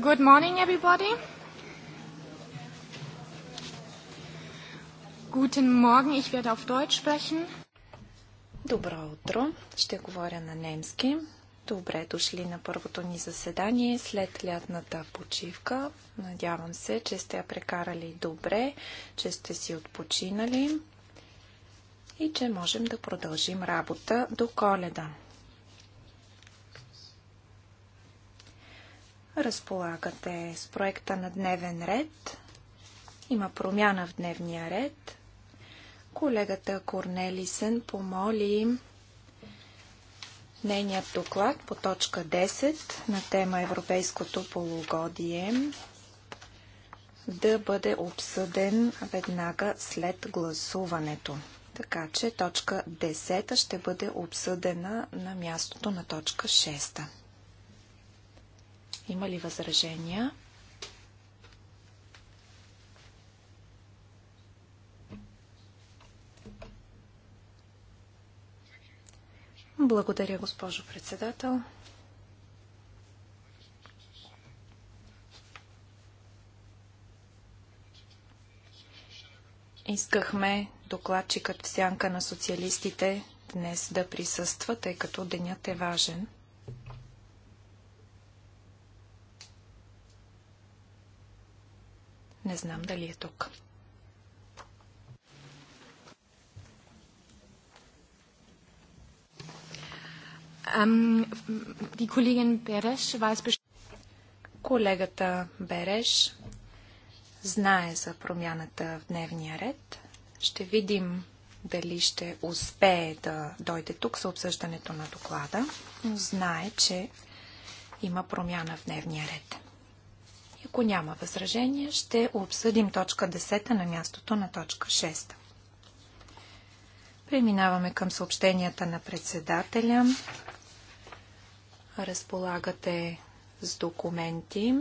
Good morning, everybody. Guten Morgen, ich werde auf Deutsch sprechen. Добро утро, ще говоря на немски. Добре дошли на първото ни заседание след лятната почивка. Надявам се, че сте я прекарали добре, че сте си отпочинали и че можем да продължим работа до коледа. Разполагате с проекта на дневен ред. Има промяна в дневния ред. Колегата Корнелисен помоли нейният доклад по точка 10 на тема Европейското полугодие да бъде обсъден веднага след гласуването. Така че точка 10 ще бъде обсъдена на мястото на точка 6. Има ли възражения? Благодаря, госпожо председател. Искахме докладчикът в сянка на социалистите днес да присъства, тъй като денят е важен. Не знам дали е тук. Колегата Береш знае за промяната в дневния ред. Ще видим дали ще успее да дойде тук за обсъждането на доклада, но знае, че има промяна в дневния ред. Ако няма възражения, ще обсъдим точка 10 на мястото на точка 6. Преминаваме към съобщенията на председателя. Разполагате с документи,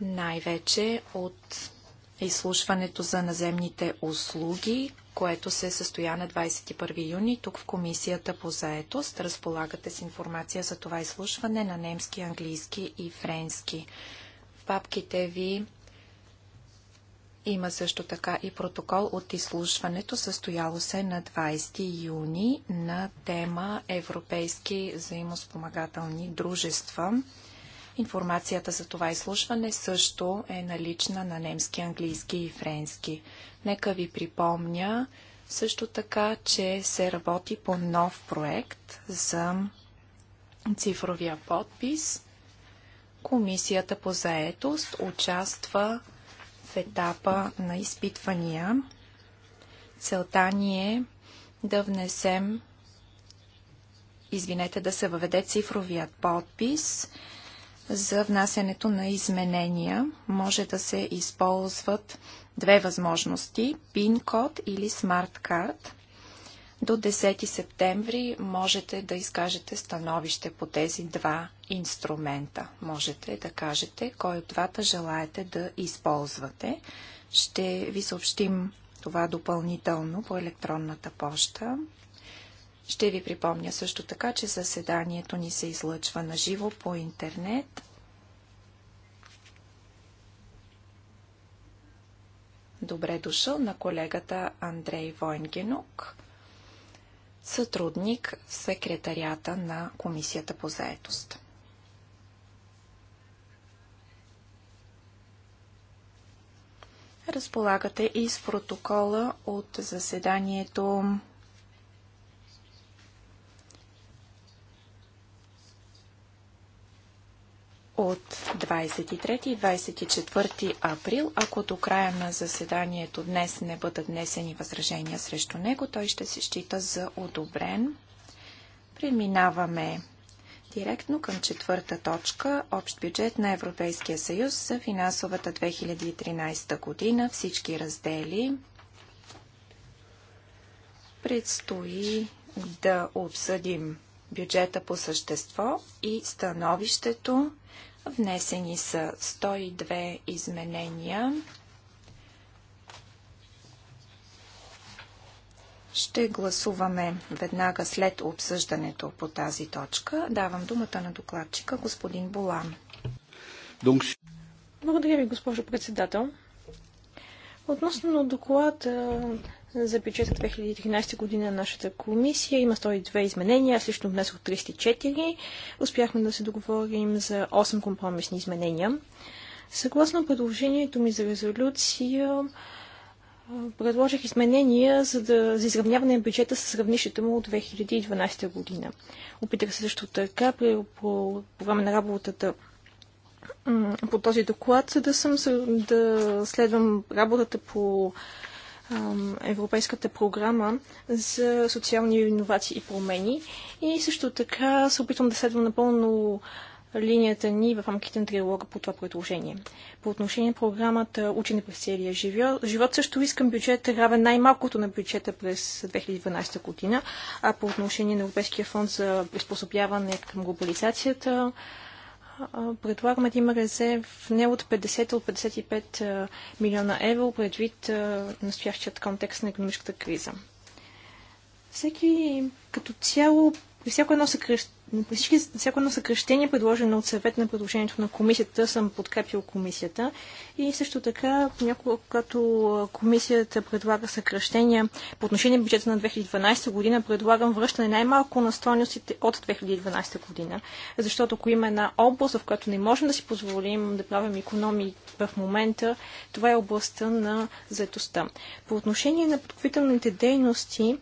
най-вече от изслушването за наземните услуги, което се състоя на 21 юни тук в Комисията по заетост. Разполагате с информация за това изслушване на немски, английски и френски. В папките ви има също така и протокол от изслушването, състояло се на 20 юни на тема Европейски взаимоспомагателни дружества. Информацията за това изслушване също е налична на немски, английски и френски. Нека ви припомня също така, че се работи по нов проект за цифровия подпис. Комисията по заетост участва в етапа на изпитвания. Целта ни е да внесем, извинете, да се въведе цифровият подпис за внасянето на изменения може да се използват две възможности – PIN код или Smart Card. До 10 септември можете да изкажете становище по тези два инструмента. Можете да кажете кой от двата желаете да използвате. Ще ви съобщим това допълнително по електронната поща. Ще ви припомня също така, че заседанието ни се излъчва на живо по интернет. Добре дошъл на колегата Андрей Войнгенук, сътрудник в секретарията на Комисията по заетост. разполагате и с протокола от заседанието от 23 и 24 април. Ако до края на заседанието днес не бъдат внесени възражения срещу него, той ще се счита за одобрен. Преминаваме директно към четвърта точка – Общ бюджет на Европейския съюз за финансовата 2013 година, всички раздели. Предстои да обсъдим бюджета по същество и становището Внесени са 102 изменения. Ще гласуваме веднага след обсъждането по тази точка. Давам думата на докладчика господин Болан. Благодаря ви, госпожо председател. Относно доклад за бюджета 2013 година на нашата комисия. Има 102 изменения, аз лично внесох 34. Успяхме да се договорим за 8 компромисни изменения. Съгласно предложението ми за резолюция, предложих изменения за, да, за изравняване на бюджета с равнището му от 2012 година. Опитах се също така при, по, по време на работата по този доклад да, съм, да следвам работата по Европейската програма за социални иновации и промени. И също така се опитвам да следвам напълно линията ни в рамките на триалога по това предложение. По отношение на програмата Учене през целия живот, живот също искам бюджет равен най-малкото на бюджета през 2012 година, а по отношение на Европейския фонд за приспособяване към глобализацията, предлагаме да има резерв не от 50 от 55 милиона евро, предвид настоящият контекст на економическата криза. Всеки като цяло, при всяко едно съкръщ всички, всяко едно съкръщение, предложено от съвет на предложението на комисията, съм подкрепил комисията. И също така, понякога, когато комисията предлага съкръщения по отношение на бюджета на 2012 година, предлагам връщане най-малко на стойностите от 2012 година. Защото ако има една област, в която не можем да си позволим да правим економии в момента, това е областта на заетостта. По отношение на подкупителните дейности,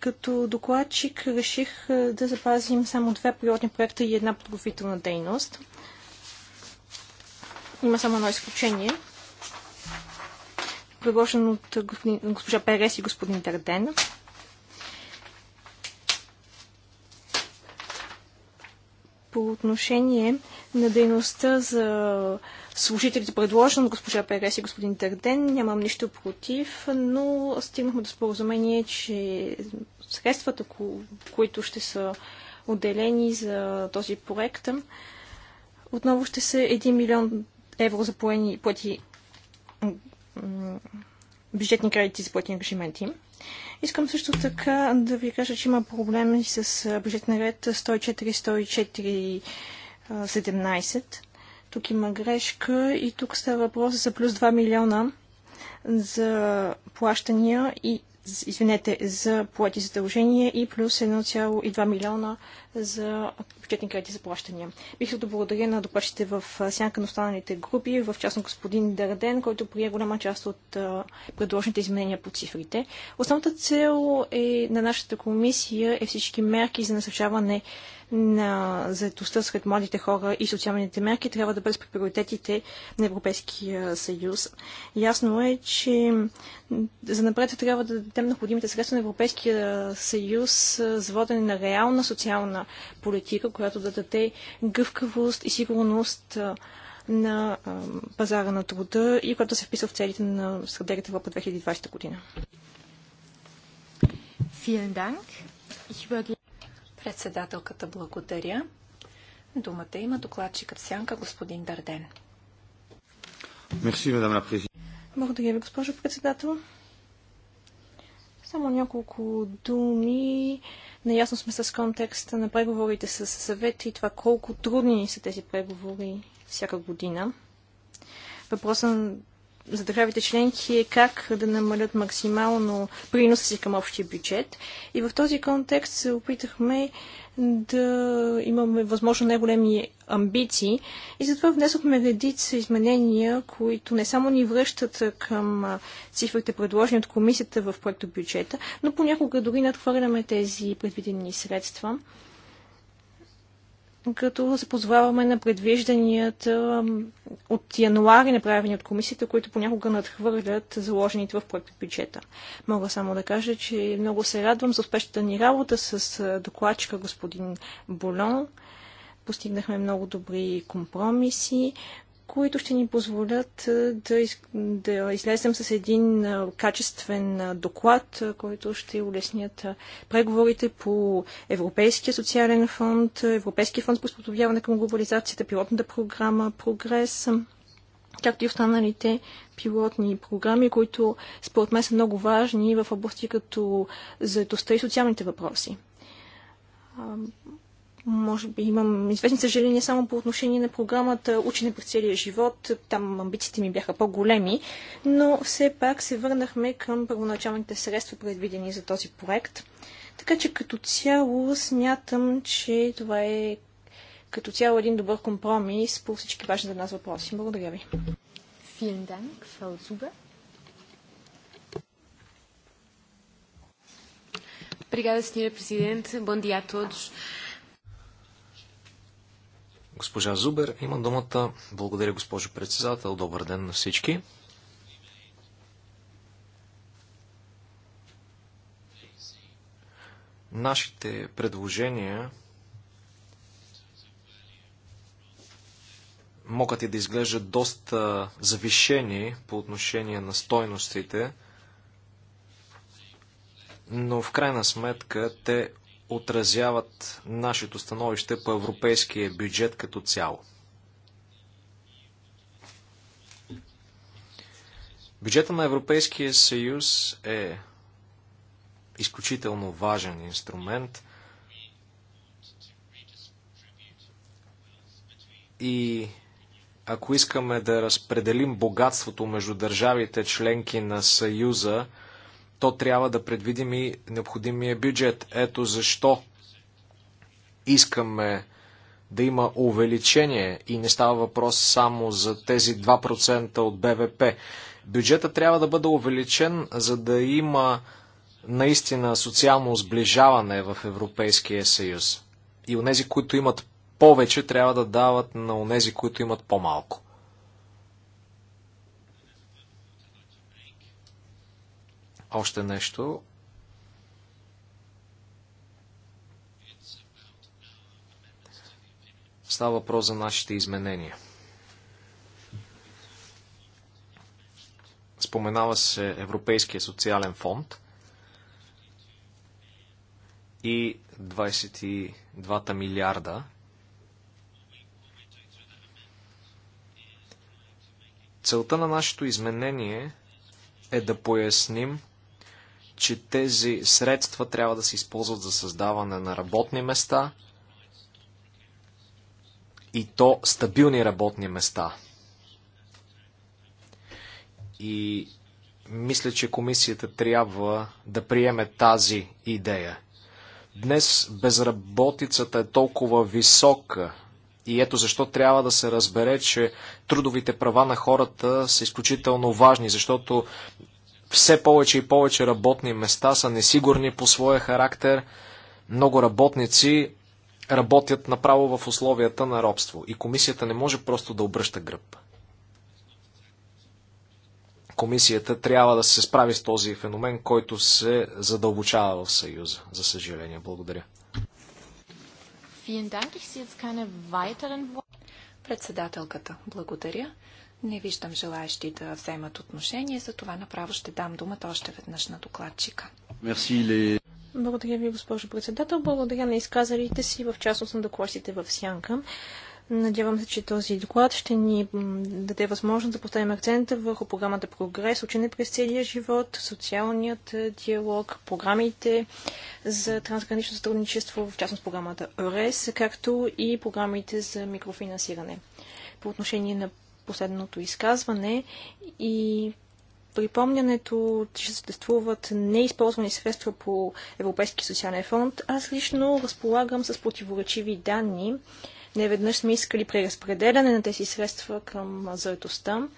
като докладчик реших да запазим само две природни проекта и една подготвителна дейност. Има само едно изключение, Предложено от госпожа Перес и господин Дарден. По отношение на дейността за служителите, предложено от госпожа Перес и господин Дърден. Нямам нищо против, но стигнахме до споразумение, че средствата, които ще са отделени за този проект, отново ще са 1 милион евро за поени, плати, бюджетни кредити за платени ангажименти. Искам също така да ви кажа, че има проблеми с бюджетна ред 104-104-17. Тук има грешка и тук става въпрос за плюс 2 милиона за плащания и извинете, за плати задължения и плюс 1,2 милиона за бюджетни кредити за плащания. Бих се да благодаря на докладчите в сянка на останалите групи, в частно господин Дарден, който прие голяма част от предложените изменения по цифрите. Основната цел е на нашата комисия е всички мерки за насъщаване на заедостта сред младите хора и социалните мерки трябва да бъде при приоритетите на Европейския съюз. Ясно е, че за напред трябва да дадем необходимите средства на Европейския съюз за водене на реална социална политика, която да даде гъвкавост и сигурност на пазара на труда и която се вписва в целите на стратегията Европа 2020 година. Vielen Dank. Ich Председателката благодаря. Думата има докладчикът Сянка господин Дарден. Мерси, мадам Благодаря ви, госпожо председател. Само няколко думи. Наясно сме с контекста на преговорите с съвет и това колко трудни са тези преговори всяка година. Въпросът за държавите членки е как да намалят максимално приноса си към общия бюджет. И в този контекст се опитахме да имаме възможно най-големи амбиции и затова внесохме редица изменения, които не само ни връщат към цифрите, предложени от комисията в проекто бюджета, но понякога дори надхвърляме тези предвидени средства като се позваваме на предвижданията от януари, направени от комисията, които понякога надхвърлят заложените в проекта бюджета. Мога само да кажа, че много се радвам за успешната ни работа с докладчика господин Болон. Постигнахме много добри компромиси които ще ни позволят да, из... да излезем с един качествен доклад, който ще улеснят преговорите по Европейския социален фонд, Европейския фонд по спотовяване към глобализацията, пилотната програма Прогрес, както и останалите пилотни програми, които според мен са много важни в области като заедостта и социалните въпроси може би имам известни съжаления само по отношение на програмата Учене през целия живот. Там амбициите ми бяха по-големи, но все пак се върнахме към първоначалните средства, предвидени за този проект. Така че като цяло смятам, че това е като цяло един добър компромис по всички важни за нас въпроси. Благодаря ви. Vielen Dank, Frau Obrigada, Sra. Presidente. Bom dia a todos. Госпожа Зубер има думата. Благодаря, госпожо председател. Добър ден на всички. Нашите предложения могат и да изглеждат доста завишени по отношение на стойностите, но в крайна сметка те отразяват нашето становище по европейския бюджет като цяло. Бюджета на Европейския съюз е изключително важен инструмент и ако искаме да разпределим богатството между държавите членки на Съюза, то трябва да предвидим и необходимия бюджет. Ето защо искаме да има увеличение и не става въпрос само за тези 2% от БВП. Бюджета трябва да бъде увеличен, за да има наистина социално сближаване в Европейския съюз. И онези, които имат повече, трябва да дават на нези, които имат по-малко. Още нещо. Става въпрос за нашите изменения. Споменава се Европейския социален фонд и 22 милиарда. Целта на нашето изменение е да поясним че тези средства трябва да се използват за създаване на работни места и то стабилни работни места. И мисля, че комисията трябва да приеме тази идея. Днес безработицата е толкова висока и ето защо трябва да се разбере, че трудовите права на хората са изключително важни, защото все повече и повече работни места са несигурни по своя характер. Много работници работят направо в условията на робство. И комисията не може просто да обръща гръб. Комисията трябва да се справи с този феномен, който се задълбочава в Съюза. За съжаление. Благодаря. Председателката, благодаря. Не виждам желаящи да вземат отношение, за това направо ще дам думата още веднъж на докладчика. Мерси, Благодаря ви, госпожо председател. Благодаря на изказалите си, в частност на докладчите в Сянка. Надявам се, че този доклад ще ни даде възможност да поставим акцента върху програмата Прогрес, учене през целия живот, социалният е, диалог, програмите за трансгранично сътрудничество, в частност програмата ОРЕС, както и програмите за микрофинансиране. По отношение на последното изказване и припомнянето, че съществуват неизползвани средства по Европейски социален фонд, аз лично разполагам с противоречиви данни. Неведнъж сме искали преразпределяне на тези средства към заедостта.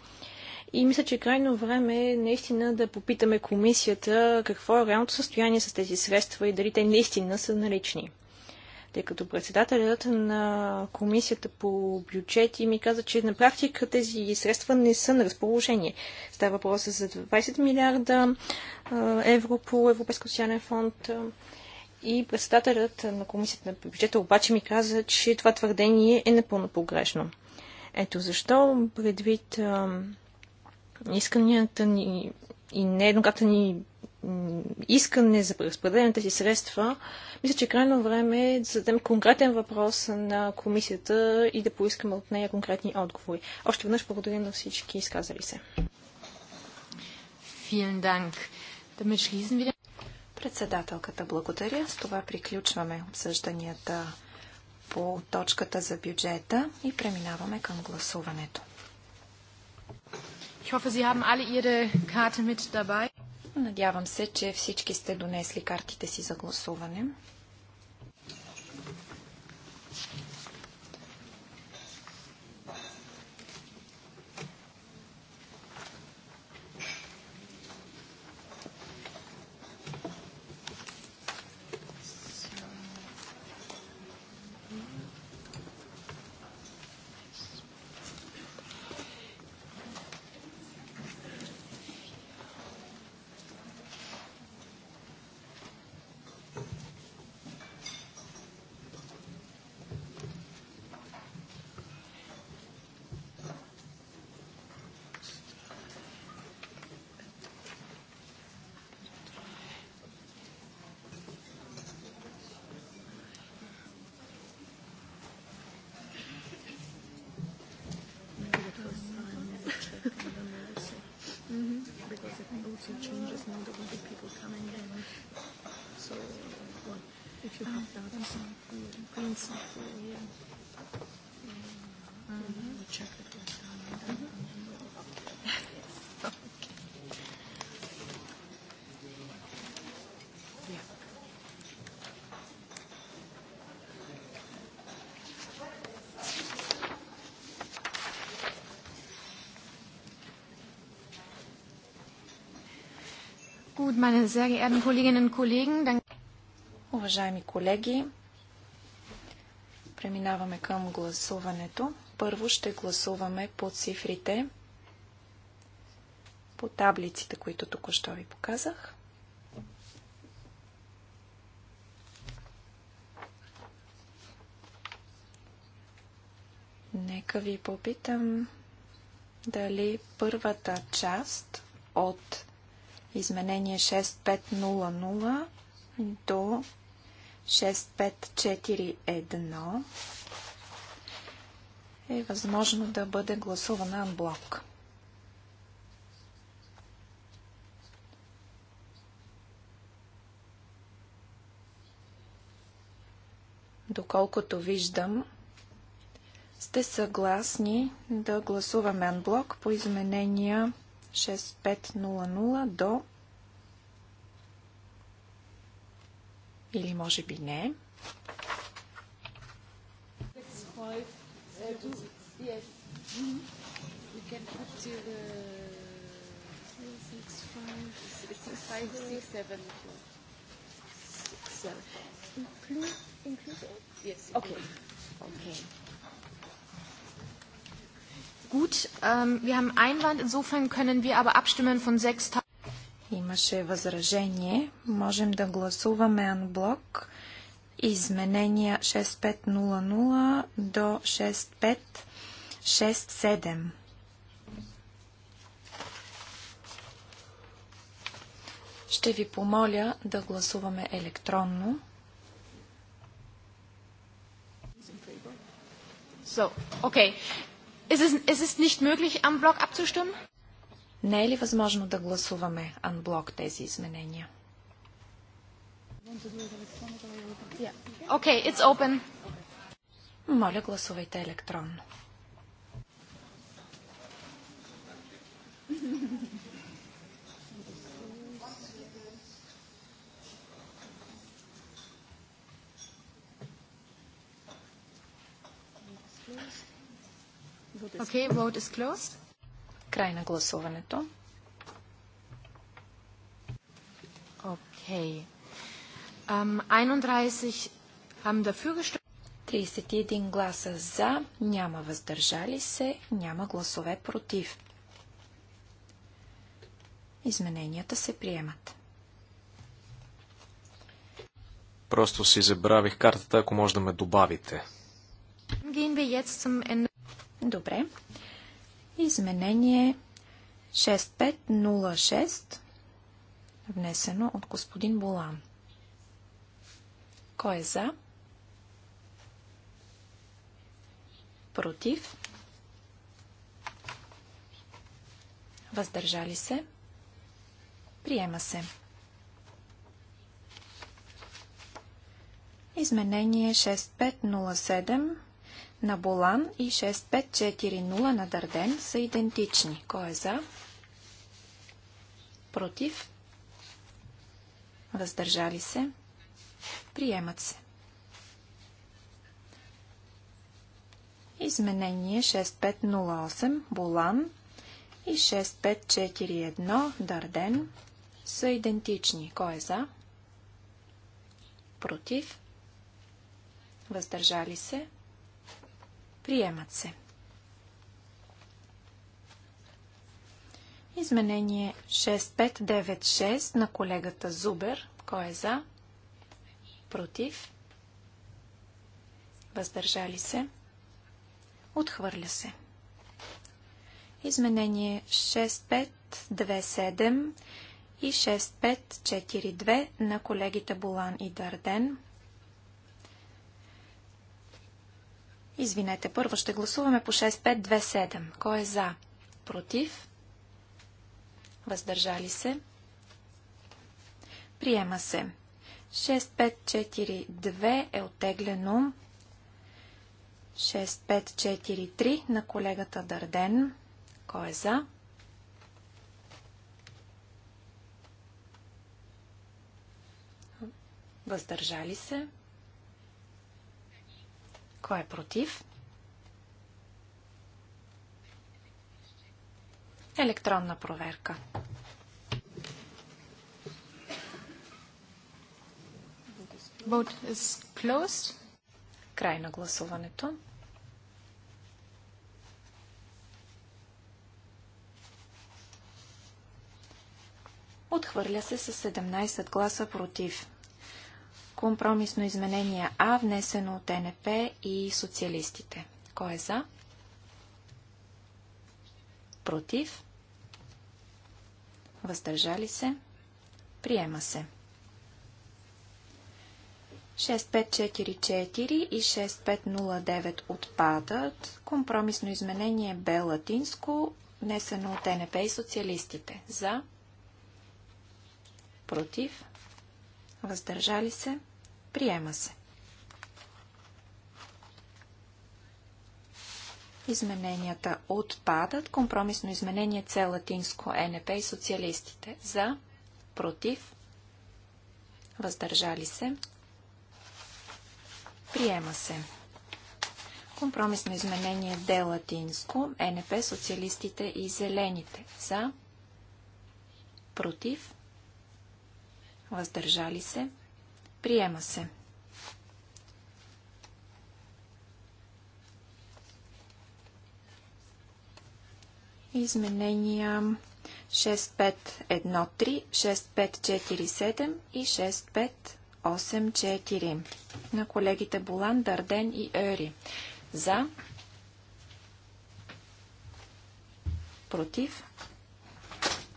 И мисля, че е крайно време е наистина да попитаме комисията какво е реалното състояние с тези средства и дали те наистина са налични тъй като председателят на комисията по бюджети ми каза, че на практика тези средства не са на разположение. Става въпрос за 20 милиарда евро по Европейско социален фонд. И председателят на комисията на бюджета обаче ми каза, че това твърдение е напълно погрешно. Ето защо, предвид исканията ни и ни искане за преразпределените си средства, мисля, че е крайно време е да зададем конкретен въпрос на комисията и да поискаме от нея конкретни отговори. Още веднъж благодаря на всички изказали се. Председателката благодаря. С това приключваме обсъжданията по точката за бюджета и преминаваме към гласуването. Ich hoffe, Sie haben alle Ihre Karte mit dabei. Надявам се, че всички сте донесли картите си за гласуване. Уважаеми колеги, преминаваме към гласуването. Първо ще гласуваме по цифрите, по таблиците, които току-що ви показах. Нека ви попитам дали първата част от изменение 6500 до 6541 е възможно да бъде гласувана анблок. Доколкото виждам, сте съгласни да гласуваме анблок по изменения 6500 до или може би не. Include, include, yes. Okay. Okay. Gut, ähm, wir haben Einwand, insofern können wir aber abstimmen von 6000. Имаше възражение. Можем да гласуваме анблок изменения 6500 до 6567. Ще ви помоля да гласуваме електронно. So, okay. Ist es, ist es nicht möglich, am блок abzustimmen? Не е ли възможно да гласуваме анблок тези изменения? Okay, it's open. Моля, гласувайте електронно. Okay, vote is closed. Край на гласуването. Okay. Um, 31 31 гласа за, няма въздържали се, няма гласове против. Измененията се приемат. Просто си забравих картата, ако може да ме добавите. Добре. Изменение 6506, внесено от господин Болан. Кой е за? Против? Въздържали се? Приема се. Изменение 6507 на Болан и 6540 на Дарден са идентични. Кой е за? Против? Въздържали се? Приемат се. Изменение 6508 Болан и 6541 Дарден са идентични. Кой е за? Против? Въздържали се? Приемат се. Изменение 6596 на колегата Зубер. Кой е за? Против? Въздържали се? Отхвърля се. Изменение 6527 и 6542 на колегите Болан и Дарден. Извинете, първо ще гласуваме по 6527. Кой е за? Против? Въздържали се? Приема се. 6542 е отеглено. 6543 на колегата Дарден. Кой е за? Въздържали се? Кой е против? Електронна проверка. Vote is closed. Край на гласуването. Отхвърля се с 17 гласа против. Компромисно изменение А, внесено от НП и социалистите. Кой е за? Против? Въздържали се? Приема се. 6544 и 6509 отпадат. Компромисно изменение Б латинско, внесено от НП и социалистите. За? Против? Въздържали се? Приема се. Измененията отпадат. Компромисно изменение С латинско НП и социалистите. За, против, въздържали се. Приема се. Компромисно изменение Д латинско НП, социалистите и зелените. За, против, въздържали се. Приема се. Изменения 6513, 6547 и 6584 на колегите Болан, Дарден и Ери. За. Против.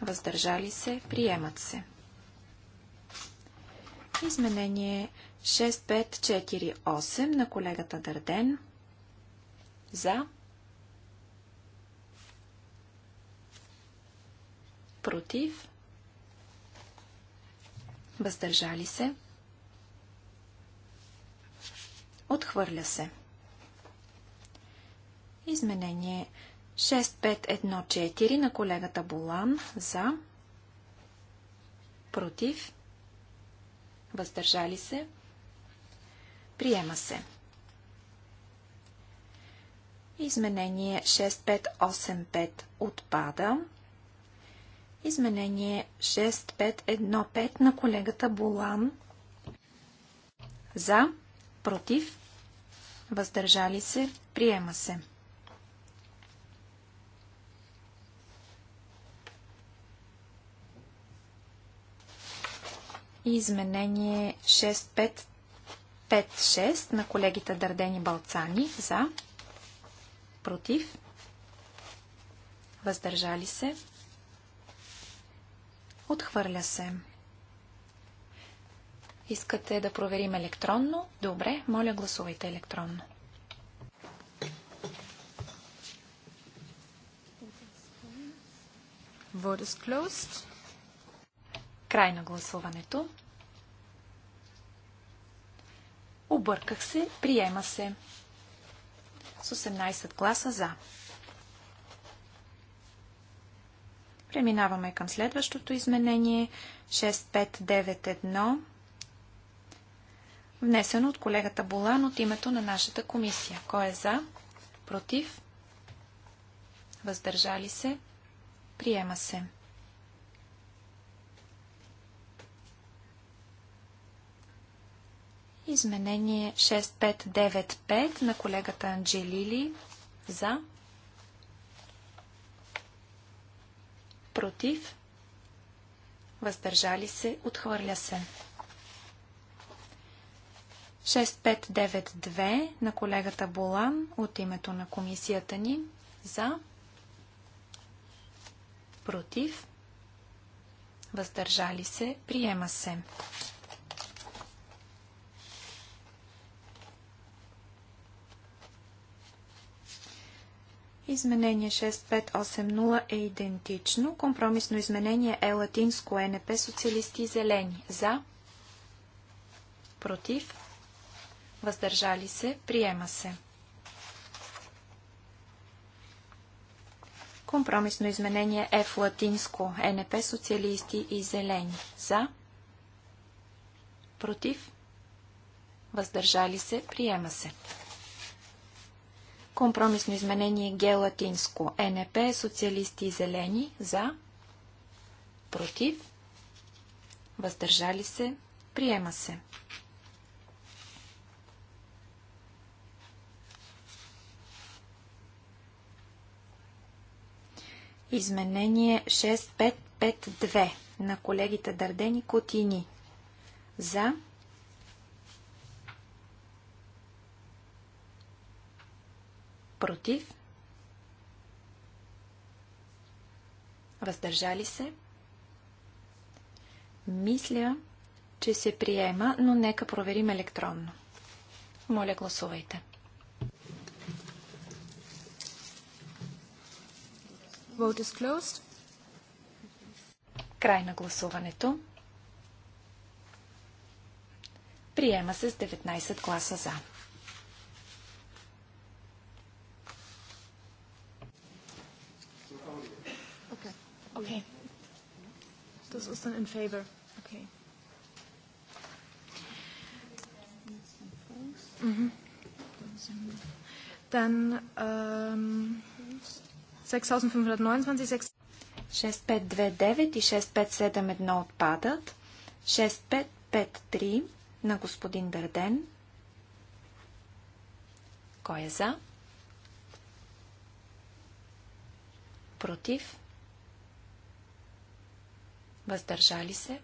Въздържали се. Приемат се. Изменение 6548 на колегата Дърден. За. Против. Въздържали се. Отхвърля се. Изменение 6514 на колегата Болан за против Въздържали се. Приема се. Изменение 6585 отпада. Изменение 6515 на колегата Болан. За, против, въздържали се, приема се. и изменение 6556 на колегите Дърдени Балцани за, против, въздържали се, отхвърля се. Искате да проверим електронно? Добре, моля гласувайте електронно. Vote is closed. Край на гласуването. Обърках се, приема се. С 18 гласа за. Преминаваме към следващото изменение 6591, внесено от колегата Болан от името на нашата комисия. Кой е за? Против? Въздържали се? Приема се. Изменение 6595 на колегата Анджелили за против въздържали се, отхвърля се. 6592 на колегата Болан от името на комисията ни за против въздържали се, приема се. Изменение 6580 е идентично. Компромисно изменение е латинско НП социалисти и зелени. За. Против. Въздържали се. Приема се. Компромисно изменение е в латинско НП социалисти и зелени. За. Против. Въздържали се. Приема се. Компромисно изменение Г латинско. НП, социалисти и зелени. За. Против. Въздържали се. Приема се. Изменение 6552 на колегите Дардени Котини. За. Против Против? Въздържали се? Мисля, че се приема, но нека проверим електронно. Моля, гласувайте. Vote is closed. Край на гласуването. Приема се с 19 гласа за. Okay. Das ist dann in favor. Okay. Mhm. Dann ähm, 6529, 6529 и 6571 отпадат. 6553 на господин Дърден. Кой е за? Против? Въздържали се.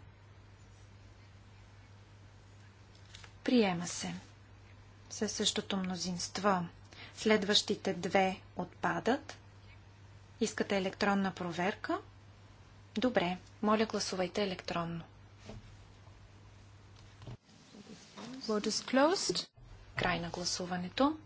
Приема се. Със същото мнозинство. Следващите две отпадат. Искате електронна проверка? Добре, моля гласувайте електронно. Край на гласуването.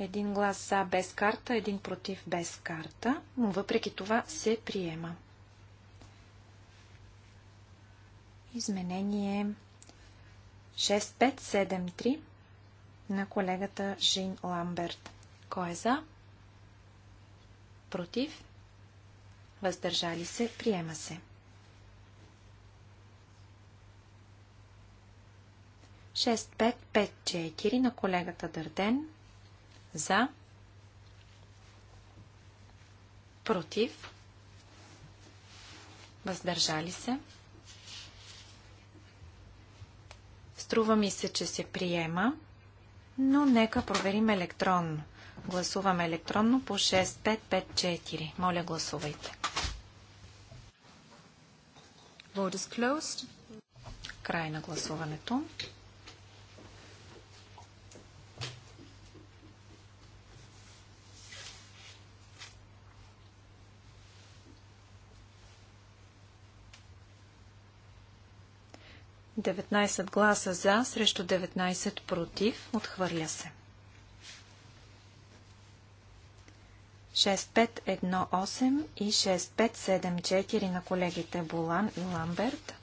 Един глас за без карта, един против без карта, но въпреки това се приема. Изменение 6573 на колегата Жин Ламберт. Кой е за? Против? Въздържали се? Приема се. 6554 на колегата Дърден. За. Против. Въздържали се. Струва ми се, че се приема, но нека проверим електронно. Гласуваме електронно по 6554. Моля, гласувайте. Край на гласуването. 19 гласа за, срещу 19 против. Отхвърля се. 6518 и 6574 на колегите Болан и Ламберт.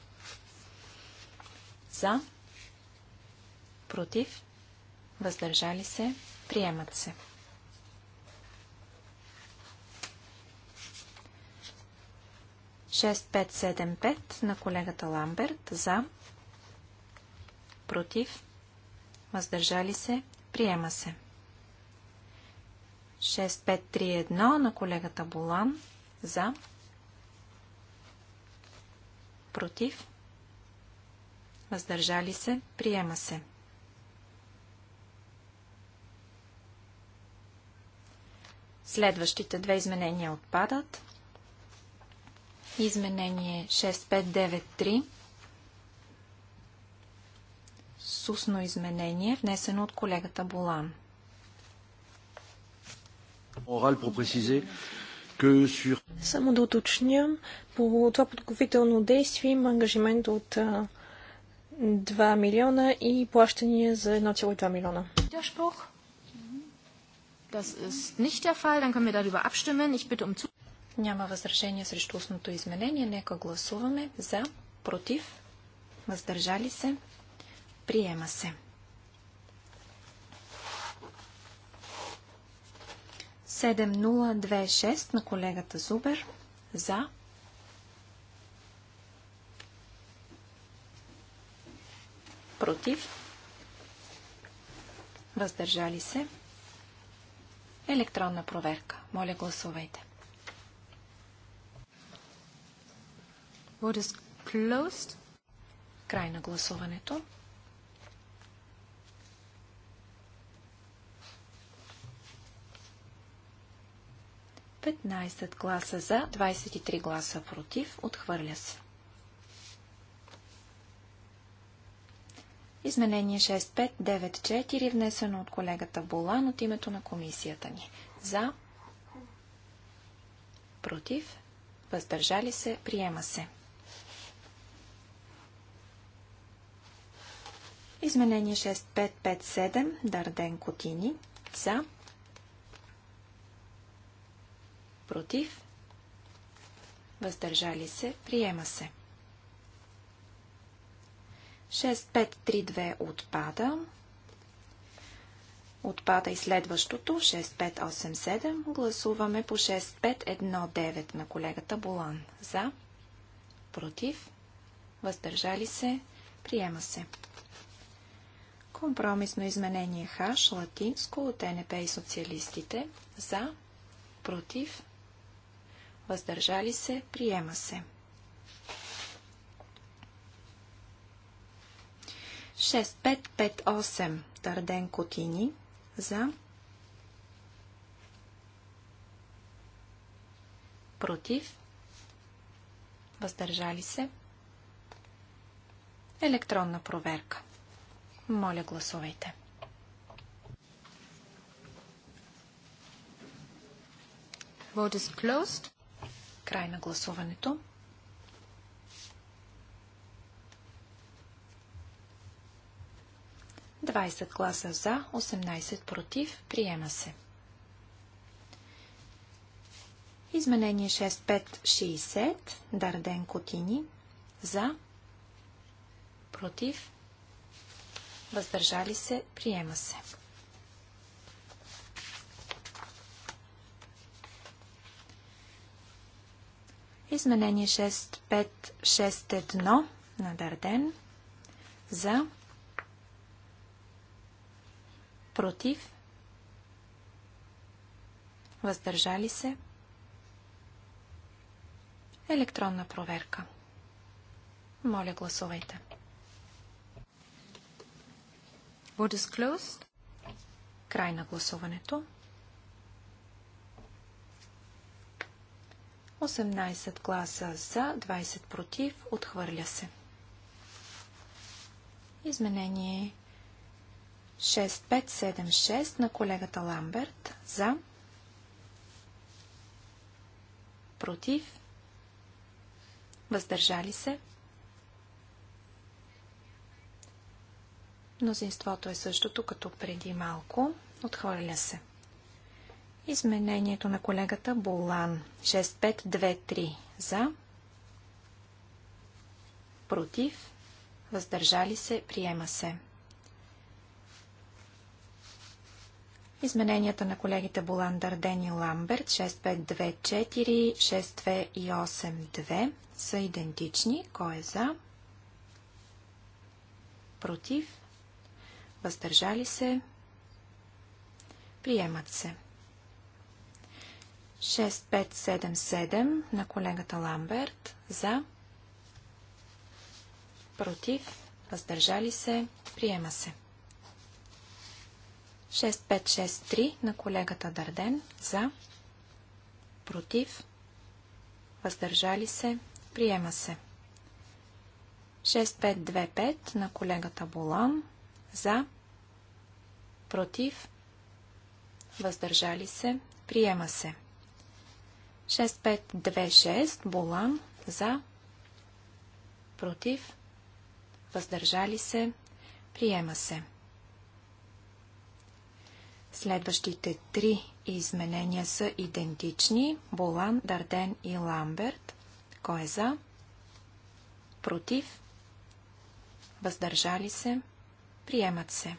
За. Против. Въздържали се. Приемат се. Шест пет седем пет на колегата Ламберт за против, въздържали се, приема се. 6531 на колегата Болан за, против, въздържали се, приема се. Следващите две изменения отпадат. Изменение 6593 с устно изменение, внесено от колегата Болан. Само да уточня, по това подготвително действие има ангажимент от 2 милиона и плащания за 1,2 милиона. Um Няма възражение срещу устното изменение. Нека гласуваме за, против, въздържали се, Приема се. 7026 на колегата Зубер. За. Против. Въздържали се. Електронна проверка. Моля, гласувайте. Край на гласуването. 15 гласа за, 23 гласа против, отхвърля се. Изменение 6594, внесено от колегата Болан от името на комисията ни. За, против, въздържали се, приема се. Изменение 6557, Дарден Котини. За, Против. Въздържали се. Приема се. 6532 отпада. Отпада и следващото. 6587. Гласуваме по 6519 на колегата Болан. За. Против. Въздържали се. Приема се. Компромисно изменение Хаш, латинско от НП и социалистите. За. Против въздържали се, приема се. 6558 Търден Котини за против въздържали се електронна проверка. Моля гласувайте. Vote is closed. Край на гласуването. Двайсет гласа за, 18 против. Приема се. Изменение 6560. Дарден Котини. За. Против. Въздържали се. Приема се. Изменение 6561 на Дарден за против въздържали се електронна проверка. Моля, гласувайте. Край на гласуването. 18 гласа за, 20 против, отхвърля се. Изменение 6576 на колегата Ламберт за, против, въздържали се. Мнозинството е същото като преди малко, отхвърля се. Изменението на колегата Болан. 6523 за. Против. Въздържали се. Приема се. Измененията на колегите Болан Дарден и Ламберт 6524, 6282 са идентични. Кой е за? Против? Въздържали се? Приемат се. 6577 на колегата Ламберт за против, въздържали се, приема се. 6563 на колегата Дарден за против, въздържали се, приема се. 6525 на колегата Болан за против, въздържали се, приема се. 6526 Болан за против въздържали се приема се. Следващите три изменения са идентични. Болан, Дарден и Ламберт. Кой е за? Против? Въздържали се? Приемат се.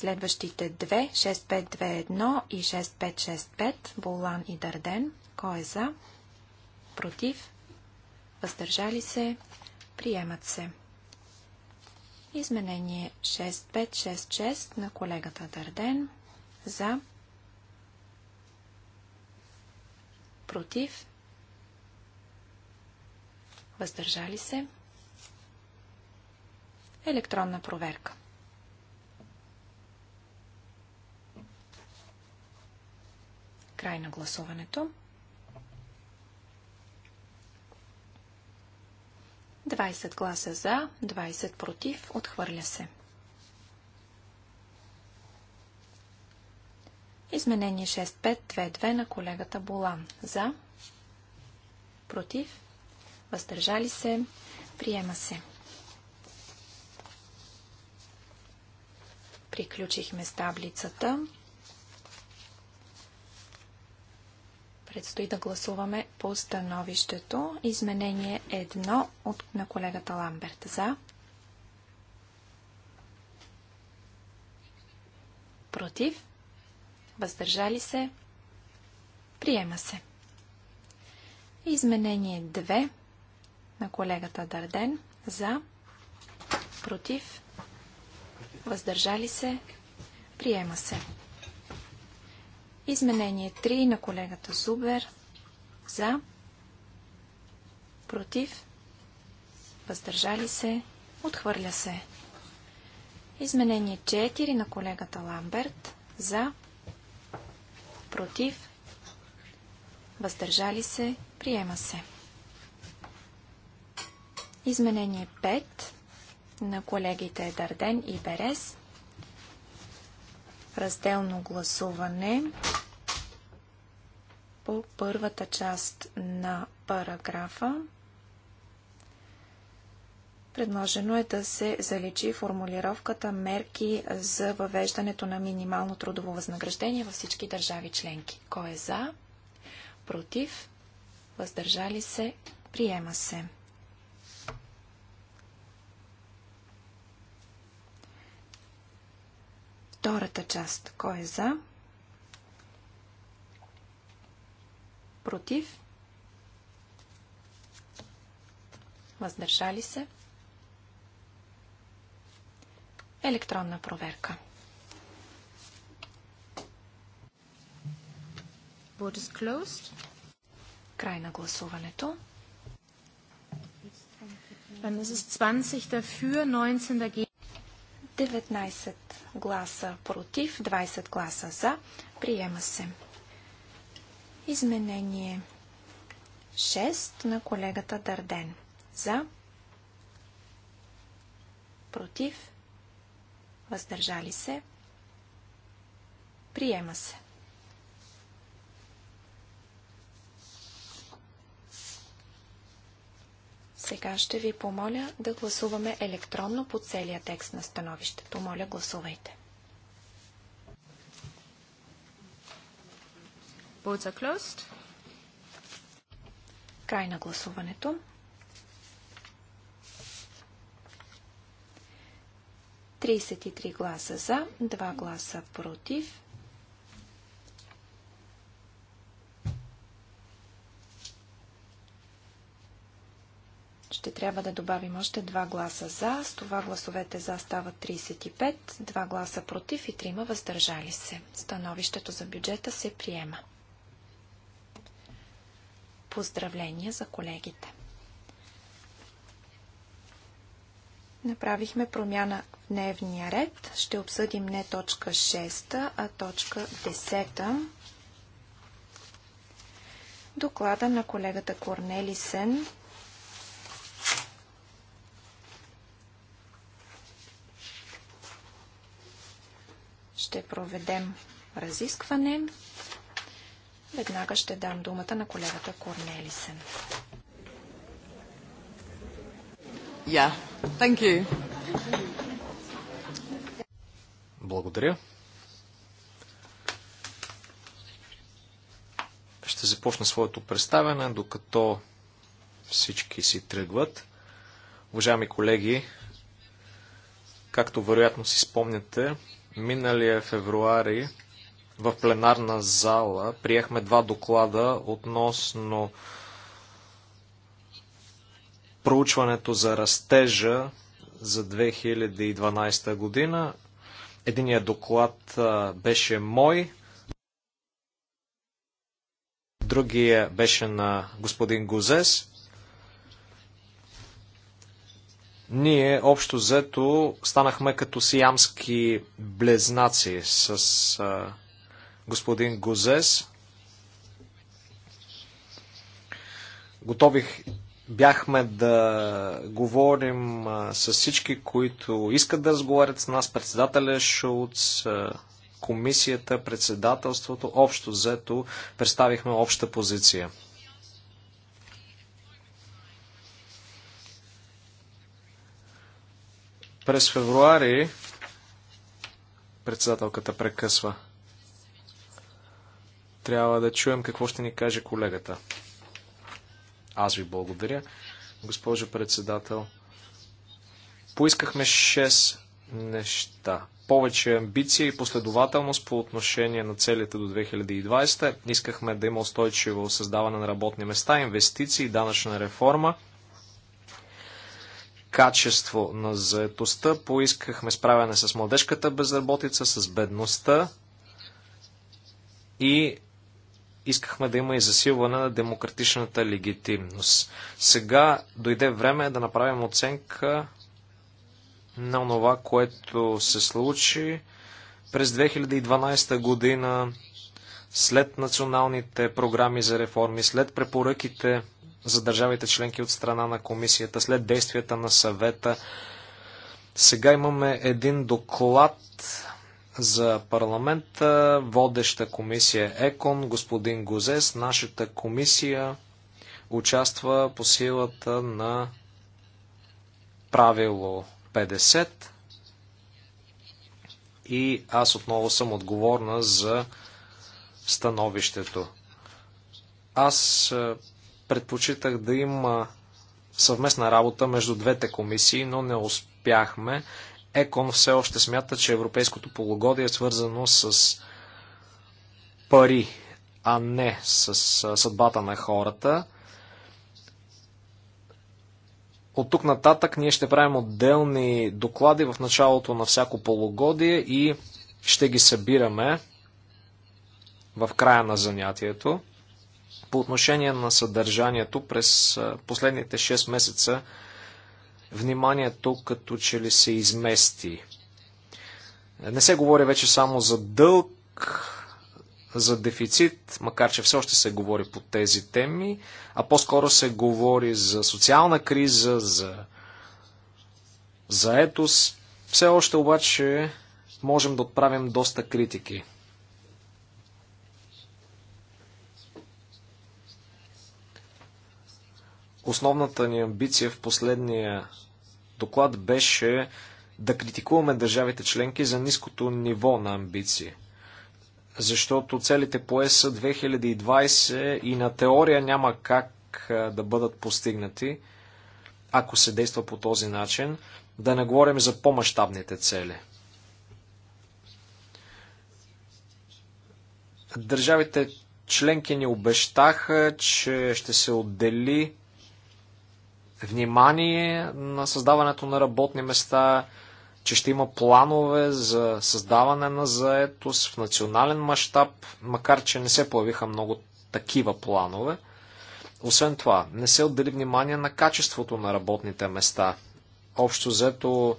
Следващите две, 6521 и 6565, Болан и Дарден. Кой е за? Против? Въздържали се? Приемат се. Изменение 6566 на колегата Дарден. За? Против? Въздържали се? Електронна проверка. Край на гласуването. 20 гласа за, 20 против, отхвърля се. Изменение 6522 на колегата Болан. За, против, въздържали се, приема се. Приключихме с таблицата. Предстои да гласуваме по становището. Изменение 1 от, на колегата Ламберт. За. Против. Въздържали се. Приема се. Изменение 2 на колегата Дарден. За. Против. Въздържали се. Приема се. Изменение 3 на колегата Зубер. За. Против. Въздържали се. Отхвърля се. Изменение 4 на колегата Ламберт. За. Против. Въздържали се. Приема се. Изменение 5 на колегите Дарден и Берес. Разделно гласуване по първата част на параграфа. Предложено е да се заличи формулировката мерки за въвеждането на минимално трудово възнаграждение във всички държави членки. Кой е за? Против? Въздържали се? Приема се. Втората част. Кой е за? Против. Въздържали се. Електронна проверка. Vote is closed. Край на гласуването. Dann ist es 20 dafür, 19 dagegen. 19 гласа против, 20 гласа за. Приема се. Изменение 6 на колегата Дарден. За. Против. Въздържали се. Приема се. Сега ще ви помоля да гласуваме електронно по целия текст на становището. Моля, гласувайте. Votes are closed. Край на гласуването. Тридесет и три гласа за, два гласа против, ще трябва да добавим още 2 гласа за. С това гласовете за стават 35, 2 гласа против и 3 въздържали се. Становището за бюджета се приема. Поздравления за колегите! Направихме промяна в дневния ред. Ще обсъдим не точка 6, а точка 10. Доклада на колегата Корнелисен ще проведем разискване. Веднага ще дам думата на колегата Корнелисен. Yeah. Thank you. Благодаря. Ще започна своето представяне, докато всички си тръгват. Уважаеми колеги, както вероятно си спомняте, миналия февруари в пленарна зала приехме два доклада относно проучването за растежа за 2012 година. Единият доклад беше мой, другия беше на господин Гозес. Ние общо взето станахме като сиямски близнаци с господин Гозес. Готових бяхме да говорим с всички, които искат да разговарят с нас, председателя Шулц, комисията, председателството, общо взето представихме обща позиция. През февруари председателката прекъсва. Трябва да чуем какво ще ни каже колегата. Аз ви благодаря, госпожо председател. Поискахме 6 неща. Повече амбиция и последователност по отношение на целите до 2020. Искахме да има устойчиво създаване на работни места, инвестиции, данъчна реформа, качество на заетостта. Поискахме справяне с младежката безработица, с бедността и искахме да има и засилване на демократичната легитимност. Сега дойде време да направим оценка на това, което се случи през 2012 година, след националните програми за реформи, след препоръките за държавите членки от страна на комисията, след действията на съвета. Сега имаме един доклад за парламента, водеща комисия ЕКОН, господин Гозес. Нашата комисия участва по силата на правило 50 и аз отново съм отговорна за становището. Аз е, предпочитах да има съвместна работа между двете комисии, но не успяхме. ЕКОН все още смята, че европейското полугодие е свързано с пари, а не с съдбата на хората. От тук нататък ние ще правим отделни доклади в началото на всяко полугодие и ще ги събираме в края на занятието. По отношение на съдържанието, през последните 6 месеца вниманието като че ли се измести. Не се говори вече само за дълг, за дефицит, макар че все още се говори по тези теми, а по-скоро се говори за социална криза, за заетост. Все още обаче можем да отправим доста критики Основната ни амбиция в последния доклад беше да критикуваме държавите членки за ниското ниво на амбиции. Защото целите по ЕС 2020 и на теория няма как да бъдат постигнати, ако се действа по този начин, да не говорим за по-масштабните цели. Държавите членки ни обещаха, че ще се отдели внимание на създаването на работни места, че ще има планове за създаване на заетост в национален мащаб, макар че не се появиха много такива планове. Освен това, не се отдели внимание на качеството на работните места. Общо взето,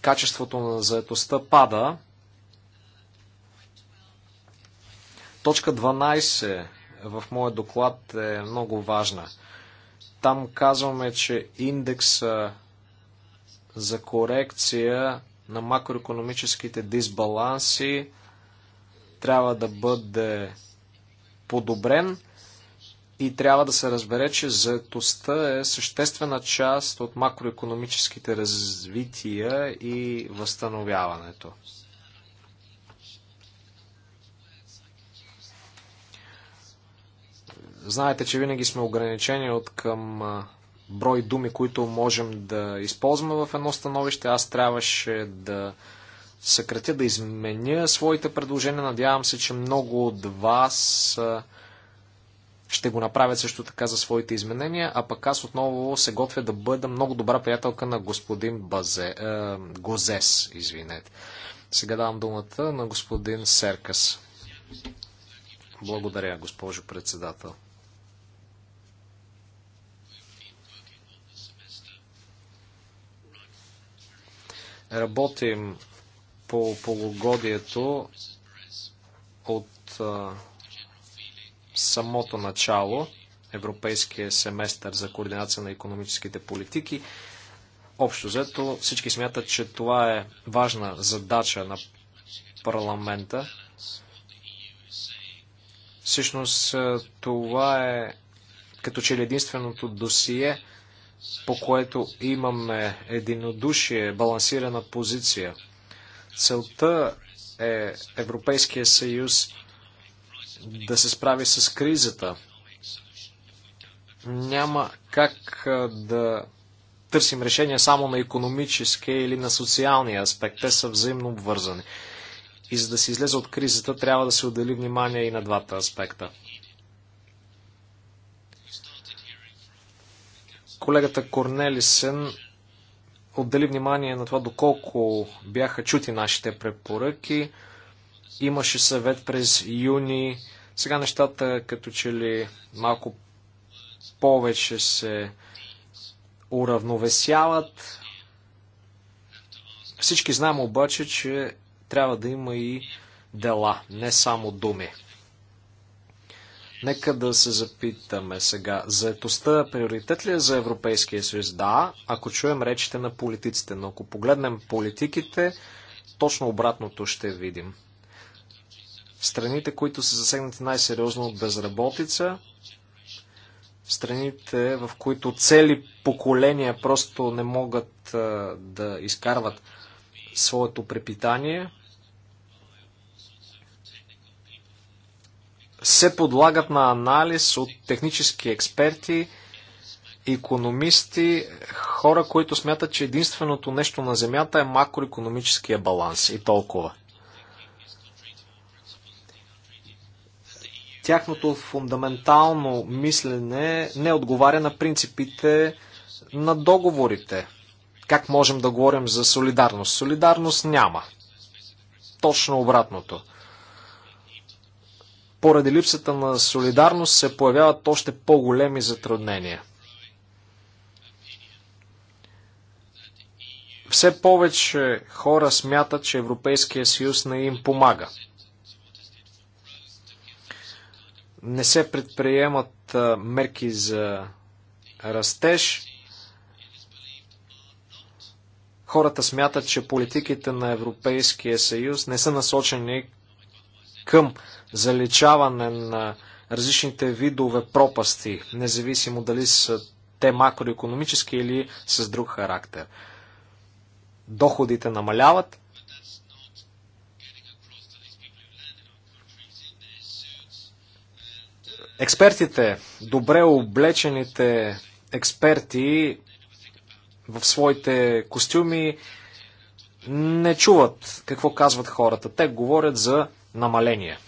качеството на заетостта пада. Точка 12 в моят доклад е много важна – там казваме, че индекса за корекция на макроекономическите дисбаланси трябва да бъде подобрен и трябва да се разбере, че заетостта е съществена част от макроекономическите развития и възстановяването. Знаете, че винаги сме ограничени от към брой думи, които можем да използваме в едно становище. Аз трябваше да съкратя, да изменя своите предложения. Надявам се, че много от вас ще го направят също така за своите изменения, а пък аз отново се готвя да бъда много добра приятелка на господин Базе, э, Гозес. Извинете. Сега давам думата на господин Серкас. Благодаря, госпожо председател. Работим по полугодието от самото начало, Европейския семестър за координация на економическите политики. Общо взето всички смятат, че това е важна задача на парламента. Всъщност това е като че ли единственото досие, по което имаме единодушие, балансирана позиция. Целта е Европейския съюз да се справи с кризата. Няма как да търсим решения само на економическия или на социалния аспект. Те са взаимно обвързани. И за да се излезе от кризата, трябва да се отдели внимание и на двата аспекта. Колегата Корнелисен отдели внимание на това доколко бяха чути нашите препоръки. Имаше съвет през юни. Сега нещата като че ли малко повече се уравновесяват. Всички знаем обаче, че трябва да има и дела, не само думи. Нека да се запитаме сега. Заетостта е приоритет ли е за Европейския съюз? Да, ако чуем речите на политиците, но ако погледнем политиките, точно обратното ще видим. Страните, които са засегнати най-сериозно от безработица, страните, в които цели поколения просто не могат да изкарват своето препитание – се подлагат на анализ от технически експерти, економисти, хора, които смятат, че единственото нещо на Земята е макроекономическия баланс и толкова. Тяхното фундаментално мислене не отговаря на принципите на договорите. Как можем да говорим за солидарност? Солидарност няма. Точно обратното – поради липсата на солидарност се появяват още по-големи затруднения. Все повече хора смятат, че Европейския съюз не им помага. Не се предприемат мерки за растеж. Хората смятат, че политиките на Европейския съюз не са насочени към заличаване на различните видове пропасти, независимо дали са те макроекономически или с друг характер. Доходите намаляват, Експертите, добре облечените експерти в своите костюми не чуват какво казват хората. Те говорят за намаление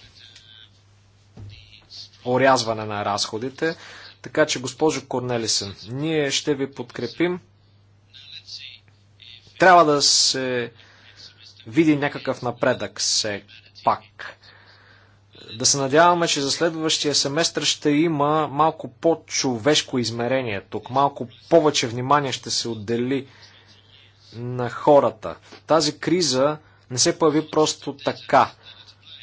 орязване на разходите. Така че, госпожо Корнелисен, ние ще ви подкрепим. Трябва да се види някакъв напредък все пак. Да се надяваме, че за следващия семестър ще има малко по-човешко измерение тук. Малко повече внимание ще се отдели на хората. Тази криза не се появи просто така.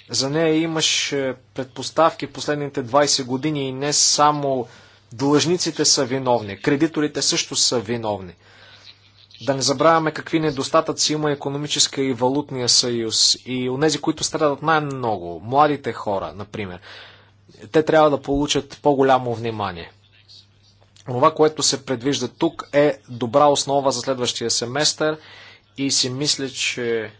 За нея имаш е, предпоставки последните 20 години и не само длъжниците са виновни, кредиторите също са виновни. Да не забравяме какви недостатъци има економическа и валутния съюз и онези, които страдат най-много, младите хора, например, те трябва да получат по-голямо внимание. Това, което се предвижда тук е добра основа за следващия семестър и си мисля, че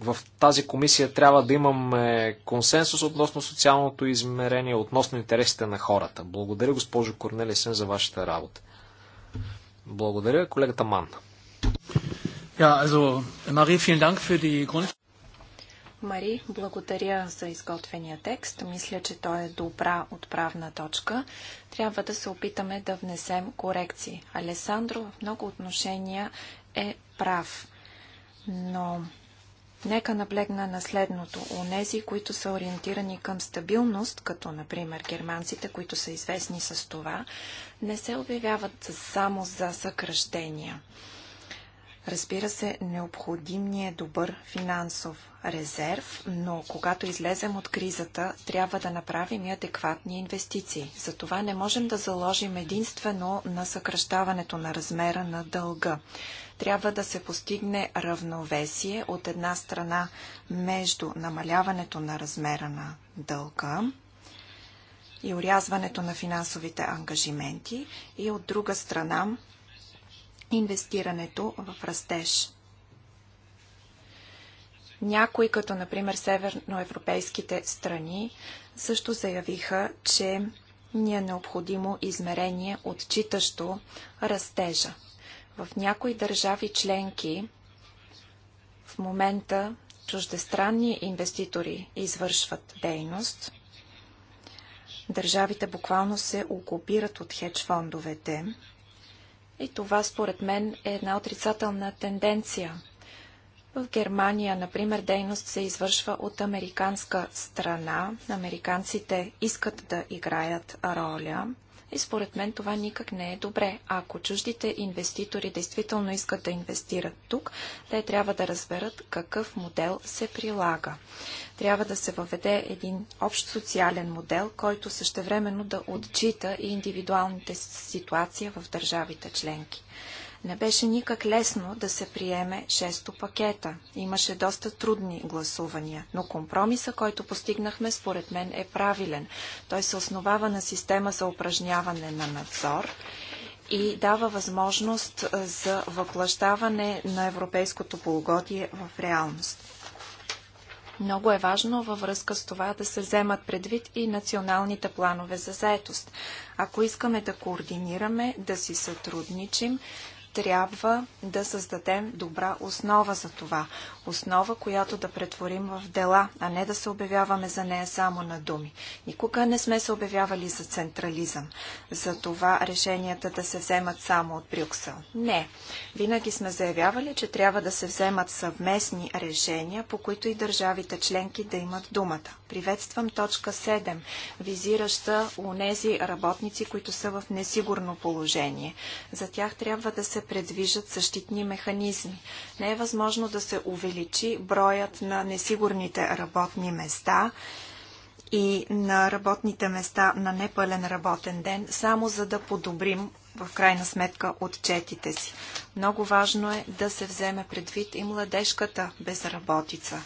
в тази комисия трябва да имаме консенсус относно социалното измерение, относно интересите на хората. Благодаря, госпожо Корнелисен, за вашата работа. Благодаря, колегата Ман. Ja, also, Marie, vielen Dank für die Grund... Мари, благодаря за изготвения текст. Мисля, че той е добра отправна точка. Трябва да се опитаме да внесем корекции. Алесандро в много отношения е прав. Но Нека наблегна на следното. Онези, които са ориентирани към стабилност, като например германците, които са известни с това, не се обявяват само за съкръщения. Разбира се, необходим ни е добър финансов резерв, но когато излезем от кризата, трябва да направим и адекватни инвестиции. Затова не можем да заложим единствено на съкръщаването на размера на дълга трябва да се постигне равновесие от една страна между намаляването на размера на дълга и урязването на финансовите ангажименти и от друга страна инвестирането в растеж. Някои, като например северноевропейските страни, също заявиха, че ни е необходимо измерение, отчитащо растежа. В някои държави членки в момента чуждестранни инвеститори извършват дейност. Държавите буквално се окупират от хедж фондовете. И това според мен е една отрицателна тенденция. В Германия, например, дейност се извършва от американска страна. Американците искат да играят роля. И според мен това никак не е добре. Ако чуждите инвеститори действително искат да инвестират тук, те трябва да разберат какъв модел се прилага. Трябва да се въведе един общ социален модел, който същевременно да отчита и индивидуалните ситуации в държавите членки. Не беше никак лесно да се приеме шесто пакета. Имаше доста трудни гласувания, но компромиса, който постигнахме, според мен е правилен. Той се основава на система за упражняване на надзор и дава възможност за въплащаване на европейското полугодие в реалност. Много е важно във връзка с това да се вземат предвид и националните планове за заетост. Ако искаме да координираме, да си сътрудничим, трябва да създадем добра основа за това. Основа, която да претворим в дела, а не да се обявяваме за нея само на думи. Никога не сме се обявявали за централизъм, за това решенията да се вземат само от Брюксел. Не. Винаги сме заявявали, че трябва да се вземат съвместни решения, по които и държавите членки да имат думата. Приветствам точка 7, визираща у нези работници, които са в несигурно положение. За тях трябва да се предвижат защитни механизми. Не е възможно да се увеличи броят на несигурните работни места и на работните места на непълен работен ден, само за да подобрим в крайна сметка отчетите си. Много важно е да се вземе предвид и младежката безработица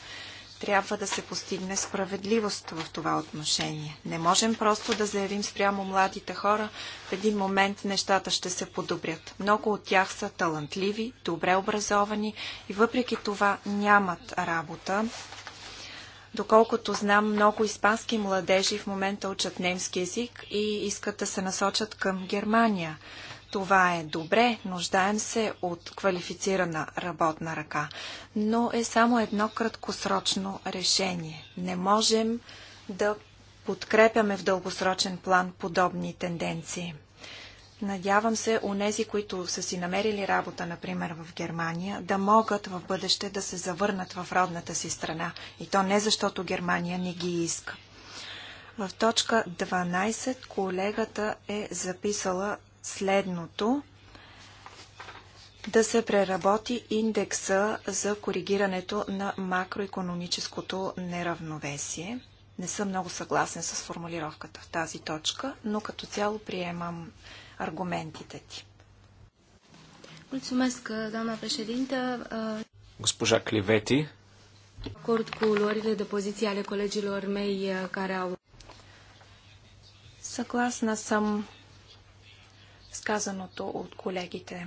трябва да се постигне справедливост в това отношение. Не можем просто да заявим спрямо младите хора, в един момент нещата ще се подобрят. Много от тях са талантливи, добре образовани и въпреки това нямат работа. Доколкото знам, много испански младежи в момента учат немски език и искат да се насочат към Германия. Това е добре, нуждаем се от квалифицирана работна ръка, но е само едно краткосрочно решение. Не можем да подкрепяме в дългосрочен план подобни тенденции. Надявам се, у нези, които са си намерили работа, например, в Германия, да могат в бъдеще да се завърнат в родната си страна. И то не защото Германия не ги иска. В точка 12 колегата е записала следното да се преработи индекса за коригирането на макроекономическото неравновесие. Не съм много съгласен с формулировката в тази точка, но като цяло приемам аргументите ти. Mulțumesc, дама președintă. Госпожа Кливети. Акорд cu luările de poziție ale colegilor mei care au... Съгласна съм сказаното от колегите,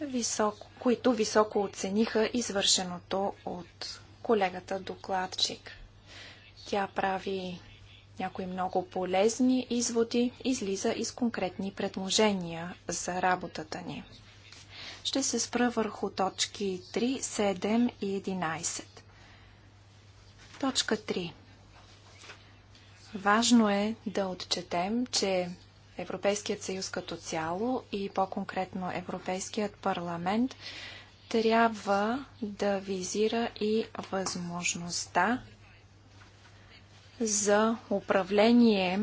високо, които високо оцениха извършеното от колегата докладчик. Тя прави някои много полезни изводи, излиза из конкретни предложения за работата ни. Ще се спра върху точки 3, 7 и 11. Точка 3. Важно е да отчетем, че Европейският съюз като цяло и по-конкретно Европейският парламент трябва да визира и възможността за управление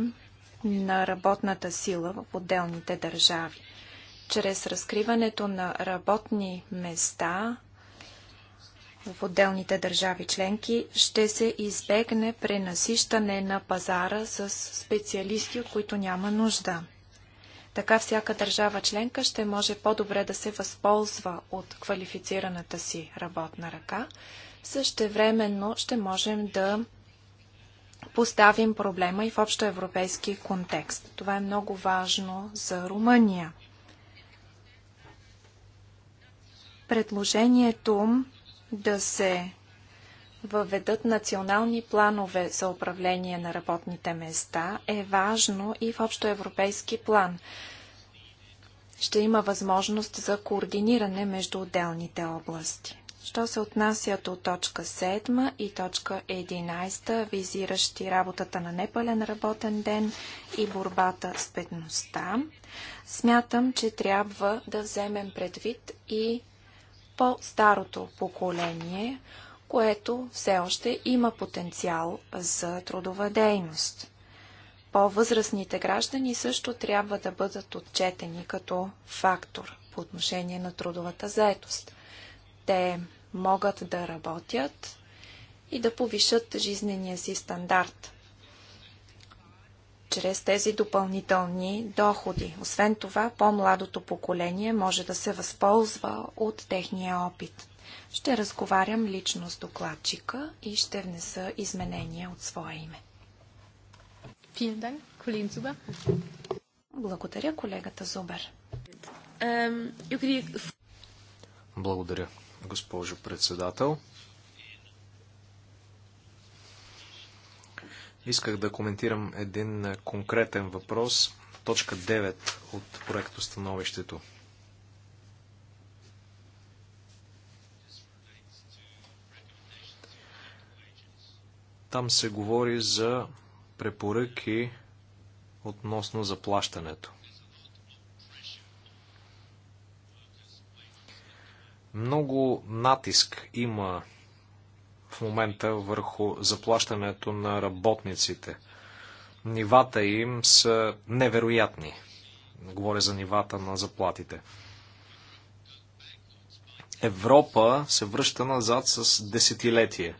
на работната сила в отделните държави. Чрез разкриването на работни места в отделните държави членки, ще се избегне пренасищане на пазара с специалисти, от които няма нужда. Така всяка държава членка ще може по-добре да се възползва от квалифицираната си работна ръка. Същевременно ще можем да поставим проблема и в общоевропейски контекст. Това е много важно за Румъния. Предложението да се въведат национални планове за управление на работните места е важно и в общоевропейски план. Ще има възможност за координиране между отделните области. Що се отнася до точка 7 и точка 11, визиращи работата на непълен работен ден и борбата с бедността, смятам, че трябва да вземем предвид и по-старото поколение, което все още има потенциал за трудова дейност. По-възрастните граждани също трябва да бъдат отчетени като фактор по отношение на трудовата заетост. Те могат да работят и да повишат жизнения си стандарт чрез тези допълнителни доходи. Освен това, по-младото поколение може да се възползва от техния опит. Ще разговарям лично с докладчика и ще внеса изменения от своя име. Благодаря, колегата Зубер. Благодаря, госпожо председател. Исках да коментирам един конкретен въпрос, точка 9 от проекто становището. Там се говори за препоръки относно заплащането. Много натиск има в момента върху заплащането на работниците. Нивата им са невероятни. Говоря за нивата на заплатите. Европа се връща назад с десетилетие.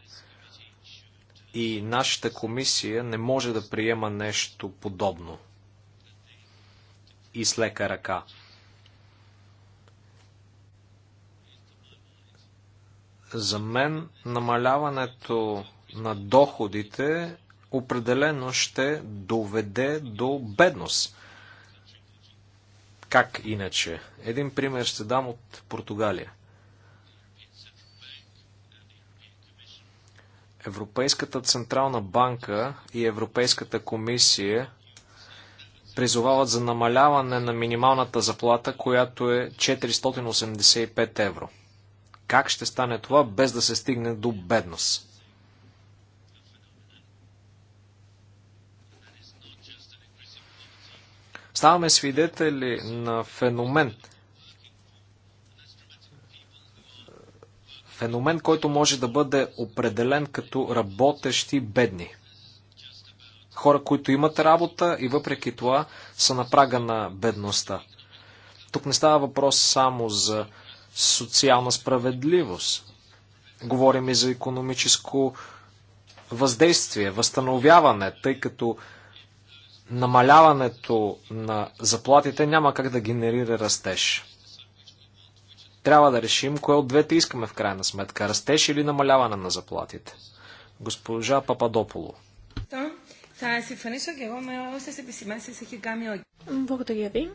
И нашата комисия не може да приема нещо подобно. И с лека ръка. За мен намаляването на доходите определено ще доведе до бедност. Как иначе? Един пример ще дам от Португалия. Европейската Централна банка и Европейската комисия призовават за намаляване на минималната заплата, която е 485 евро. Как ще стане това без да се стигне до бедност? Ставаме свидетели на феномен. Феномен, който може да бъде определен като работещи бедни хора, които имат работа и въпреки това са на прага на бедността. Тук не става въпрос само за социална справедливост. Говорим и за економическо въздействие, възстановяване, тъй като намаляването на заплатите няма как да генерира растеж. Трябва да решим кое от двете искаме в крайна сметка растеж или намаляване на заплатите. Госпожа Пападополо. Благодаря ви.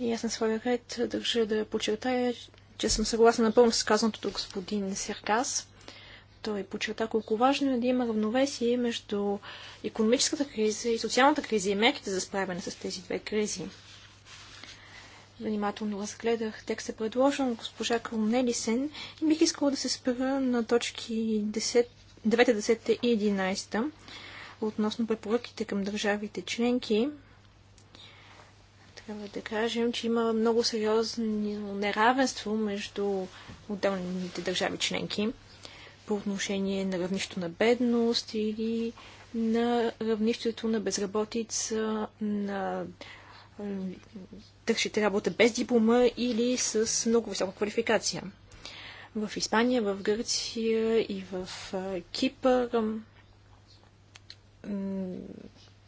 И аз на своя ред държа да подчертая, че съм съгласна напълно с казаното от господин Серкас. Той подчерта колко важно е да има равновесие между економическата криза и социалната криза и мерките за справяне с тези две кризи. Внимателно разгледах текста предложен от госпожа Кълнелисен и бих искала да се спра на точки 10, 9, 10 и 11 относно препоръките към държавите членки трябва да кажем, че има много сериозно неравенство между отделните държави членки по отношение на равнището на бедност или на равнището на безработица, на търсите работа без диплома или с много висока квалификация. В Испания, в Гърция и в Кипър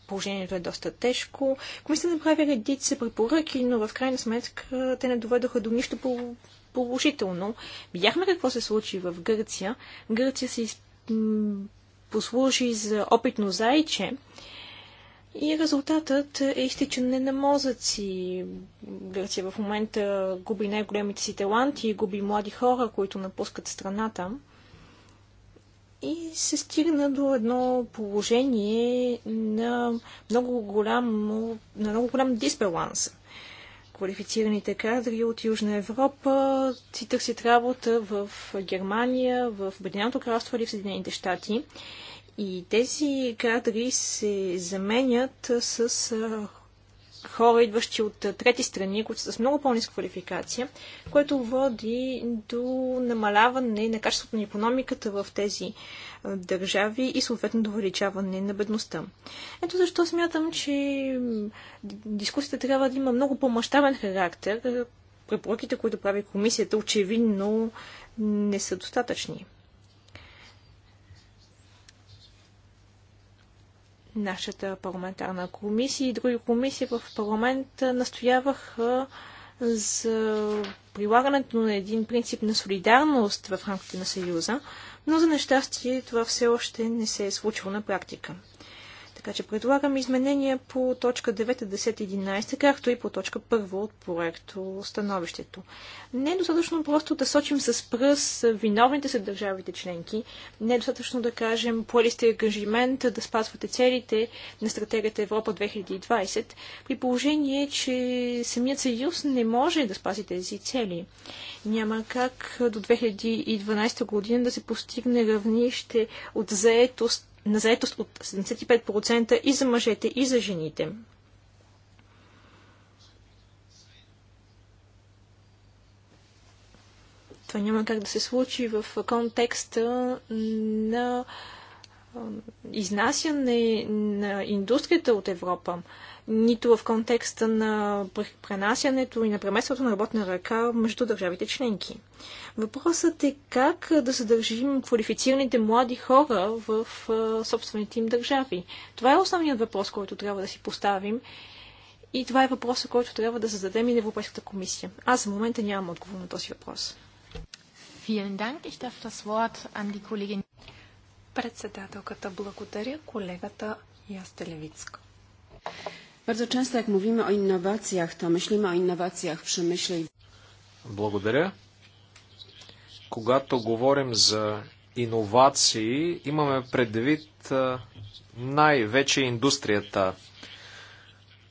положението е доста тежко. Комисията направи редици препоръки, но в крайна сметка те не доведоха до нищо положително. Видяхме какво се случи в Гърция. Гърция се послужи за опитно зайче. И резултатът е изтичане на мозъци. Гърция в момента губи най-големите си таланти, губи млади хора, които напускат страната. И се стигна до едно положение на много голям, на много голям дисбаланс. Квалифицираните кадри от Южна Европа си търсят работа в Германия, в Обединеното кралство или в Съединените щати. И тези кадри се заменят с хора, идващи от трети страни, които са с много по низка квалификация, което води до намаляване на качеството на економиката в тези държави и съответно до увеличаване на бедността. Ето защо смятам, че дискусията трябва да има много по-масштабен характер. Препоръките, които прави комисията, очевидно не са достатъчни. нашата парламентарна комисия и други комисии в парламента настояваха за прилагането на един принцип на солидарност в рамките на Съюза, но за нещастие това все още не се е случило на практика. Така че предлагам изменения по точка 9, 10, 11, както и по точка 1 от проекто становището. Не е достатъчно просто да сочим с пръст виновните са държавите членки. Не е достатъчно да кажем поели сте ангажимент да спазвате целите на стратегията Европа 2020, при положение, че самият съюз не може да спази тези цели. Няма как до 2012 година да се постигне равнище от заетост на заетост от 75% и за мъжете, и за жените. Това няма как да се случи в контекста на изнасяне на индустрията от Европа, нито в контекста на пренасянето и на преместването на работна ръка между държавите членки. Въпросът е как да съдържим квалифицираните млади хора в собствените им държави. Това е основният въпрос, който трябва да си поставим и това е въпросът, който трябва да зададем и на Европейската комисия. Аз за момента нямам отговор на този въпрос. Vielen Dank. Ich darf das Wort an die Kollegin Председателката благодаря колегата Ястелевицка. Bardzo często jak mówimy o innowacjach, to myślimy o innowacjach w przemyśle. Благодаря. Когато говорим за иновации, имаме предвид най-вече индустрията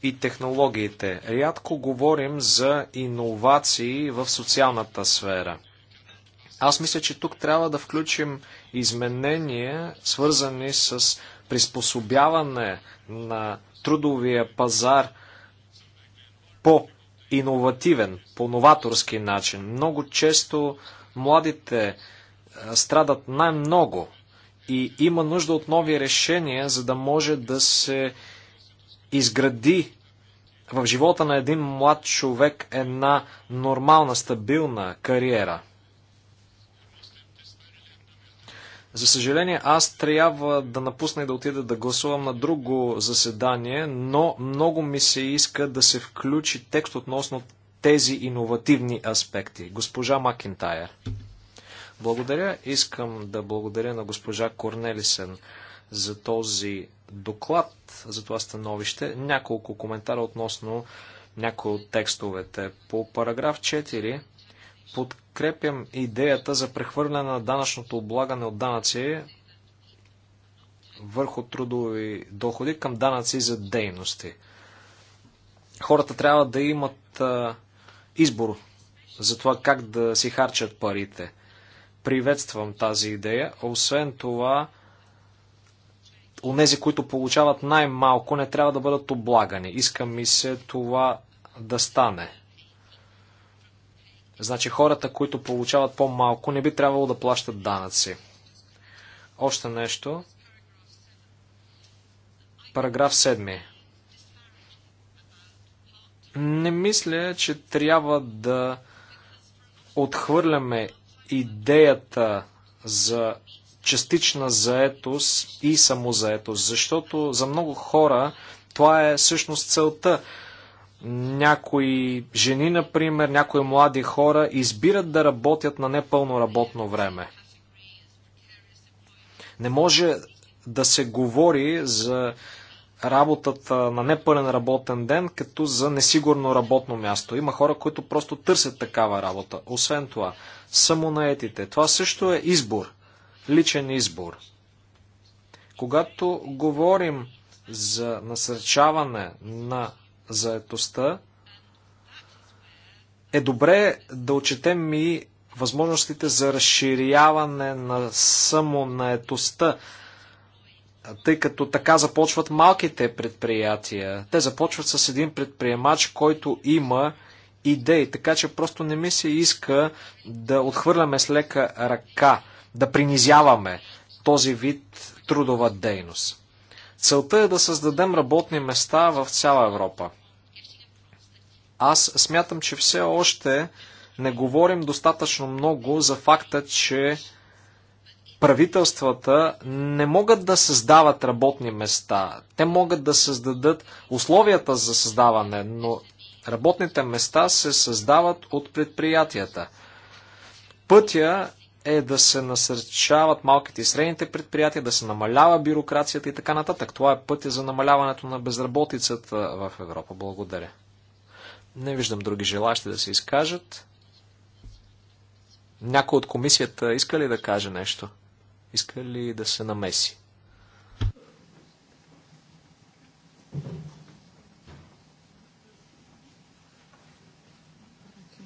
и технологиите. Рядко говорим за иновации в социалната сфера – аз мисля, че тук трябва да включим изменения, свързани с приспособяване на трудовия пазар по иновативен, по новаторски начин. Много често младите страдат най-много и има нужда от нови решения, за да може да се изгради в живота на един млад човек една нормална, стабилна кариера – За съжаление, аз трябва да напусна и да отида да гласувам на друго заседание, но много ми се иска да се включи текст относно тези иновативни аспекти. Госпожа Макинтайер. Благодаря. Искам да благодаря на госпожа Корнелисен за този доклад, за това становище. Няколко коментара относно някои от текстовете. По параграф 4 подкрепям идеята за прехвърляне на данъчното облагане от данъци върху трудови доходи към данъци за дейности. Хората трябва да имат избор за това как да си харчат парите. Приветствам тази идея. Освен това, онези, които получават най-малко, не трябва да бъдат облагани. Искам ми се това да стане. Значи хората, които получават по-малко, не би трябвало да плащат данъци. Още нещо. Параграф 7. Не мисля, че трябва да отхвърляме идеята за частична заетост и самозаетост, защото за много хора това е всъщност целта някои жени, например, някои млади хора избират да работят на непълно работно време. Не може да се говори за работата на непълен работен ден като за несигурно работно място. Има хора, които просто търсят такава работа. Освен това, самонаетите. Това също е избор. Личен избор. Когато говорим за насърчаване на заетостта, е добре да отчетем и възможностите за разширяване на самонаетостта, тъй като така започват малките предприятия. Те започват с един предприемач, който има идеи, така че просто не ми се иска да отхвърляме с лека ръка, да принизяваме този вид трудова дейност. Целта е да създадем работни места в цяла Европа. Аз смятам, че все още не говорим достатъчно много за факта, че правителствата не могат да създават работни места. Те могат да създадат условията за създаване, но работните места се създават от предприятията. Пътя е да се насърчават малките и средните предприятия, да се намалява бюрокрацията и така нататък. Това е пътя за намаляването на безработицата в Европа. Благодаря. Не виждам други желащи да се изкажат. Някой от комисията иска ли да каже нещо? Иска ли да се намеси?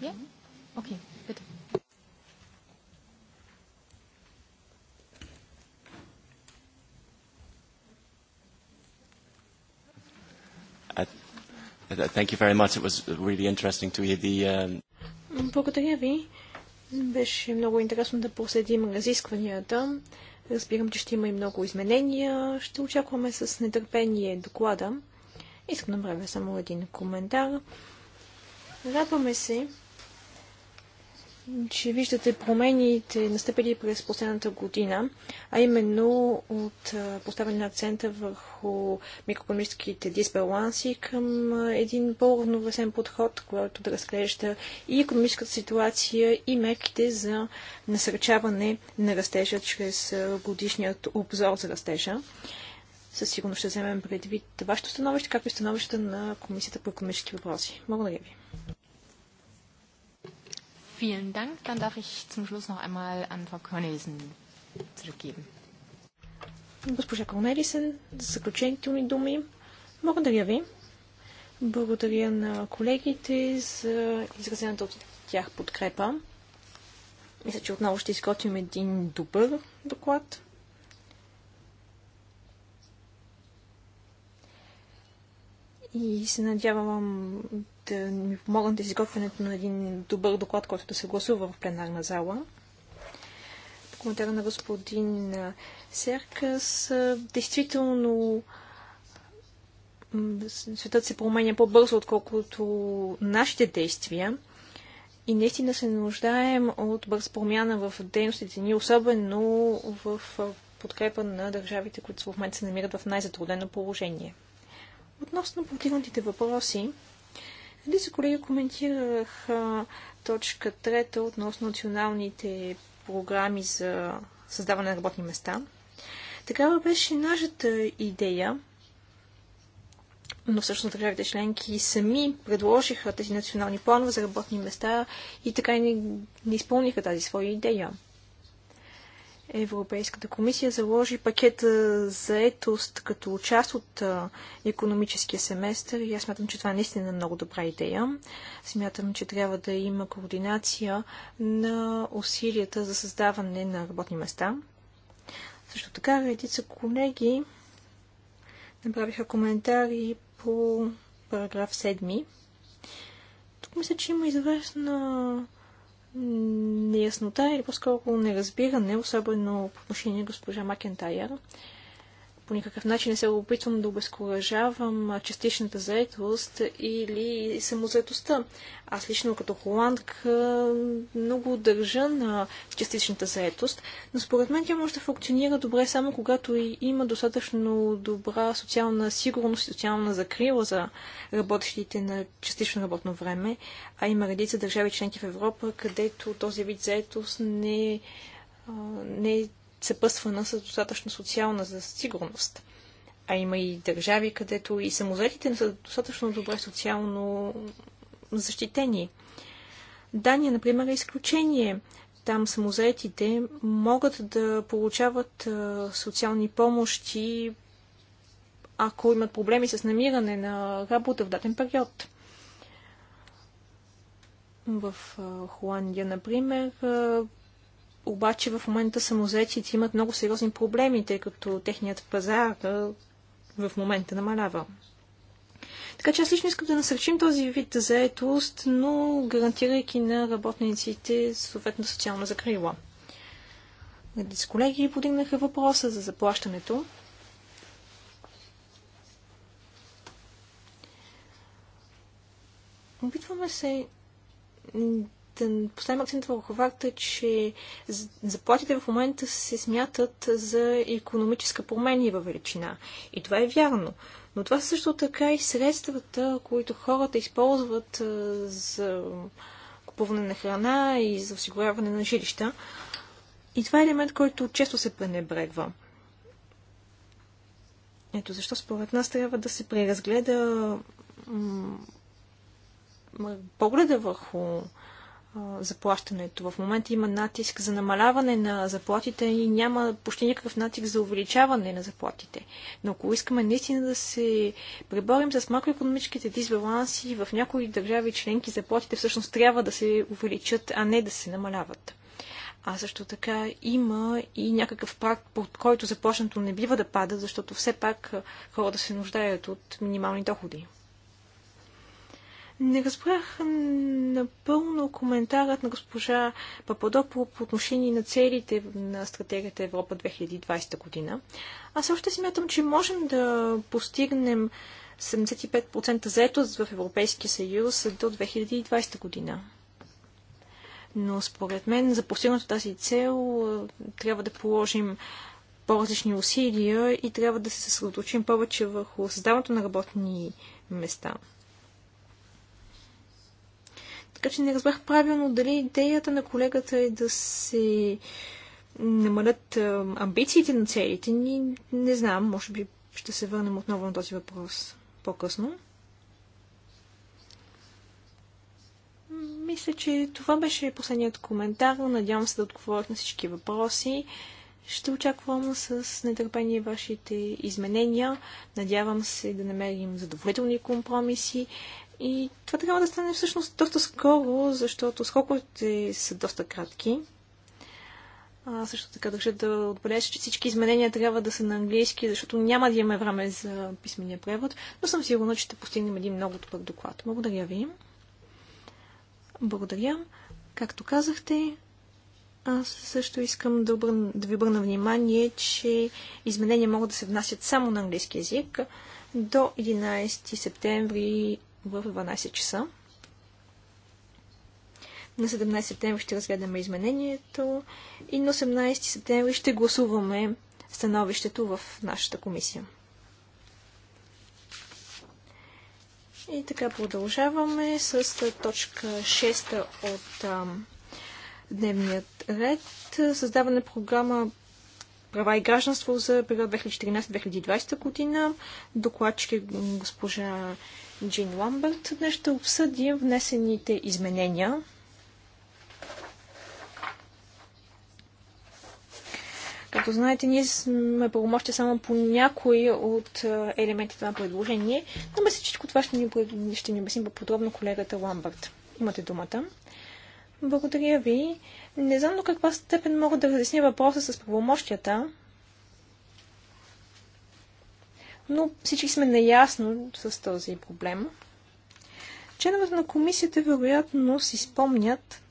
Yeah. Okay. Uh, thank you very much. It was really interesting to hear the... Um... Благодаря ви. Беше много интересно да проследим разискванията. Разбирам, че ще има и много изменения. Ще очакваме с нетърпение доклада. Искам да направя само един коментар. Радваме се, че виждате промените, настъпили през последната година, а именно от поставяне на акцента върху микроекономическите дисбаланси към един по-равновесен подход, който да разглежда и економическата ситуация, и мерките за насърчаване на растежа чрез годишният обзор за растежа. Със сигурност ще вземем предвид вашето становище, както и становище на Комисията по економически въпроси. Благодаря ви. Vielen Dank. Dann darf ich zum Schluss noch einmal an Frau Cornelissen zurückgeben. Госпожа Корнелисен, за заключението ни думи. Благодаря ви. Благодаря на колегите за изразената от тях подкрепа. Мисля, че отново ще изготвим един добър доклад. И се надявам да ми помогнат изготвянето на един добър доклад, който да се гласува в пленарна зала. По коментара на господин Серкас, действително светът се променя по-бързо, отколкото нашите действия. И наистина се нуждаем от бърз промяна в дейностите ни, особено в подкрепа на държавите, които в момента се намират в най-затруднено положение. Относно противните въпроси, се колеги коментираха точка трета относно националните програми за създаване на работни места. Такава беше нашата идея, но всъщност държавите членки сами предложиха тези национални планове за работни места и така и не, не изпълниха тази своя идея. Европейската комисия заложи пакета за етост като част от економическия семестър и аз смятам, че това е наистина много добра идея. Смятам, че трябва да има координация на усилията за създаване на работни места. Също така редица колеги направиха коментари по параграф 7. Тук мисля, че има известна неяснота или по-скоро неразбиране, особено по отношение госпожа Макентайер, по никакъв начин не се опитвам да обезкуражавам частичната заетост или самозаетостта. Аз лично като холандка много държа на частичната заетост, но според мен тя може да функционира добре само когато и има достатъчно добра социална сигурност и социална закрила за работещите на частично работно време, а има редица държави членки в Европа, където този вид заетост не, не е съпъсвана с достатъчно социална за сигурност. А има и държави, където и самозетите не са достатъчно добре социално защитени. Дания, например, е изключение. Там самозетите могат да получават социални помощи, ако имат проблеми с намиране на работа в даден период. В Холандия, например, обаче в момента самозаетите имат много сериозни проблеми, тъй като техният пазар в момента намалява. Така че аз лично искам да насърчим този вид заетост, но гарантирайки на работниците съответно социална закрила. С колеги подигнаха въпроса за заплащането. Опитваме се да поставим акцент върху факта, че заплатите в момента се смятат за економическа променлива величина. И това е вярно. Но това са също така и средствата, които хората използват за купуване на храна и за осигуряване на жилища. И това е елемент, който често се пренебрегва. Ето защо според нас трябва да се преразгледа погледа върху заплащането. В момента има натиск за намаляване на заплатите и няма почти никакъв натиск за увеличаване на заплатите. Но ако искаме наистина да се преборим с макроекономическите дисбаланси, в някои държави членки заплатите всъщност трябва да се увеличат, а не да се намаляват. А също така има и някакъв прак, под който заплащането не бива да пада, защото все пак хората да се нуждаят от минимални доходи. Не разбрах напълно коментарът на госпожа Пападопол по отношение на целите на стратегията Европа 2020 година. Аз още смятам, че можем да постигнем 75% заетост в Европейския съюз до 2020 година. Но според мен за постигнато тази цел трябва да положим по-различни усилия и трябва да се съсредоточим повече върху създаването на работни места. Така че не разбрах правилно дали идеята на колегата е да се намалят е, амбициите на целите ни. Не знам, може би ще се върнем отново на този въпрос по-късно. Мисля, че това беше последният коментар. Надявам се да отговорих на всички въпроси. Ще очаквам с нетърпение вашите изменения. Надявам се да намерим задоволителни компромиси. И това трябва да стане всъщност доста скоро, защото сроковете са доста кратки. А, също така държа да отбележа, че всички изменения трябва да са на английски, защото няма да имаме време за писмения превод, но съм сигурна, че ще постигнем един много добър доклад. Благодаря ви. Благодаря. Както казахте, аз също искам да, обърна, да ви обърна внимание, че изменения могат да се внасят само на английски язик до 11 септември в 12 часа. На 17 септември ще разгледаме изменението и на 18 септември ще гласуваме становището в нашата комисия. И така продължаваме с точка 6 от а, дневният ред. Създаване програма права и гражданство за период 2014-2020 година. Докладчик е госпожа Джин Ламбърт. Днес ще обсъдим внесените изменения. Като знаете, ние сме правомощи само по някои от е, елементите на предложение, но мисля, че всичко това ще ни, ще ни по-подробно колегата Ламбърт. Имате думата. Благодаря ви. Не знам до каква степен мога да разясня въпроса с правомощията. но всички сме наясно с този проблем. Членовете на комисията вероятно си спомнят,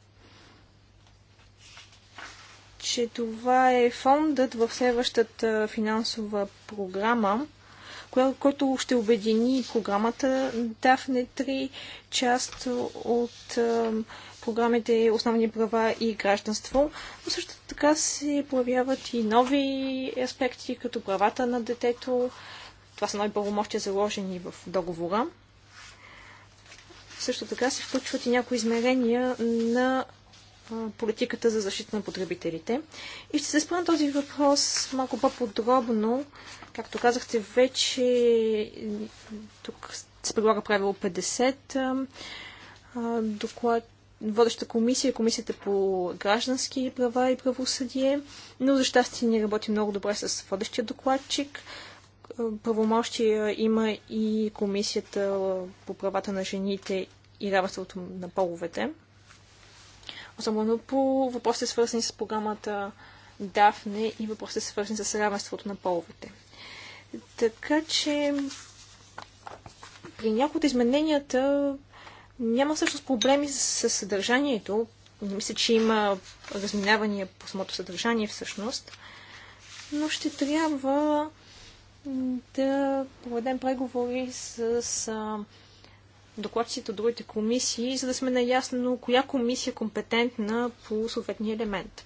че това е фондът в следващата финансова програма, който ще обедини програмата DAFNE 3, част от програмите Основни права и гражданство, но също така се появяват и нови аспекти, като правата на детето, това са най пълномощия заложени в договора. Също така се включват и някои измерения на политиката за защита на потребителите. И ще се спомня този въпрос малко по-подробно. Както казахте вече, тук се предлага правило 50. Доклад водеща комисия, комисията по граждански права и правосъдие, но за щастие ни работи много добре с водещия докладчик правомощия има и Комисията по правата на жените и равенството на половете. Особено по въпросите свързани с програмата Дафне и въпросите свързани с равенството на половете. Така че при някои от измененията няма всъщност проблеми с съдържанието. Не мисля, че има разминавания по самото съдържание всъщност. Но ще трябва да проведем преговори с, а, докладчите от другите комисии, за да сме наясно коя комисия е компетентна по съответния елемент.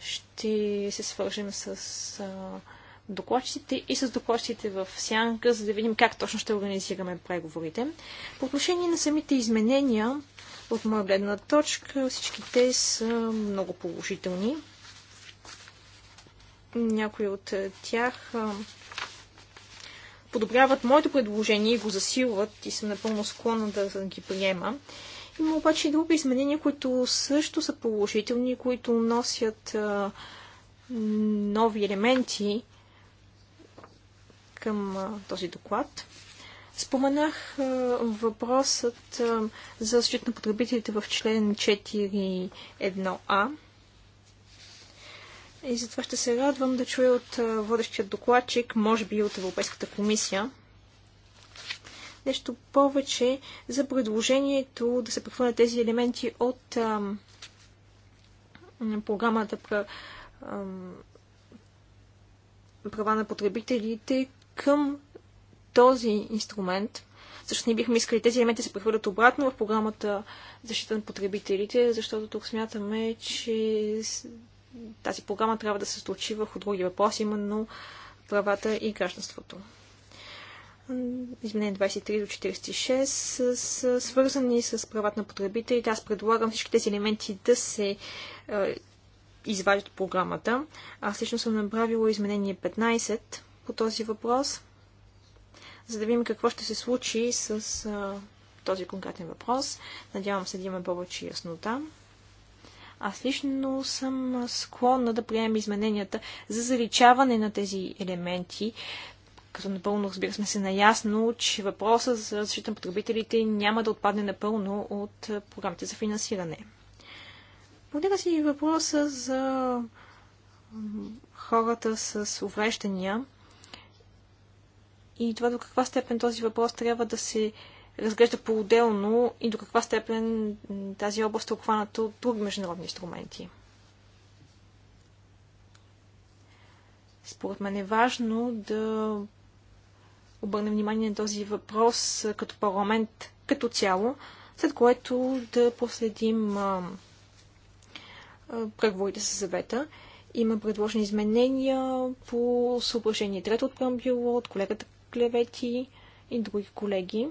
Ще се свържем с а, докладчите и с докладчите в сянка, за да видим как точно ще организираме преговорите. По отношение на самите изменения, от моя гледна точка, всички те са много положителни. Някои от тях подобряват моето предложение и го засилват и съм напълно склонна да ги приема. Има обаче и други изменения, които също са положителни, които носят а, нови елементи към а, този доклад. Споменах а, въпросът а, за защита на потребителите в член 4.1а. И затова ще се радвам да чуя от водещия докладчик, може би от Европейската комисия, нещо повече за предложението да се прехвърлят тези елементи от ам, програмата пра, ам, права на потребителите към този инструмент. Също не бихме искали тези елементи да се прехвърлят обратно в програмата защита на потребителите, защото тук смятаме, че тази програма трябва да се случи върху други въпроси, именно правата и гражданството. Изменение 23 до 46 са свързани с правата на потребителите. Аз предлагам всички тези елементи да се е, извадят от програмата. Аз лично съм направила изменение 15 по този въпрос, за да видим какво ще се случи с е, този конкретен въпрос. Надявам се да имаме повече яснота. Аз лично съм склонна да приемем измененията за заличаване на тези елементи, като напълно, разбира сме се, наясно, че въпросът за защита на потребителите няма да отпадне напълно от програмите за финансиране. Подига си въпроса за хората с увреждания и това до каква степен този въпрос трябва да се разглежда по-отделно и до каква степен тази област е обхваната от други международни инструменти. Според мен е важно да обърнем внимание на този въпрос като парламент като цяло, след което да последим преговорите с съвета. Има предложени изменения по съображение трето от преамбюла, от колегата Клевети и други колеги.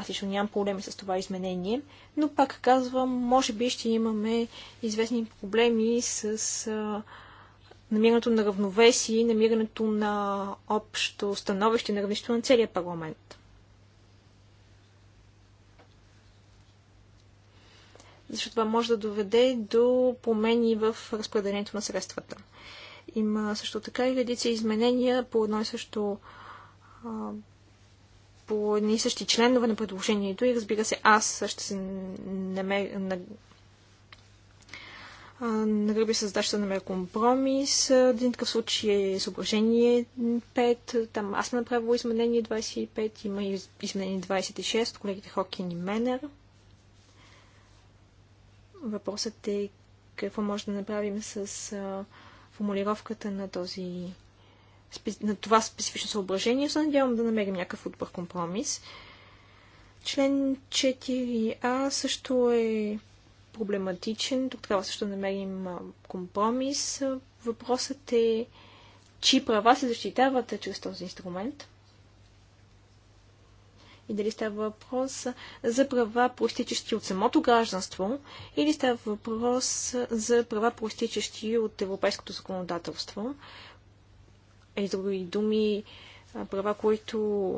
Аз лично нямам проблеми с това изменение, но пак казвам, може би ще имаме известни проблеми с намирането на равновесие, намирането на общо становище на равнището на целия парламент. Защото това може да доведе до промени в разпределението на средствата. Има също така и редица изменения по едно и също по едни и същи членове на предложението и разбира се аз ще се намеря на Нагръби с да намеря компромис. Един такъв случай е съображение 5. Там аз съм направила изменение 25. Има и изменение 26 колегите Хокин и Менер. Въпросът е какво може да направим с формулировката на този на това специфично съображение, се надявам да намерим някакъв отбър компромис. Член 4а също е проблематичен. Тук трябва също да намерим компромис. Въпросът е, чи права се защитават чрез този инструмент. И дали става въпрос за права, проистичащи от самото гражданство, или става въпрос за права, проистичащи от европейското законодателство е други думи права, които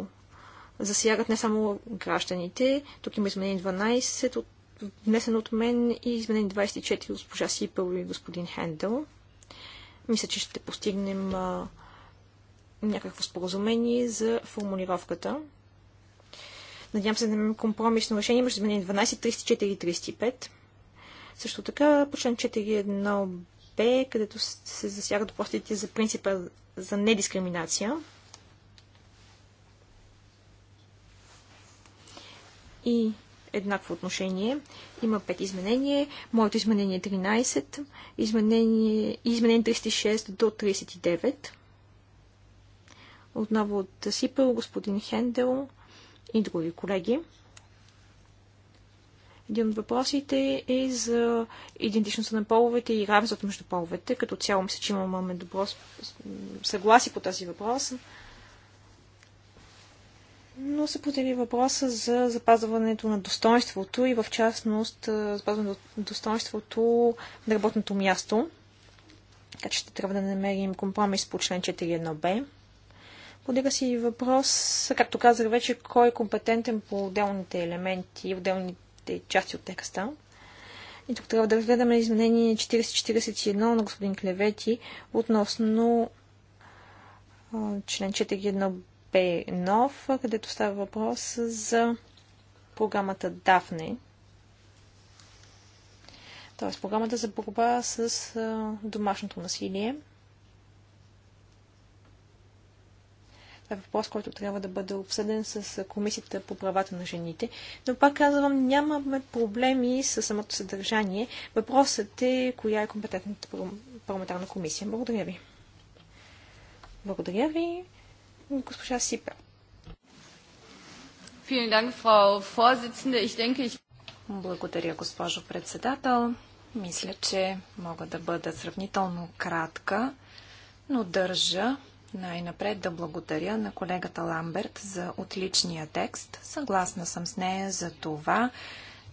засягат не само гражданите. Тук има изменение 12, от, от мен и изменение 24 от госпожа Сипел и господин Хендел. Мисля, че ще постигнем а, някакво споразумение за формулировката. Надявам се да имаме компромисно решение между изменение 12, 34 и 35. Също така, по член 4.1 МСП, където се засягат въпросите за принципа за недискриминация. И еднакво отношение. Има 5 изменения. Моето изменение е 13, изменение, изменение 36 до 39. Отново от Сипъл, господин Хендел и други колеги. Един от въпросите е за идентичността на половете и равенството между половете. Като цяло мисля, че имаме добро съгласие по този въпрос. Но се подели въпроса за запазването на достоинството и в частност запазването на достоинството на работното място. Така че ще трябва да намерим компромис по член 4.1b. Подига си въпрос, както казах вече, кой е компетентен по отделните елементи, отделните те части от текста. И тук трябва да разгледаме изменение 4041 на господин Клевети относно член 4.1b нов, където става въпрос за програмата Дафне. Тоест програмата за борба с домашното насилие. е въпрос, който трябва да бъде обсъден с Комисията по правата на жените. Но пак казвам, нямаме проблеми с самото съдържание. Въпросът е коя е компетентната парламентарна комисия. Благодаря ви. Благодаря ви, госпожа Сипер. Благодаря, госпожо председател. Мисля, че мога да бъда сравнително кратка, но държа най-напред да благодаря на колегата Ламберт за отличния текст. Съгласна съм с нея за това,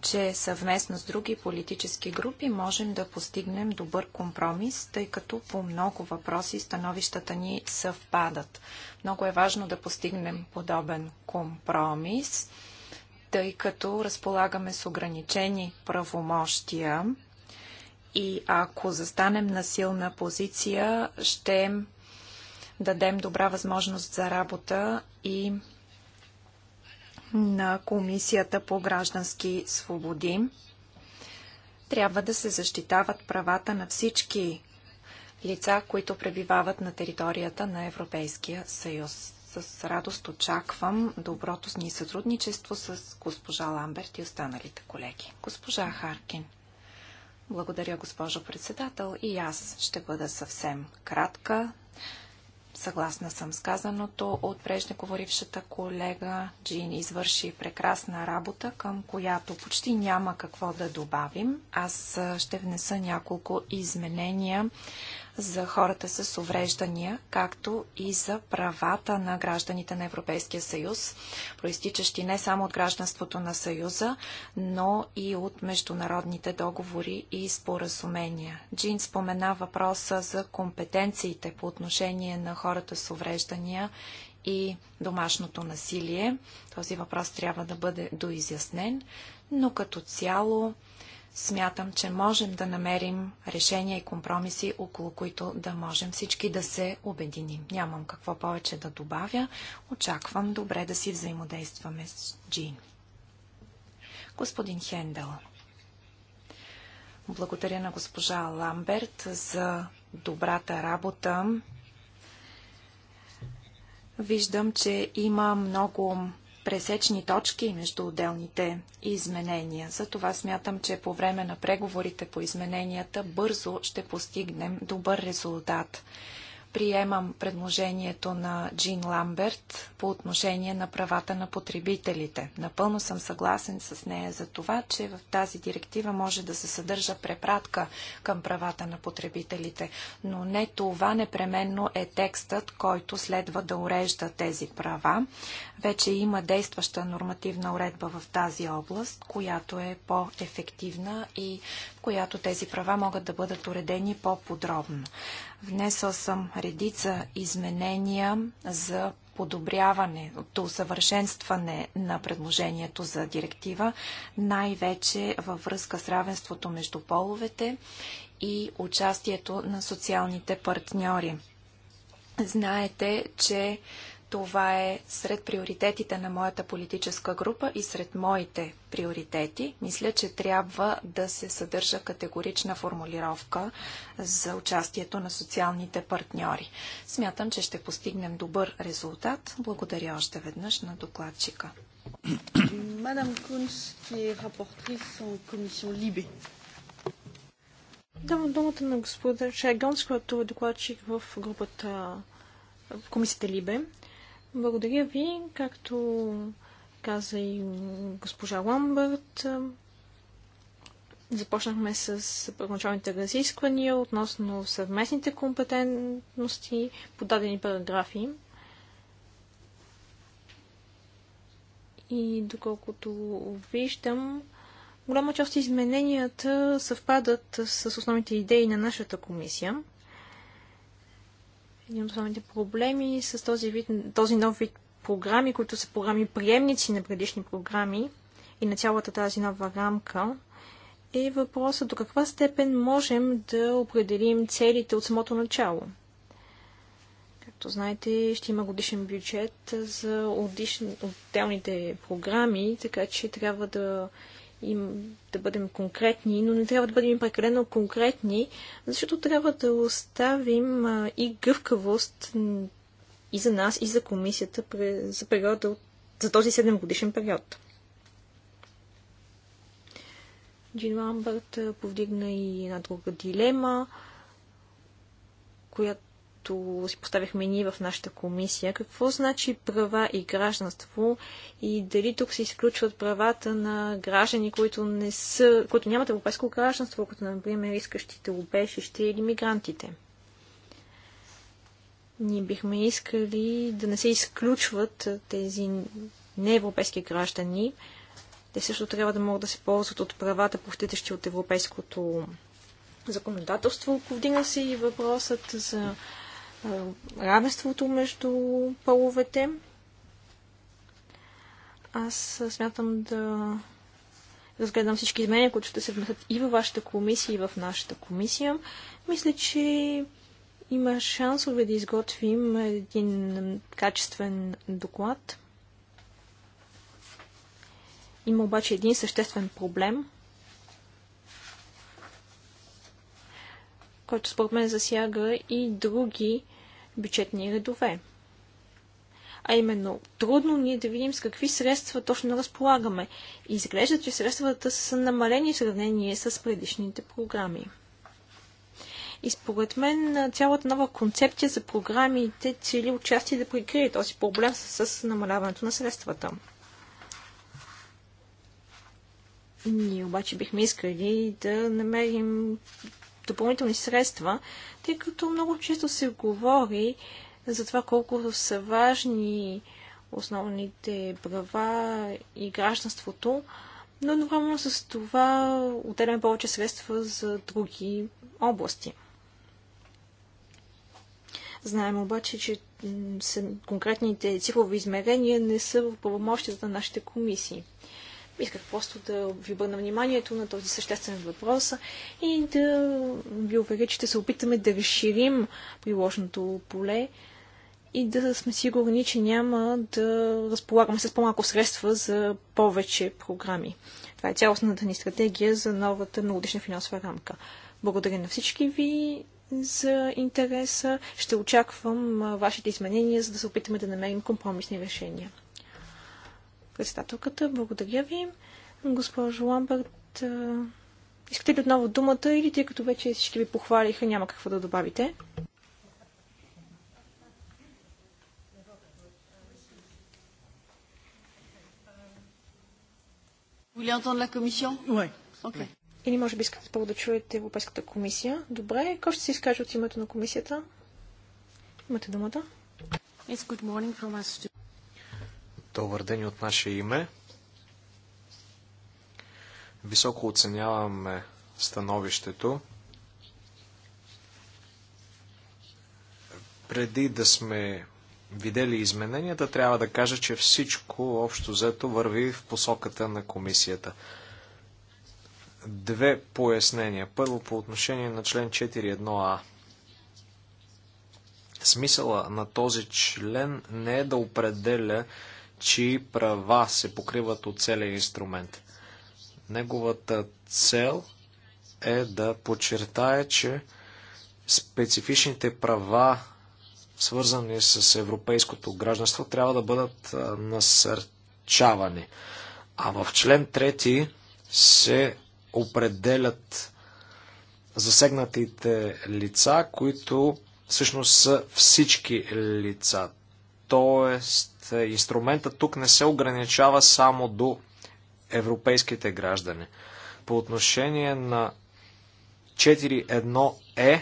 че съвместно с други политически групи можем да постигнем добър компромис, тъй като по много въпроси становищата ни съвпадат. Много е важно да постигнем подобен компромис, тъй като разполагаме с ограничени правомощия и ако застанем на силна позиция, ще дадем добра възможност за работа и на Комисията по граждански свободи. Трябва да се защитават правата на всички лица, които пребивават на територията на Европейския съюз. С радост очаквам доброто с ни сътрудничество с госпожа Ламберт и останалите колеги. Госпожа Харкин. Благодаря, госпожо председател. И аз ще бъда съвсем кратка. Съгласна съм с казаното от преждеговорившата колега. Джин извърши прекрасна работа, към която почти няма какво да добавим. Аз ще внеса няколко изменения за хората с увреждания, както и за правата на гражданите на Европейския съюз, проистичащи не само от гражданството на Съюза, но и от международните договори и споразумения. Джин спомена въпроса за компетенциите по отношение на хората с увреждания и домашното насилие. Този въпрос трябва да бъде доизяснен, но като цяло смятам, че можем да намерим решения и компромиси, около които да можем всички да се обединим. Нямам какво повече да добавя. Очаквам добре да си взаимодействаме с Джин. Господин Хендел. Благодаря на госпожа Ламберт за добрата работа. Виждам, че има много пресечни точки между отделните изменения. Затова смятам, че по време на преговорите по измененията бързо ще постигнем добър резултат. Приемам предложението на Джин Ламберт по отношение на правата на потребителите. Напълно съм съгласен с нея за това, че в тази директива може да се съдържа препратка към правата на потребителите, но не това непременно е текстът, който следва да урежда тези права. Вече има действаща нормативна уредба в тази област, която е по-ефективна и в която тези права могат да бъдат уредени по-подробно. Внесъл съм редица изменения за подобряване, до усъвършенстване на предложението за директива, най-вече във връзка с равенството между половете и участието на социалните партньори. Знаете, че това е сред приоритетите на моята политическа група и сред моите приоритети. Мисля, че трябва да се съдържа категорична формулировка за участието на социалните партньори. Смятам, че ще постигнем добър резултат. Благодаря още веднъж на докладчика. Мадам Кунс, е комисион Либе. Давам думата на господин Шайгонс, който е докладчик в групата в комисията Либе. Благодаря ви, както каза и госпожа Ламбърт. Започнахме с първоначалните разисквания относно съвместните компетентности, подадени параграфи. И доколкото виждам, голяма част измененията съвпадат с основните идеи на нашата комисия. Един от основните проблеми с този, вид, този нов вид програми, които са програми приемници на предишни програми и на цялата тази нова рамка, е въпросът до каква степен можем да определим целите от самото начало. Както знаете, ще има годишен бюджет за отделните програми, така че трябва да им да бъдем конкретни, но не трябва да бъдем прекалено конкретни, защото трябва да оставим а, и гъвкавост и за нас, и за комисията за периода, за този 7 годишен период. Джин Ламбърт повдигна и една друга дилема, която които си поставяхме ние в нашата комисия. Какво значи права и гражданство и дали тук се изключват правата на граждани, които, не са, които нямат европейско гражданство, като например искащите убежище или мигрантите? Ние бихме искали да не се изключват тези неевропейски граждани. Те също трябва да могат да се ползват от правата, повтитащи от европейското законодателство. Повдигна се и въпросът за е, равенството между половете. Аз смятам да разгледам всички изменения, които ще се внесат и във вашата комисия, и в нашата комисия. Мисля, че има шансове да изготвим един качествен доклад. Има обаче един съществен проблем – който според мен засяга и други бюджетни редове. А именно, трудно ни е да видим с какви средства точно разполагаме. И изглежда, че средствата са намалени в сравнение с предишните програми. И според мен цялата нова концепция за програмите цели участие да прикрие този проблем с намаляването на средствата. Ние обаче бихме искали да намерим допълнителни средства, тъй като много често се говори за това колко са важни основните права и гражданството, но едновременно с това отделяме повече средства за други области. Знаем обаче, че конкретните цифрови измерения не са в правомощията на нашите комисии. Исках просто да ви обърна вниманието на този съществен въпрос и да ви уверя, че ще се опитаме да разширим приложното поле и да сме сигурни, че няма да разполагаме с по-малко средства за повече програми. Това е цялостната ни стратегия за новата многодишна финансова рамка. Благодаря на всички ви за интереса. Ще очаквам вашите изменения, за да се опитаме да намерим компромисни решения председателката. Благодаря ви. Госпожо Ламбърт, искате ли отново думата или тъй като вече всички ви похвалиха, няма какво да добавите? Okay. Или може би искате първо да чуете Европейската комисия. Добре, кой ще се изкаже от името на комисията? Имате думата. It's good morning from us. Добър ден и от наше име. Високо оценяваме становището. Преди да сме видели измененията, трябва да кажа, че всичко общо взето върви в посоката на комисията. Две пояснения. Първо по отношение на член 4.1а. Смисъла на този член не е да определя чии права се покриват от целия инструмент. Неговата цел е да подчертае, че специфичните права, свързани с европейското гражданство, трябва да бъдат насърчавани. А в член 3 се определят засегнатите лица, които всъщност са всички лица. Тоест, е, инструментът тук не се ограничава само до европейските граждани. По отношение на 4.1е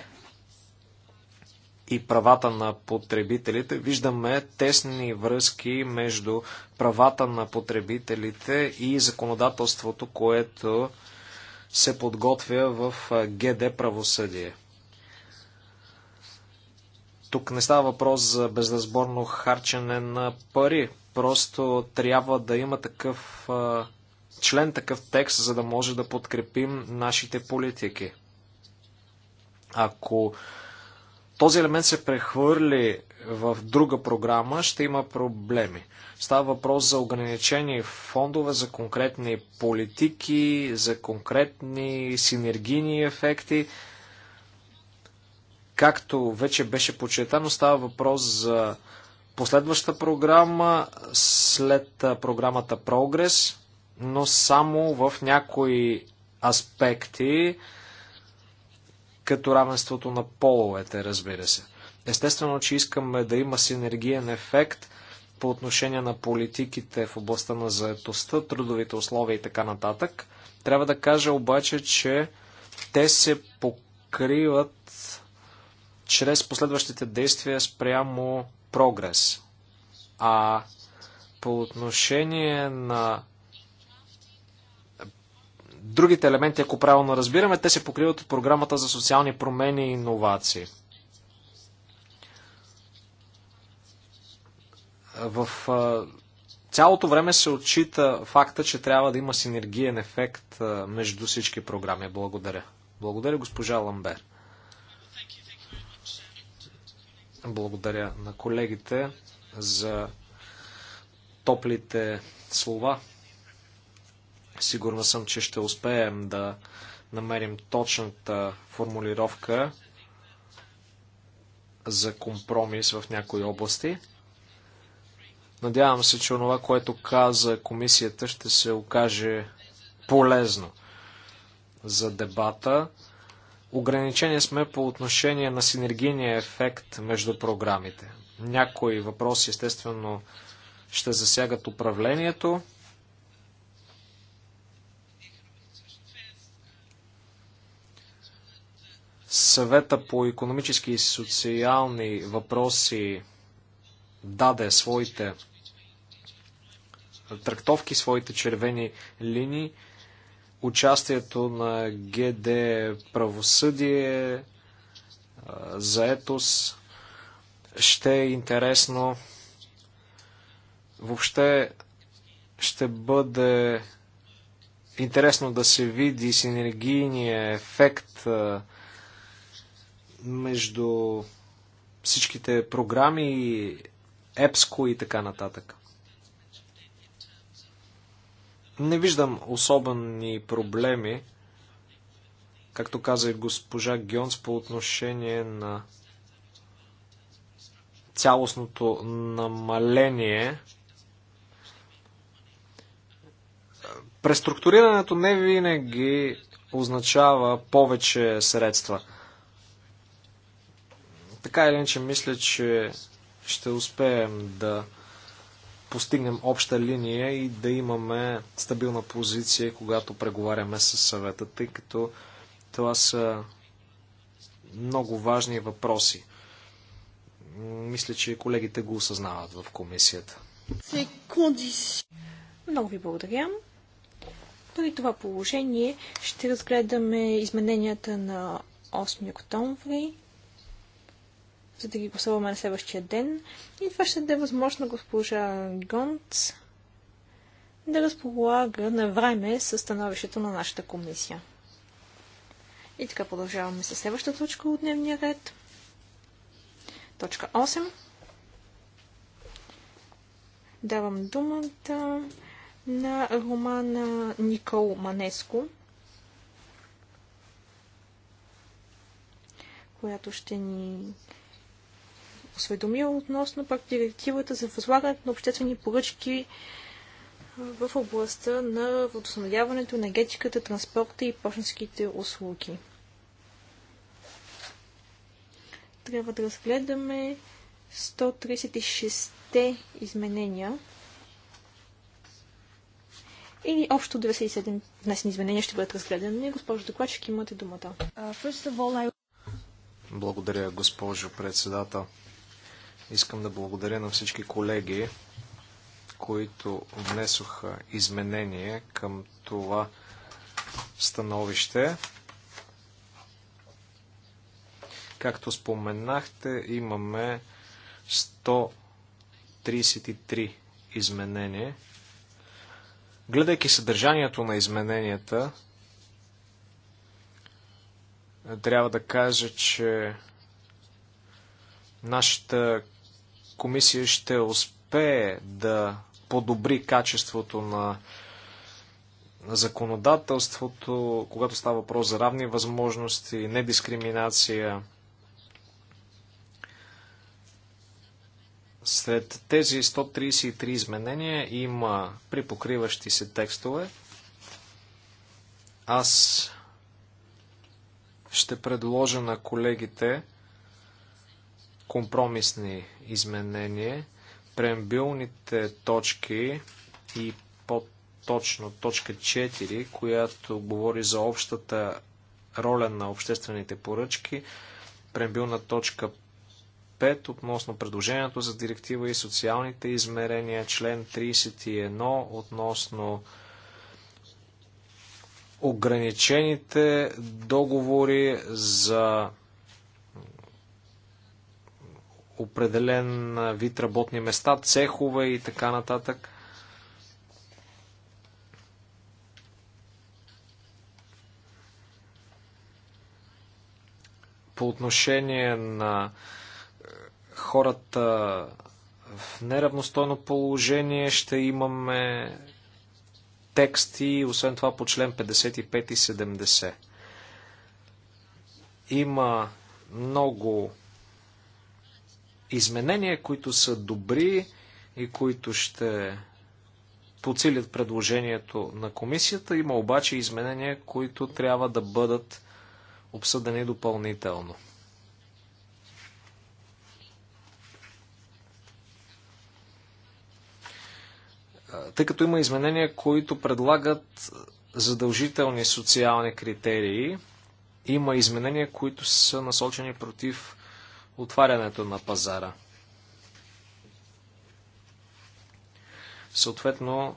и правата на потребителите, виждаме тесни връзки между правата на потребителите и законодателството, което се подготвя в е, ГД правосъдие. Тук не става въпрос за безразборно харчене на пари. Просто трябва да има такъв а, член, такъв текст, за да може да подкрепим нашите политики. Ако този елемент се прехвърли в друга програма, ще има проблеми. Става въпрос за ограничени фондове, за конкретни политики, за конкретни синергийни ефекти. Както вече беше почетано, става въпрос за последваща програма след програмата Прогрес, но само в някои аспекти, като равенството на половете, разбира се. Естествено, че искаме да има синергиен ефект по отношение на политиките в областта на заетостта, трудовите условия и така нататък. Трябва да кажа обаче, че те се покриват чрез последващите действия спрямо прогрес. А по отношение на другите елементи, ако правилно разбираме, те се покриват от програмата за социални промени и иновации. В цялото време се отчита факта, че трябва да има синергиен ефект между всички програми. Благодаря. Благодаря, госпожа Ламбер. Благодаря на колегите за топлите слова. Сигурна съм, че ще успеем да намерим точната формулировка за компромис в някои области. Надявам се, че онова, което каза комисията, ще се окаже полезно за дебата. Ограничени сме по отношение на синергийния ефект между програмите. Някои въпроси, естествено, ще засягат управлението. Съвета по економически и социални въпроси даде своите трактовки, своите червени линии участието на ГД правосъдие, Етос, Ще е интересно. Въобще ще бъде интересно да се види синергийния ефект между всичките програми, ЕПСКО и така нататък. Не виждам особени проблеми, както каза и госпожа Гьонс, по отношение на цялостното намаление. Преструктурирането не винаги означава повече средства. Така или иначе, мисля, че ще успеем да постигнем обща линия и да имаме стабилна позиция, когато преговаряме с съвета, тъй като това са много важни въпроси. Мисля, че колегите го осъзнават в комисията. Много ви благодаря. При това положение ще разгледаме измененията на 8 октомври за да ги гласуваме на следващия ден. И това ще даде възможно госпожа Гонц да разполага на време с становището на нашата комисия. И така продължаваме с следващата точка от дневния ред. Точка 8. Давам думата на романа Никол Манеско, която ще ни осведомил относно пак директивата за възлагането на обществени поръчки в областта на водоснабдяването, енергетиката, транспорта и почтенските услуги. Трябва да разгледаме 136-те изменения или общо 27 внесени изменения ще бъдат разгледани. Госпожо докладчик, имате думата. Uh, Благодаря, госпожо председател. Искам да благодаря на всички колеги, които внесоха изменение към това становище. Както споменахте, имаме 133 изменения. Гледайки съдържанието на измененията, трябва да кажа, че нашата комисия ще успее да подобри качеството на законодателството, когато става въпрос за равни възможности, недискриминация. Сред тези 133 изменения има припокриващи се текстове. Аз ще предложа на колегите компромисни изменения. Преамбилните точки и по-точно точка 4, която говори за общата роля на обществените поръчки. Преамбилна точка 5 относно предложението за директива и социалните измерения, член 31 относно ограничените договори за определен вид работни места, цехове и така нататък. По отношение на хората в неравностойно положение ще имаме тексти, освен това по член 55 и 70. Има много изменения, които са добри и които ще подсилят предложението на комисията. Има обаче изменения, които трябва да бъдат обсъдени допълнително. Тъй като има изменения, които предлагат задължителни социални критерии, има изменения, които са насочени против отварянето на пазара. Съответно,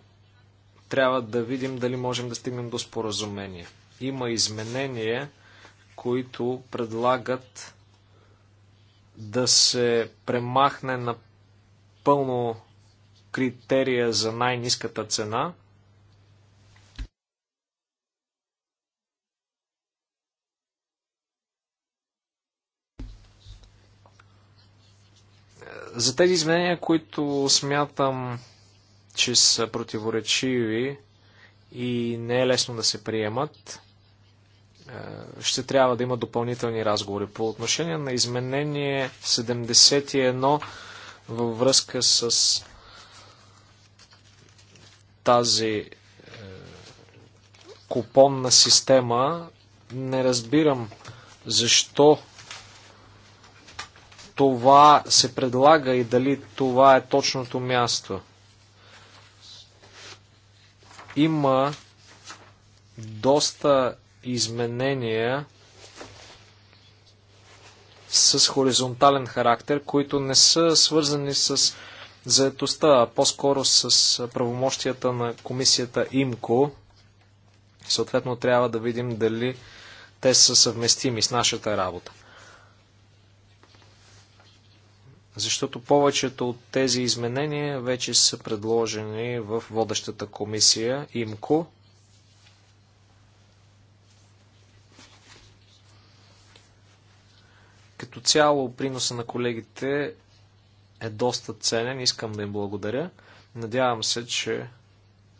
трябва да видим дали можем да стигнем до споразумение. Има изменения, които предлагат да се премахне на пълно критерия за най-низката цена. За тези изменения, които смятам, че са противоречиви и не е лесно да се приемат, е, ще трябва да има допълнителни разговори. По отношение на изменение 71 във връзка с тази е, купонна система, не разбирам защо това се предлага и дали това е точното място. Има доста изменения с хоризонтален характер, които не са свързани с заетостта, а по-скоро с правомощията на комисията ИМКО. Съответно, трябва да видим дали те са съвместими с нашата работа защото повечето от тези изменения вече са предложени в водещата комисия ИМКО. Като цяло приноса на колегите е доста ценен, искам да им благодаря. Надявам се, че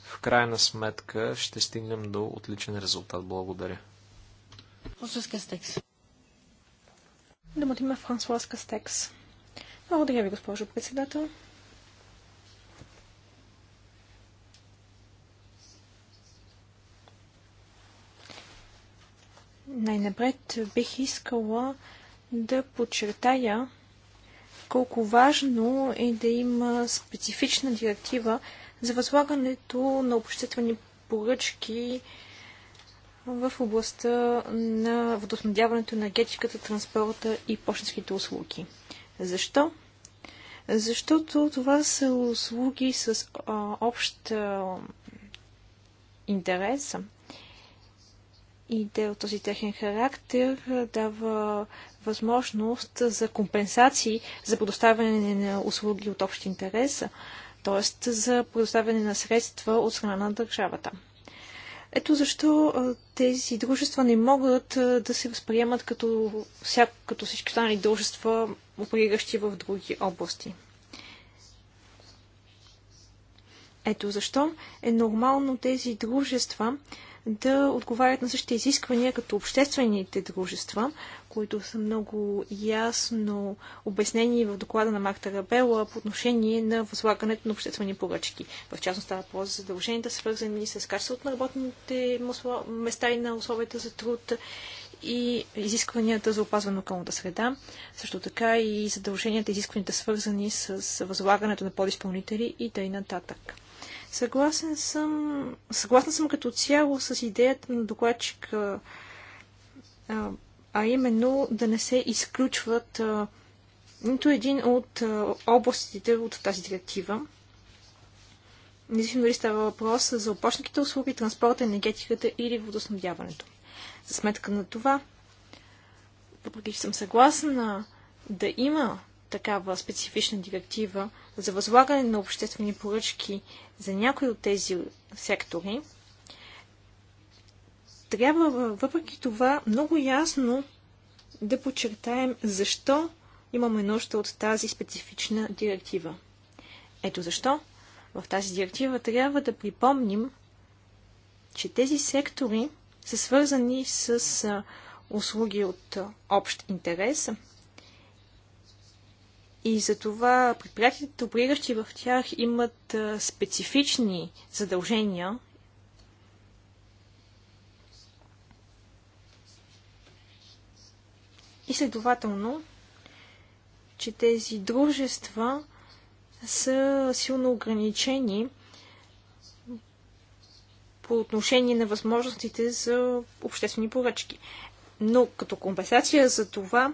в крайна сметка ще стигнем до отличен резултат. Благодаря. Думата има Франсуаз Кастекс. Благодаря ви, госпожо председател. Най-напред бих искала да подчертая колко важно е да има специфична директива за възлагането на обществени поръчки в областта на водоснабдяването, енергетиката, транспорта и почтенските услуги. Защо? защото това са услуги с а, общ а, интерес. И те от този техен характер дава възможност за компенсации за предоставяне на услуги от общ интерес, т.е. за предоставяне на средства от страна на държавата. Ето защо тези дружества не могат да се възприемат като, всяко, като всички останали дружества опериращи в други области. Ето защо е нормално тези дружества да отговарят на същите изисквания като обществените дружества, които са много ясно обяснени в доклада на Марта Рабела по отношение на възлагането на обществени поръчки. В частност става въпрос за задълженията, свързани с качеството на работните места и на условията за труд и изискванията за опазване на околната среда, също така и задълженията, изискванията свързани с възлагането на подиспълнители и тъй нататък. Съгласен съм, съгласна съм като цяло с идеята на докладчика, а именно да не се изключват нито един от областите от тази директива. Независимо дали става въпрос за опочниките услуги, транспорта, енергетиката или водоснабдяването за сметка на това, въпреки че съм съгласна да има такава специфична директива за възлагане на обществени поръчки за някои от тези сектори, трябва въпреки това много ясно да подчертаем защо имаме нужда от тази специфична директива. Ето защо в тази директива трябва да припомним, че тези сектори са свързани с услуги от общ интерес. И затова предприятията, опериращи в тях, имат специфични задължения И следователно, че тези дружества са силно ограничени по отношение на възможностите за обществени поръчки. Но като компенсация за това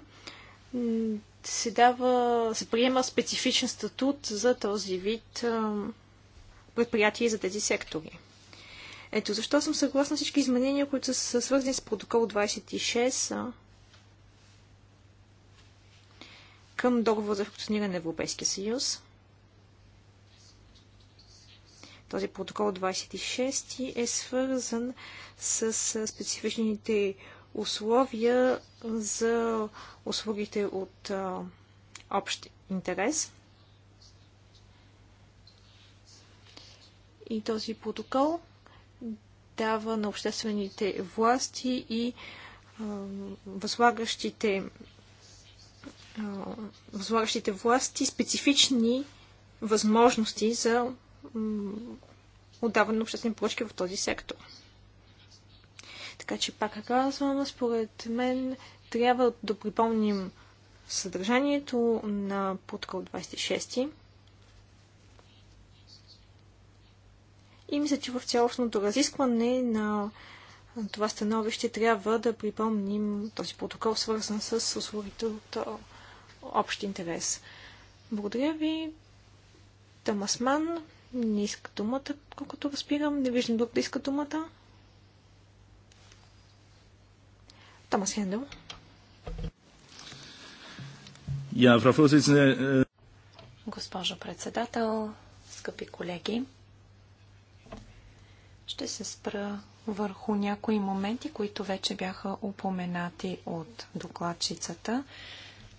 се, дава, се приема специфичен статут за този вид предприятия за тези сектори. Ето защо съм съгласна всички изменения, които са свързани с протокол 26 към договор за функциониране на Европейския съюз. Този протокол 26 е свързан с специфичните условия за услугите от общ интерес. И този протокол дава на обществените власти и възлагащите, възлагащите власти специфични възможности за отдаване на обществени поръчки в този сектор. Така че, пак казвам, според мен трябва да припомним съдържанието на протокол 26 И мисля, че в цялостното разискване на това становище трябва да припомним този протокол, свързан с услугите от общ интерес. Благодаря ви, Тамасман. Не иска думата, колкото възпирам. Не виждам друг да иска думата. Томас Хендел. Е, Госпожо председател, скъпи колеги, ще се спра върху някои моменти, които вече бяха упоменати от докладчицата.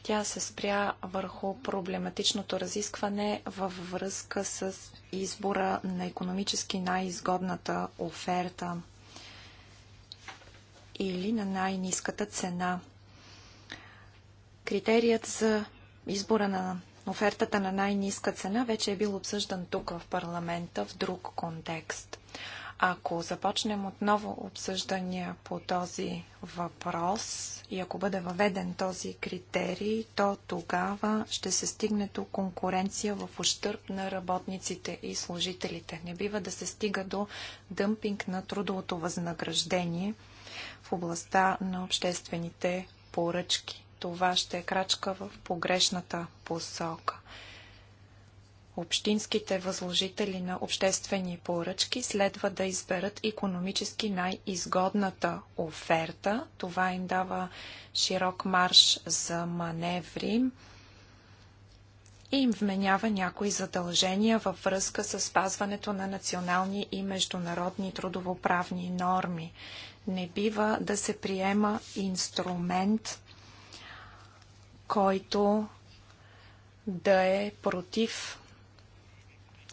Тя се спря върху проблематичното разискване във връзка с избора на економически най-изгодната оферта или на най-низката цена. Критерият за избора на офертата на най-низка цена вече е бил обсъждан тук в парламента в друг контекст. Ако започнем отново обсъждания по този въпрос и ако бъде въведен този критерий, то тогава ще се стигне до конкуренция в ущърп на работниците и служителите. Не бива да се стига до дъмпинг на трудовото възнаграждение в областта на обществените поръчки. Това ще е крачка в погрешната посока. Общинските възложители на обществени поръчки следва да изберат економически най-изгодната оферта. Това им дава широк марш за маневри и им вменява някои задължения във връзка с спазването на национални и международни трудовоправни норми. Не бива да се приема инструмент, който да е против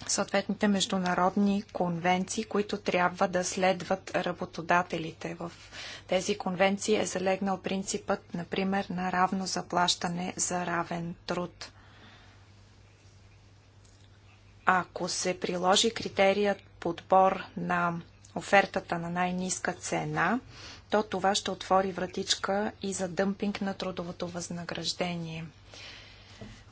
съответните международни конвенции, които трябва да следват работодателите. В тези конвенции е залегнал принципът, например, на равно заплащане за равен труд. Ако се приложи критерият подбор на офертата на най-низка цена, то това ще отвори вратичка и за дъмпинг на трудовото възнаграждение –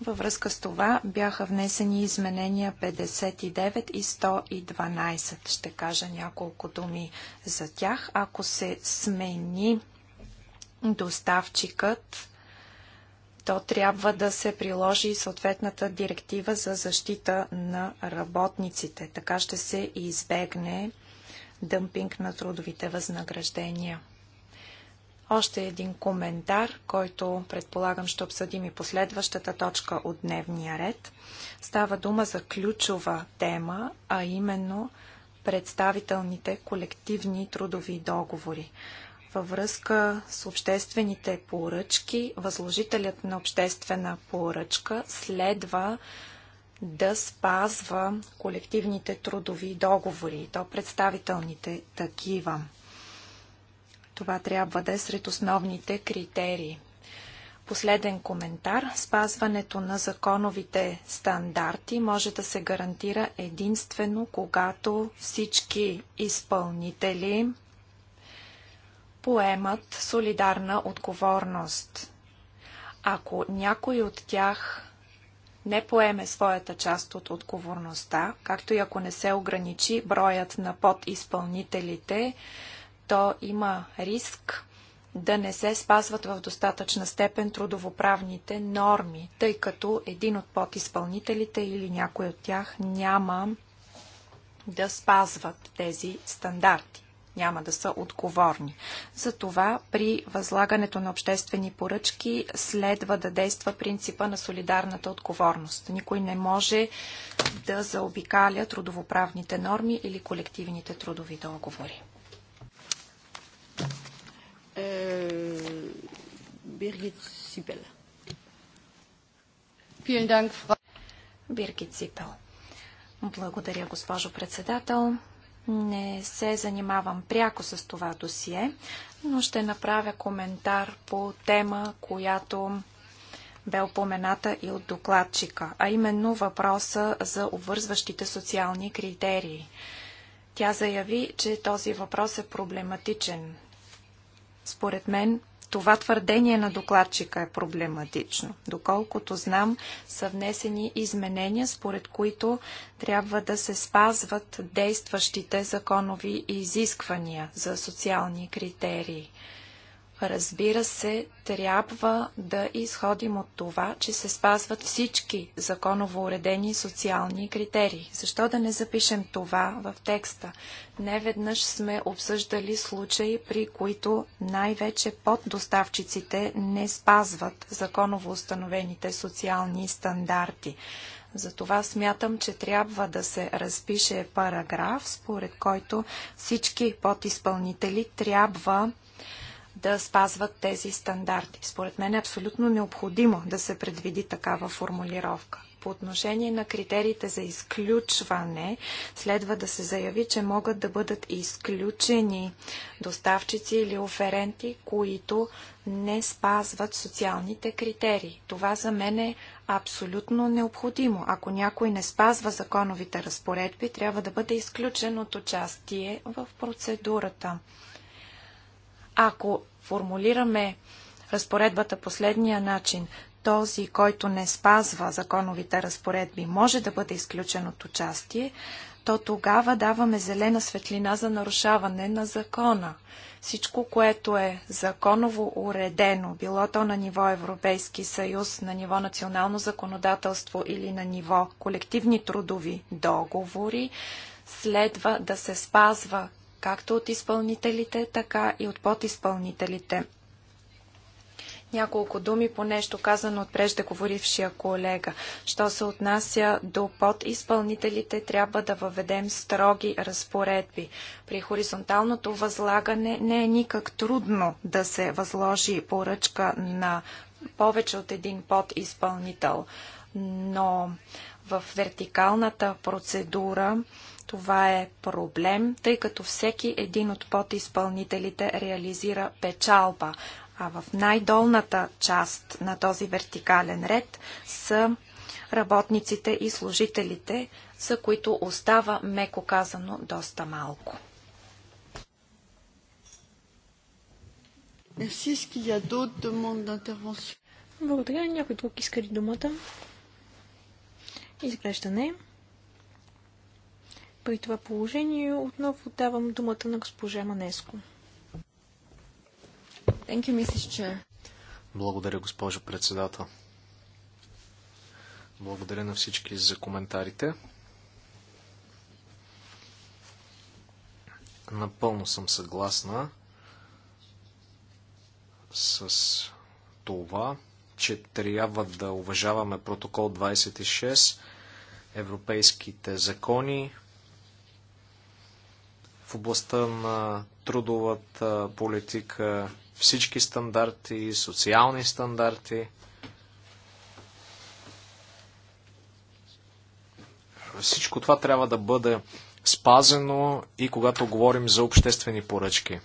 във връзка с това бяха внесени изменения 59 и 112. Ще кажа няколко думи за тях. Ако се смени доставчикът, то трябва да се приложи съответната директива за защита на работниците. Така ще се избегне дъмпинг на трудовите възнаграждения. Още един коментар, който предполагам ще обсъдим и последващата точка от дневния ред. Става дума за ключова тема, а именно представителните колективни трудови договори. Във връзка с обществените поръчки, възложителят на обществена поръчка следва да спазва колективните трудови договори, то представителните такива. Това трябва да е сред основните критерии. Последен коментар. Спазването на законовите стандарти може да се гарантира единствено, когато всички изпълнители поемат солидарна отговорност. Ако някой от тях не поеме своята част от отговорността, както и ако не се ограничи броят на подизпълнителите, то има риск да не се спазват в достатъчна степен трудовоправните норми, тъй като един от подизпълнителите или някой от тях няма да спазват тези стандарти, няма да са отговорни. Затова при възлагането на обществени поръчки следва да действа принципа на солидарната отговорност. Никой не може да заобикаля трудовоправните норми или колективните трудови договори. Uh, Birgit Sippel. Vielen Dank, Frau Сипел. Благодаря, госпожо председател. Не се занимавам пряко с това досие, но ще направя коментар по тема, която бе упомената и от докладчика, а именно въпроса за обвързващите социални критерии. Тя заяви, че този въпрос е проблематичен. Според мен това твърдение на докладчика е проблематично. Доколкото знам, са внесени изменения, според които трябва да се спазват действащите законови изисквания за социални критерии. Разбира се, трябва да изходим от това, че се спазват всички законово уредени социални критерии. Защо да не запишем това в текста? Не веднъж сме обсъждали случаи, при които най-вече поддоставчиците не спазват законово установените социални стандарти. Затова смятам, че трябва да се разпише параграф, според който всички подизпълнители трябва да спазват тези стандарти. Според мен е абсолютно необходимо да се предвиди такава формулировка. По отношение на критериите за изключване, следва да се заяви, че могат да бъдат изключени доставчици или оференти, които не спазват социалните критерии. Това за мен е абсолютно необходимо. Ако някой не спазва законовите разпоредби, трябва да бъде изключен от участие в процедурата. Ако формулираме разпоредбата последния начин, този, който не спазва законовите разпоредби, може да бъде изключен от участие, то тогава даваме зелена светлина за нарушаване на закона. Всичко, което е законово уредено, било то на ниво Европейски съюз, на ниво национално законодателство или на ниво колективни трудови договори, следва да се спазва както от изпълнителите, така и от подизпълнителите. Няколко думи по нещо казано от преждеговорившия колега. Що се отнася до подизпълнителите, трябва да въведем строги разпоредби. При хоризонталното възлагане не е никак трудно да се възложи поръчка на повече от един подизпълнител, но в вертикалната процедура това е проблем, тъй като всеки един от подизпълнителите реализира печалба, а в най-долната част на този вертикален ред са работниците и служителите, за които остава, меко казано, доста малко. Благодаря. Някой друг иска ли думата? Изглежда не. При това положение отново давам думата на госпожа Манеско. Thank you, Mrs. Chair. Благодаря, госпожо председател. Благодаря на всички за коментарите. Напълно съм съгласна с това, че трябва да уважаваме протокол 26, европейските закони, в областта на трудовата политика, всички стандарти, социални стандарти. Всичко това трябва да бъде спазено и когато говорим за обществени поръчки.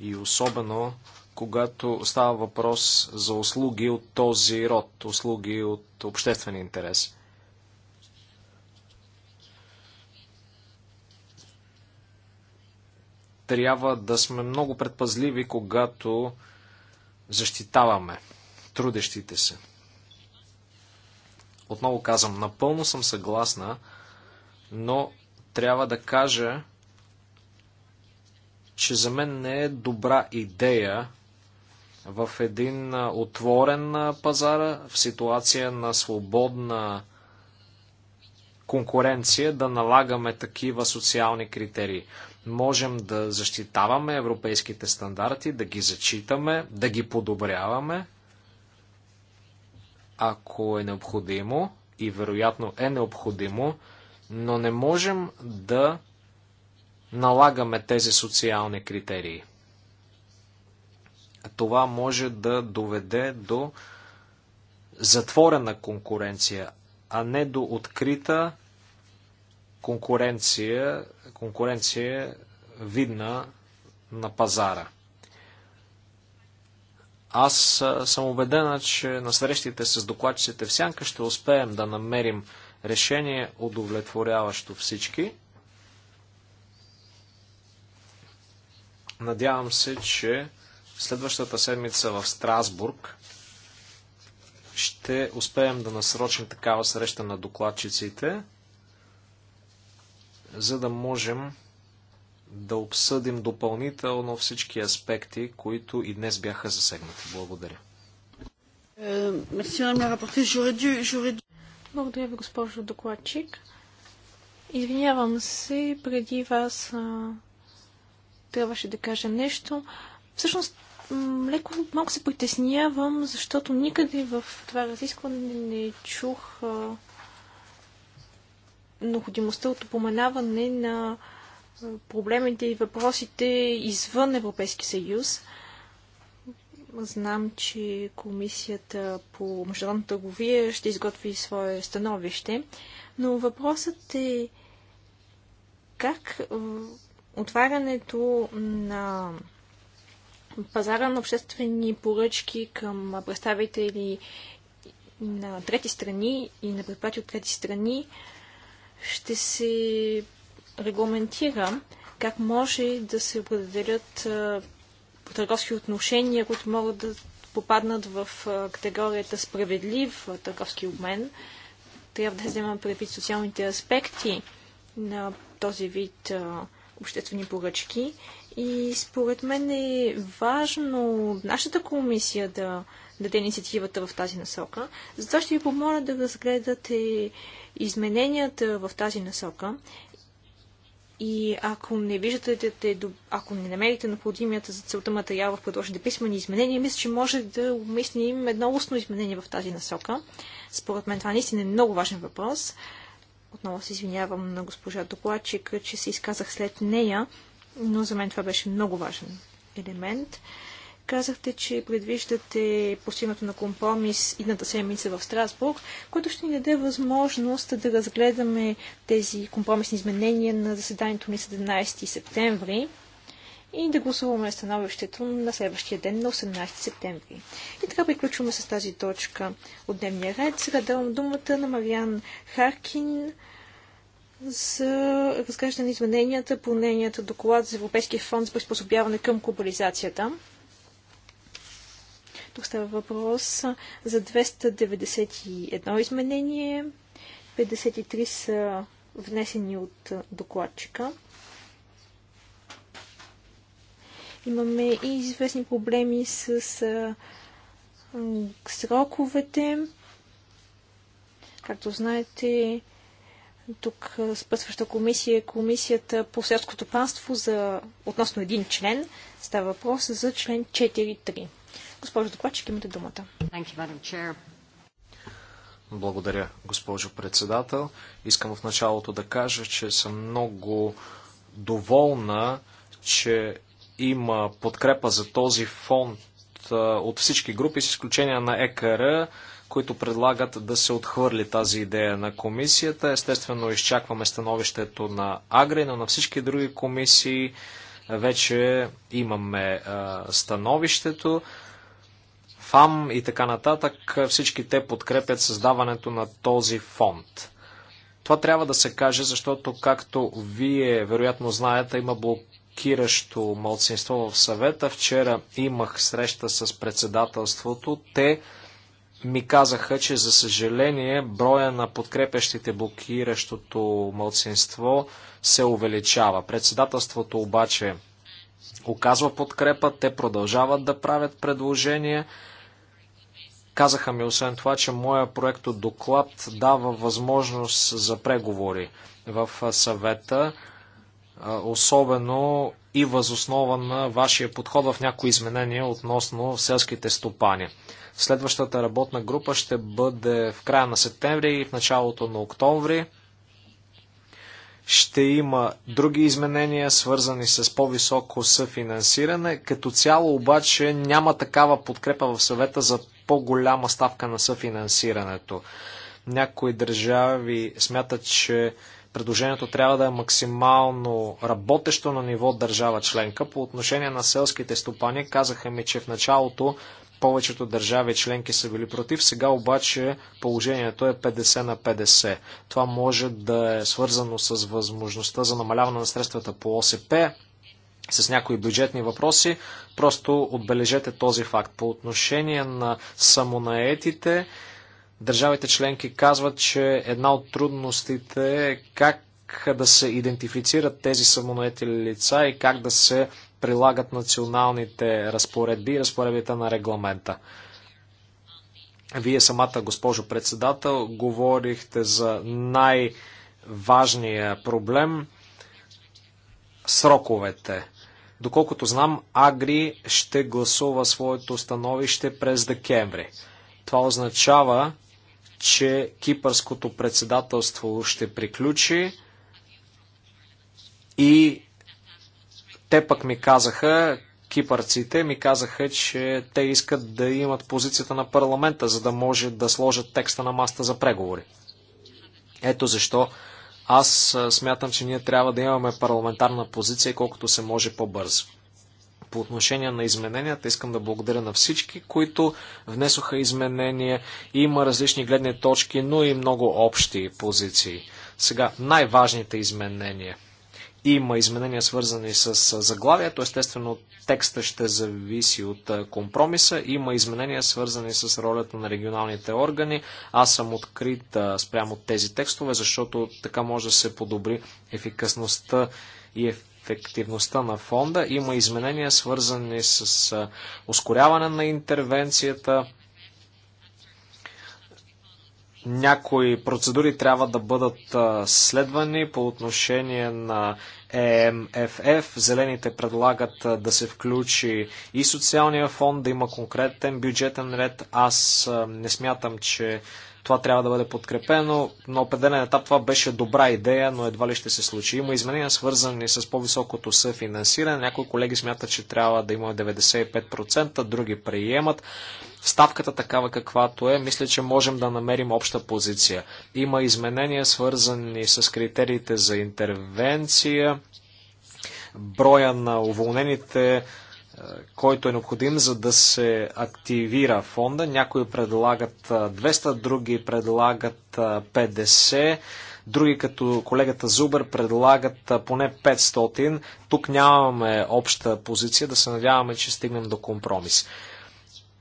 И особено когато става въпрос за услуги от този род, услуги от обществен интерес. трябва да сме много предпазливи, когато защитаваме трудещите се. Отново казвам, напълно съм съгласна, но трябва да кажа, че за мен не е добра идея в един отворен пазар, в ситуация на свободна конкуренция, да налагаме такива социални критерии можем да защитаваме европейските стандарти, да ги зачитаме, да ги подобряваме, ако е необходимо и вероятно е необходимо, но не можем да налагаме тези социални критерии. Това може да доведе до затворена конкуренция, а не до открита конкуренция, конкуренция видна на пазара. Аз съм убедена, че на срещите с докладчиците в Сянка ще успеем да намерим решение, удовлетворяващо всички. Надявам се, че следващата седмица в Страсбург ще успеем да насрочим такава среща на докладчиците за да можем да обсъдим допълнително всички аспекти, които и днес бяха засегнати. Благодаря. Е, Благодаря ви, госпожо докладчик. Извинявам се, преди вас а, трябваше да кажа нещо. Всъщност, леко, малко се притеснявам, защото никъде в това разискване не чух а, необходимостта от упоменаване на проблемите и въпросите извън Европейски съюз. Знам, че Комисията по международна търговия ще изготви свое становище, но въпросът е как отварянето на пазара на обществени поръчки към представители на трети страни и на предприятия от трети страни ще се регламентира как може да се определят търговски отношения, които могат да попаднат в категорията справедлив търговски обмен. Трябва да вземем предвид социалните аспекти на този вид обществени поръчки. И според мен е важно нашата комисия да даде инициативата в тази насока. Затова ще ви помоля да разгледате измененията в тази насока. И ако не виждате, ако не намерите необходимията за целта материал в предложените писмени изменения, мисля, че може да обмислим едно устно изменение в тази насока. Според мен това наистина е много важен въпрос. Отново се извинявам на госпожа докладчика, че се изказах след нея, но за мен това беше много важен елемент. Казахте, че предвиждате постигнато на компромис идната седмица в Страсбург, което ще ни даде възможност да разгледаме тези компромисни изменения на заседанието на 17 септември и да гласуваме становището на следващия ден на 18 септември. И така приключваме с тази точка от дневния ред. Сега давам думата на Мариан Харкин за разглеждане измененията по нейният доклад за Европейския фонд за приспособяване към глобализацията. Тук става въпрос за 291 изменение, 53 са внесени от докладчика. Имаме и известни проблеми с сроковете. Както знаете, тук спътваща комисия е комисията по селското панство за относно един член. Става въпрос за член 4.3. Госпожо докладчик, имате думата. Благодаря, госпожо председател. Искам в началото да кажа, че съм много доволна, че има подкрепа за този фонд от всички групи, с изключение на ЕКР, които предлагат да се отхвърли тази идея на комисията. Естествено, изчакваме становището на Агри, но на всички други комисии вече имаме становището. ФАМ и така нататък, всички те подкрепят създаването на този фонд. Това трябва да се каже, защото, както вие вероятно знаете, има блокиращо малцинство в съвета. Вчера имах среща с председателството. Те ми казаха, че за съжаление броя на подкрепящите блокиращото мълцинство се увеличава. Председателството обаче оказва подкрепа, те продължават да правят предложения. Казаха ми освен това, че моя проект доклад дава възможност за преговори в съвета, особено и възоснова на вашия подход в някои изменения относно селските стопани. Следващата работна група ще бъде в края на септември и в началото на октомври. Ще има други изменения, свързани с по-високо съфинансиране. Като цяло обаче няма такава подкрепа в съвета за по-голяма ставка на съфинансирането. Някои държави смятат, че предложението трябва да е максимално работещо на ниво държава членка. По отношение на селските стопани казаха ми, че в началото повечето държави членки са били против, сега обаче положението е 50 на 50. Това може да е свързано с възможността за намаляване на средствата по ОСП, с някои бюджетни въпроси, просто отбележете този факт. По отношение на самонаетите, държавите членки казват, че една от трудностите е как да се идентифицират тези самонаети лица и как да се прилагат националните разпоредби и разпоредбите на регламента. Вие самата, госпожо председател, говорихте за най-важния проблем сроковете. Доколкото знам, Агри ще гласува своето становище през декември. Това означава, че кипърското председателство ще приключи и те пък ми казаха, кипърците ми казаха, че те искат да имат позицията на парламента, за да може да сложат текста на маста за преговори. Ето защо аз смятам, че ние трябва да имаме парламентарна позиция колкото се може по-бързо. По отношение на измененията, искам да благодаря на всички, които внесоха изменения. Има различни гледни точки, но и много общи позиции. Сега, най-важните изменения – има изменения свързани с заглавието, естествено текста ще зависи от компромиса. Има изменения свързани с ролята на регионалните органи. Аз съм открит спрямо от тези текстове, защото така може да се подобри ефикасността и ефикасността ефективността на фонда. Има изменения свързани с ускоряване на интервенцията, някои процедури трябва да бъдат следвани по отношение на ЕМФФ. Зелените предлагат да се включи и социалния фонд, да има конкретен бюджетен ред. Аз не смятам, че това трябва да бъде подкрепено. На определен етап това беше добра идея, но едва ли ще се случи. Има изменения свързани с по-високото съфинансиране. Някои колеги смятат, че трябва да има 95%, други приемат ставката такава каквато е, мисля, че можем да намерим обща позиция. Има изменения свързани с критериите за интервенция, броя на уволнените, е, който е необходим, за да се активира фонда. Някои предлагат 200, е, други предлагат 50, е, други като колегата Зубер предлагат поне 500. Тук нямаме обща позиция, да се надяваме, че стигнем до компромис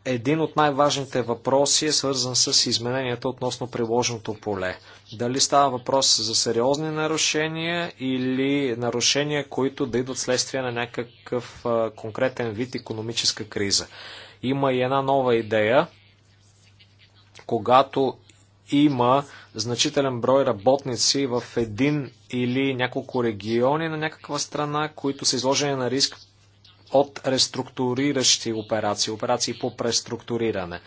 един от най-важните въпроси е свързан с измененията относно приложеното поле. Дали става въпрос за сериозни нарушения или нарушения, които да идват следствие на някакъв конкретен вид економическа криза. Има и една нова идея, когато има значителен брой работници в един или няколко региони на някаква страна, които са изложени на риск от реструктуриращи операции, операции по преструктуриране.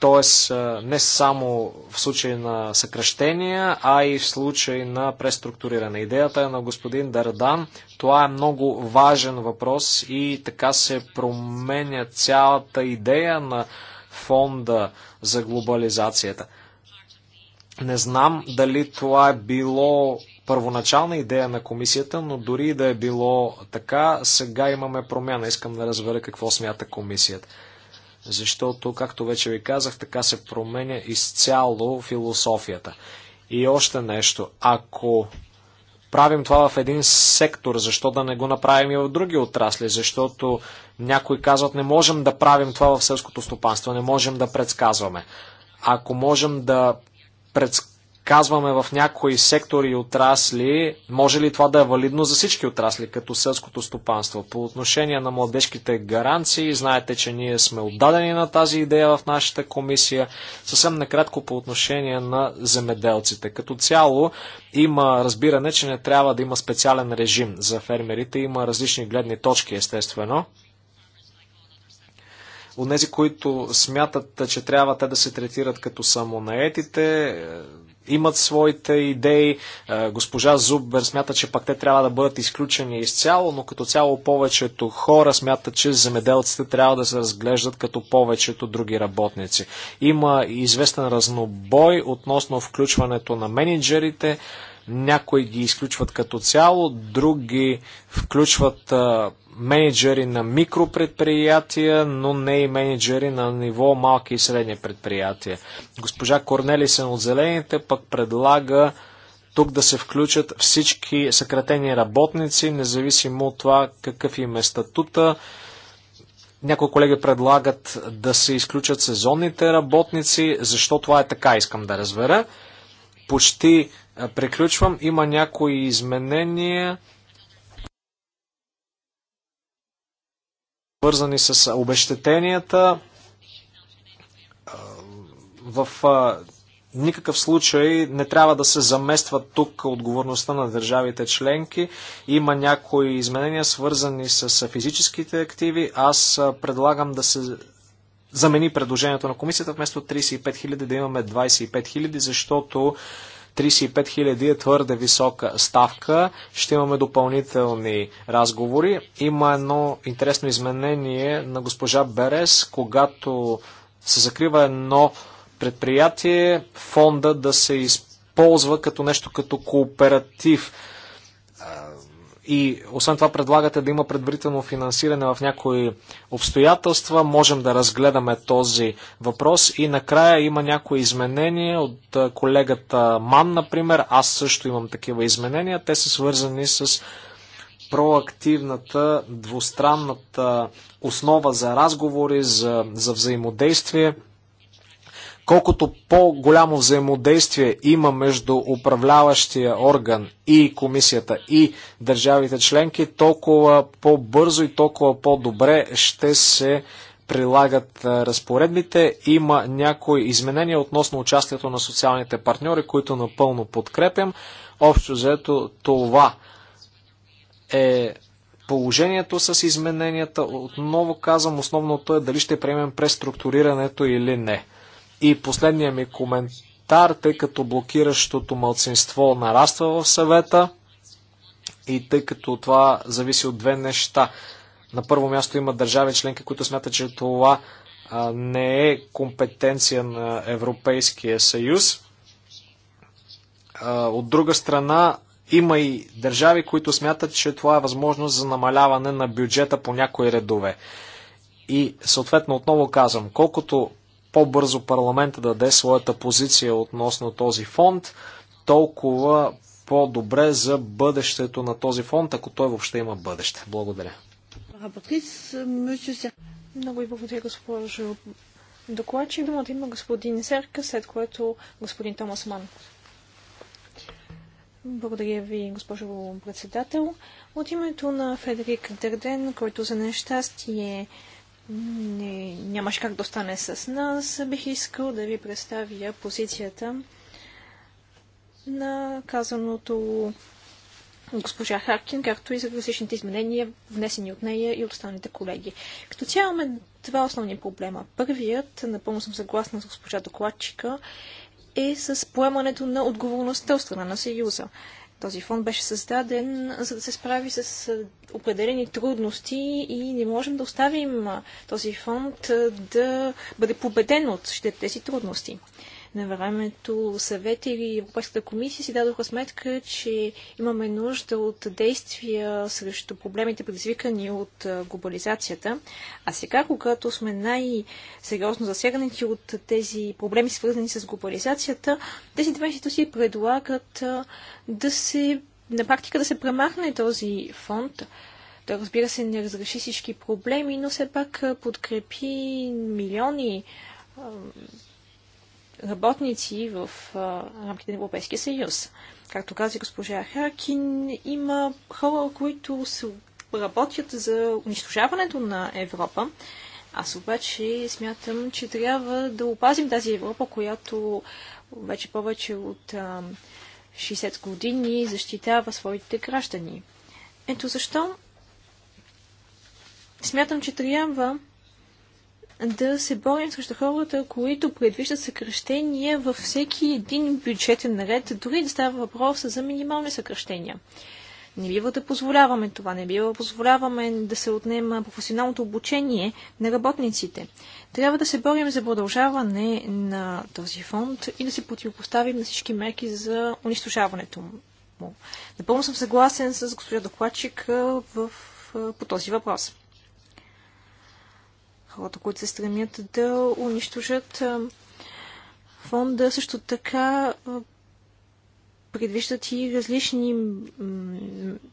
Тоест, не само в случай на съкръщения, а и в случай на преструктуриране. Идеята е на господин Дардан. Това е много важен въпрос и така се променя цялата идея на фонда за глобализацията. Не знам дали това е било първоначална идея на комисията, но дори да е било така, сега имаме промяна. Искам да разбера какво смята комисията. Защото, както вече ви казах, така се променя изцяло философията. И още нещо. Ако правим това в един сектор, защо да не го направим и в други отрасли? Защото някои казват, не можем да правим това в селското стопанство, не можем да предсказваме. Ако можем да предсказваме, казваме в някои сектори и отрасли, може ли това да е валидно за всички отрасли, като селското стопанство? По отношение на младежките гаранции, знаете, че ние сме отдадени на тази идея в нашата комисия. Съвсем накратко по отношение на земеделците. Като цяло има разбиране, че не трябва да има специален режим за фермерите. Има различни гледни точки, естествено. Онези, които смятат, че трябва те да се третират като самонаетите, е, имат своите идеи. Е, госпожа Зубер смята, че пак те трябва да бъдат изключени изцяло, но като цяло повечето хора смятат, че земеделците трябва да се разглеждат като повечето други работници. Има известен разнобой относно включването на менеджерите. Някои ги изключват като цяло, други включват е, менеджери на микропредприятия, но не и менеджери на ниво малки и средни предприятия. Госпожа Корнелисен от Зелените пък предлага тук да се включат всички съкратени работници, независимо от това какъв им е статута. Някои колеги предлагат да се изключат сезонните работници. Защо това е така, искам да разбера. Почти приключвам. Има някои изменения свързани с обещетенията. В никакъв случай не трябва да се замества тук отговорността на държавите членки. Има някои изменения, свързани с физическите активи. Аз предлагам да се замени предложението на комисията. Вместо 35 000 да имаме 25 000, защото 35 000 е твърде висока ставка. Ще имаме допълнителни разговори. Има едно интересно изменение на госпожа Берес, когато се закрива едно предприятие, фонда да се използва като нещо като кооператив и освен това предлагате да има предварително финансиране в някои обстоятелства. Можем да разгледаме този въпрос. И накрая има някои изменения от колегата Ман, например. Аз също имам такива изменения. Те са свързани с проактивната, двустранната основа за разговори, за, за взаимодействие. Колкото по-голямо взаимодействие има между управляващия орган и комисията и държавите членки, толкова по-бързо и толкова по-добре ще се прилагат разпоредбите. Има някои изменения относно участието на социалните партньори, които напълно подкрепям. Общо взето това е положението с измененията. Отново казвам, основното е дали ще приемем преструктурирането или не. И последния ми коментар, тъй като блокиращото мълцинство нараства в съвета и тъй като това зависи от две неща. На първо място има държави членки, които смятат, че това не е компетенция на Европейския съюз. от друга страна, има и държави, които смятат, че това е възможност за намаляване на бюджета по някои редове. И съответно отново казвам, колкото по-бързо парламента да даде своята позиция относно този фонд, толкова по-добре за бъдещето на този фонд, ако той въобще има бъдеще. Благодаря. Много ви благодаря, госпожо докладчик. Думата има господин Серка, след което господин Томас Ман. Благодаря ви, госпожо председател. От името на Федерик Дърден, който за нещастие е не, нямаше как да остане с нас, бих искал да ви представя позицията на казаното госпожа Харкин, както и за различните изменения, внесени от нея и от останалите колеги. Като цяло имаме два основни проблема. Първият, напълно съм съгласна с госпожа докладчика, е с поемането на отговорността от страна на Съюза. Този фонд беше създаден за да се справи с определени трудности и не можем да оставим този фонд да бъде победен от щетите тези трудности на времето съвет или Европейската комисия си дадоха сметка, че имаме нужда от действия срещу проблемите, предизвикани от глобализацията. А сега, когато сме най-сериозно засегнати от тези проблеми, свързани с глобализацията, тези две институции предлагат да се на практика да се премахне този фонд. Той, разбира се, не разреши всички проблеми, но все пак подкрепи милиони работници в а, рамките на Европейския съюз. Както каза госпожа Харкин, има хора, които се работят за унищожаването на Европа. Аз обаче смятам, че трябва да опазим тази Европа, която вече повече от а, 60 години защитава своите граждани. Ето защо смятам, че трябва да се борим срещу хората, които предвиждат съкръщения във всеки един бюджетен наред, дори да става въпрос за минимални съкръщения. Не бива да позволяваме това, не бива да позволяваме да се отнема професионалното обучение на работниците. Трябва да се борим за продължаване на този фонд и да се противопоставим на всички мерки за унищожаването му. Напълно съм съгласен с госпожа докладчик в, по този въпрос хората, които се стремят да унищожат фонда. Също така предвиждат и различни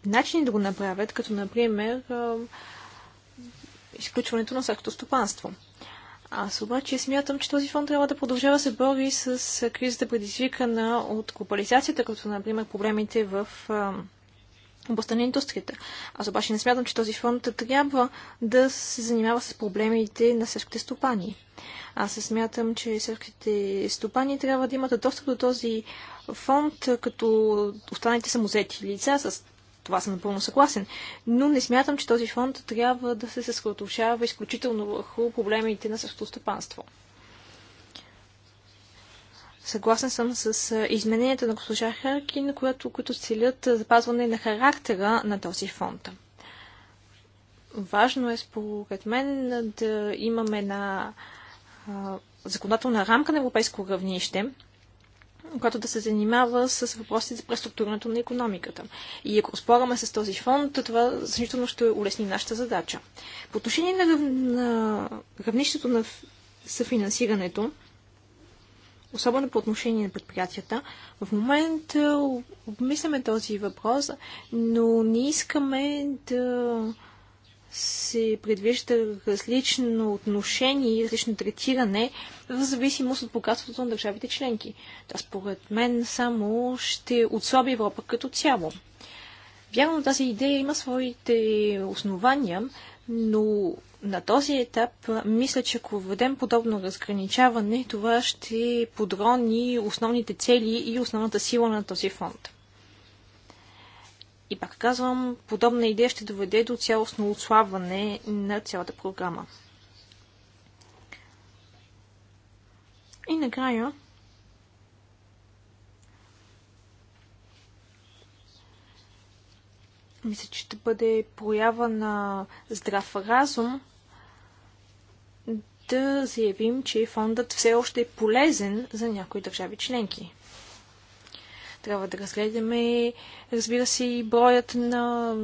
начини да го направят, като например изключването на всякото стопанство. Аз обаче смятам, че този фонд трябва да продължава се бори с кризата предизвикана от глобализацията, като например проблемите в областта на индустрията. Аз обаче не смятам, че този фонд трябва да се занимава с проблемите на селските стопани. Аз се смятам, че селските стопани трябва да имат достъп до този фонд, като останалите самозети лица. С това съм напълно съгласен. Но не смятам, че този фонд трябва да се съсредоточава изключително върху проблемите на селското стопанство. Съгласен съм с измененията на госпожа Харкин, които, които целят запазване на характера на този фонд. Важно е, според мен, да имаме на законодателна рамка на европейско равнище, която да се занимава с въпросите за преструктурането на економиката. И ако спораме с този фонд, това значително ще улесни нашата задача. По отношение на, рав... на равнището на съфинансирането, особено по отношение на предприятията. В момента е, обмисляме този въпрос, но не искаме да се предвижда различно отношение и различно третиране в зависимост от богатството на държавите членки. Та според мен само ще отслаби Европа като цяло. Вярно, тази идея има своите основания, но на този етап мисля, че ако введем подобно разграничаване, това ще подрони основните цели и основната сила на този фонд. И пак казвам, подобна идея ще доведе до цялостно отслабване на цялата програма. И накрая, мисля, че ще бъде проява на здрав разум да заявим, че фондът все още е полезен за някои държави членки. Трябва да разгледаме, разбира се, и броят на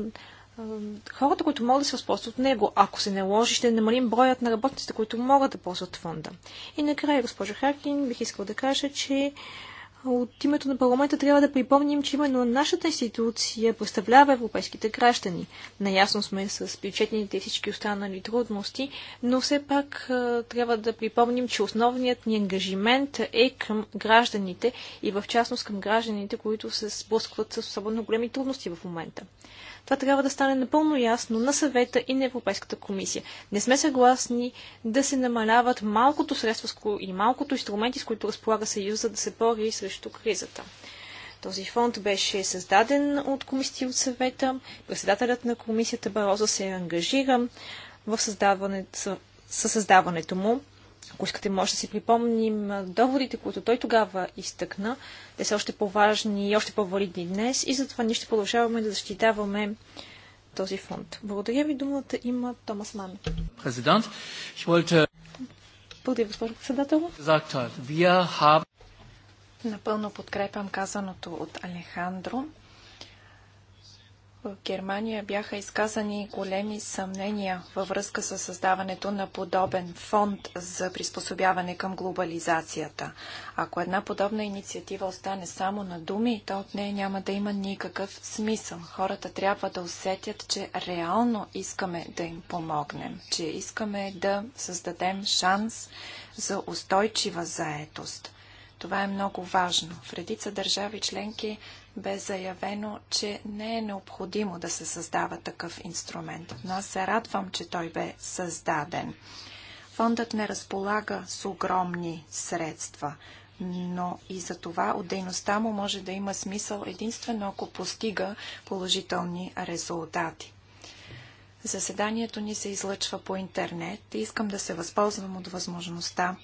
хората, които могат да се възползват от него. Ако се наложи, ще намалим броят на работниците, които могат да ползват фонда. И накрая, госпожо Харкин, бих искал да кажа, че от името на парламента трябва да припомним, че именно нашата институция представлява европейските граждани. Наясно сме с бюджетните и всички останали трудности, но все пак трябва да припомним, че основният ни ангажимент е към гражданите и в частност към гражданите, които се сблъскват с особено големи трудности в момента. Това трябва да стане напълно ясно на съвета и на Европейската комисия. Не сме съгласни да се намаляват малкото средства и малкото инструменти, с които разполага Съюза да се бори срещу кризата. Този фонд беше създаден от комисия от съвета. Председателят на комисията Бароза се ангажира в създаването, със създаването му. Ако искате, може да си припомним доводите, които той тогава изтъкна. Те са още по-важни и още по-валидни днес и затова ние ще продължаваме да защитаваме този фонд. Благодаря ви. Думата има Томас Ман. Президент, wollte... Благодаря, госпожо председател. Напълно подкрепям казаното от Алехандро. В Германия бяха изказани големи съмнения във връзка с създаването на подобен фонд за приспособяване към глобализацията. Ако една подобна инициатива остане само на думи, то от нея няма да има никакъв смисъл. Хората трябва да усетят, че реално искаме да им помогнем, че искаме да създадем шанс за устойчива заетост. Това е много важно. В редица държави членки бе заявено, че не е необходимо да се създава такъв инструмент, но аз се радвам, че той бе създаден. Фондът не разполага с огромни средства, но и за това от дейността му може да има смисъл единствено ако постига положителни резултати. Заседанието ни се излъчва по интернет и искам да се възползвам от възможността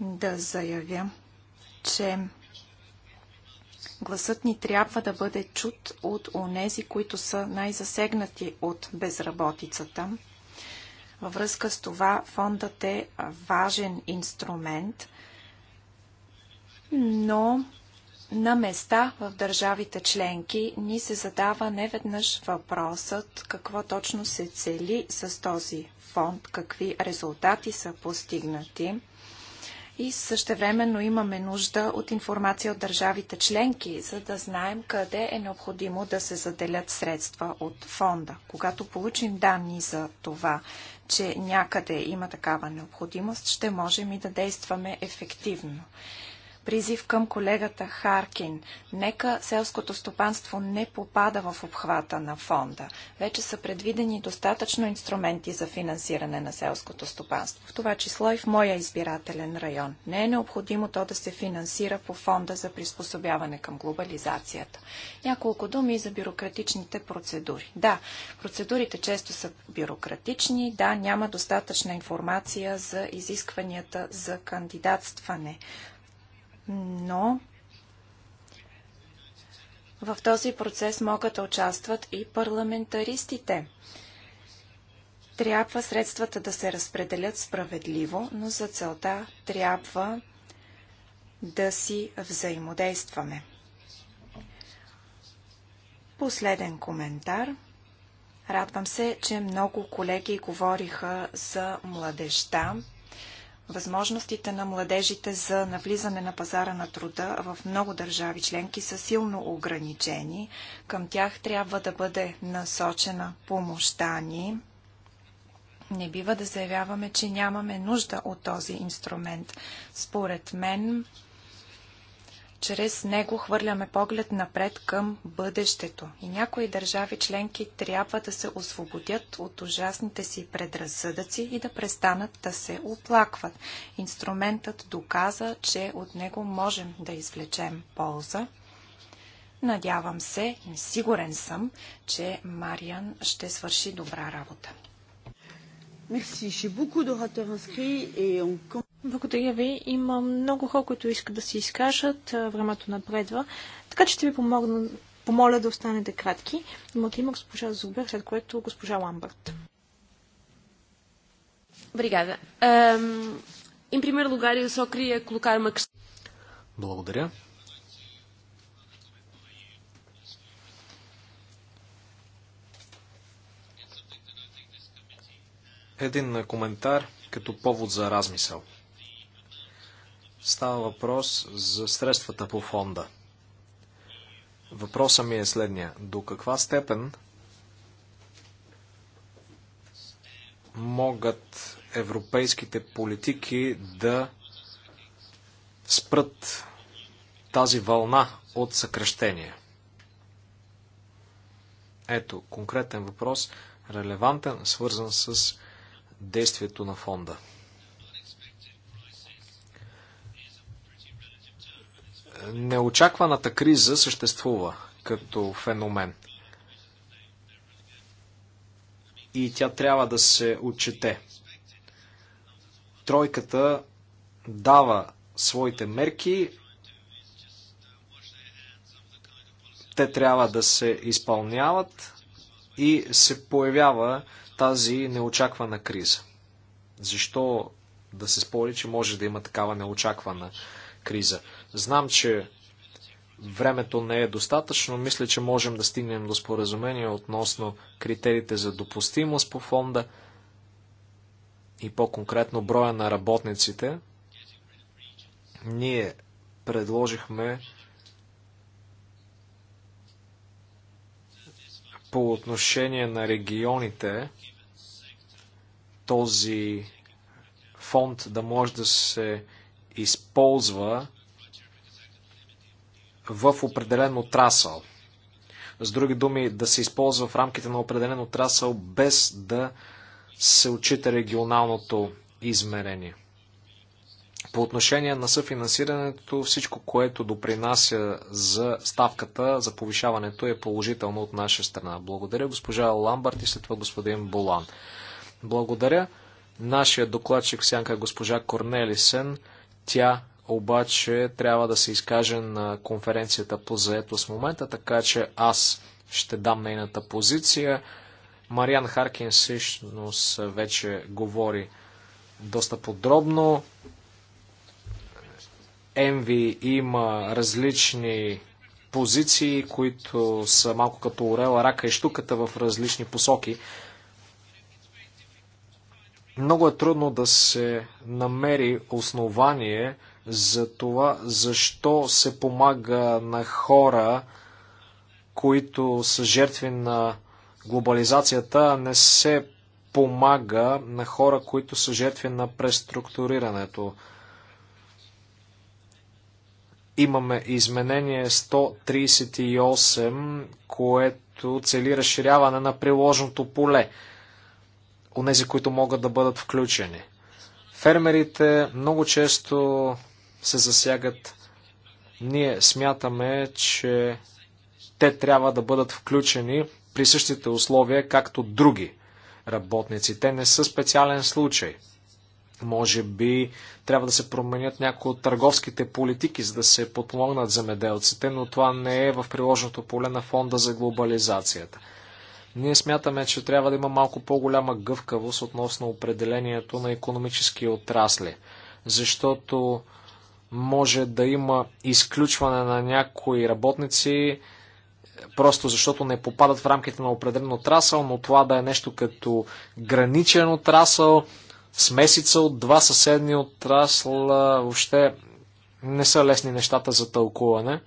да заявя, че Гласът ни трябва да бъде чут от онези, които са най-засегнати от безработицата. Във връзка с това фондът е важен инструмент, но на места в държавите членки ни се задава неведнъж въпросът какво точно се цели с този фонд, какви резултати са постигнати и същевременно имаме нужда от информация от държавите членки, за да знаем къде е необходимо да се заделят средства от фонда. Когато получим данни за това, че някъде има такава необходимост, ще можем и да действаме ефективно призив към колегата Харкин. Нека селското стопанство не попада в обхвата на фонда. Вече са предвидени достатъчно инструменти за финансиране на селското стопанство, в това число и в моя избирателен район. Не е необходимо то да се финансира по фонда за приспособяване към глобализацията. Няколко думи за бюрократичните процедури. Да, процедурите често са бюрократични, да, няма достатъчна информация за изискванията за кандидатстване но в този процес могат да участват и парламентаристите. Трябва средствата да се разпределят справедливо, но за целта трябва да си взаимодействаме. Последен коментар. Радвам се, че много колеги говориха за младеща. Възможностите на младежите за навлизане на пазара на труда в много държави членки са силно ограничени. Към тях трябва да бъде насочена помощта ни. Не бива да заявяваме, че нямаме нужда от този инструмент. Според мен, чрез него хвърляме поглед напред към бъдещето. И някои държави членки трябва да се освободят от ужасните си предразсъдъци и да престанат да се оплакват. Инструментът доказа, че от него можем да извлечем полза. Надявам се и сигурен съм, че Мариан ще свърши добра работа. Merci. J'ai beaucoup d'orateurs inscrits et on благодаря ви. Има много хора, които искат да се изкажат. Е, времето напредва. Така че ще ви помогна, помоля да останете кратки. Думата има госпожа Зубер, след което госпожа Ламбърт. Бригада. Им пример Лугария lugar, eu só Благодаря. Един коментар като повод за размисъл. Става въпрос за средствата по фонда. Въпросът ми е следния. До каква степен могат европейските политики да спрат тази вълна от съкрещение? Ето, конкретен въпрос, релевантен, свързан с действието на фонда. неочакваната криза съществува като феномен. И тя трябва да се отчете. Тройката дава своите мерки, те трябва да се изпълняват и се появява тази неочаквана криза. Защо да се спори, че може да има такава неочаквана криза? криза. Знам, че времето не е достатъчно. Мисля, че можем да стигнем до споразумение относно критериите за допустимост по фонда и по-конкретно броя на работниците. Ние предложихме по отношение на регионите този фонд да може да се използва в определен отрасъл. С други думи, да се използва в рамките на определен отрасъл, без да се отчита регионалното измерение. По отношение на съфинансирането, всичко, което допринася за ставката, за повишаването е положително от наша страна. Благодаря госпожа Ламбарт и след това господин Болан. Благодаря. Нашия докладчик сянка е госпожа Корнелисен тя обаче трябва да се изкаже на конференцията по заето с момента, така че аз ще дам нейната позиция. Мариан Харкин всъщност вече говори доста подробно. Енви има различни позиции, които са малко като орела, рака и штуката в различни посоки. Много е трудно да се намери основание за това, защо се помага на хора, които са жертви на глобализацията, а не се помага на хора, които са жертви на преструктурирането. Имаме изменение 138, което цели разширяване на приложното поле онези, които могат да бъдат включени. Фермерите много често се засягат. Ние смятаме, че те трябва да бъдат включени при същите условия, както други работници. Те не са специален случай. Може би трябва да се променят някои от търговските политики, за да се подпомогнат земеделците, но това не е в приложното поле на фонда за глобализацията. Ние смятаме, че трябва да има малко по-голяма гъвкавост относно определението на економически отрасли, защото може да има изключване на някои работници, просто защото не попадат в рамките на определен отрасъл, но това да е нещо като граничен отрасъл, смесица от два съседни отрасла, въобще не са лесни нещата за тълкуване.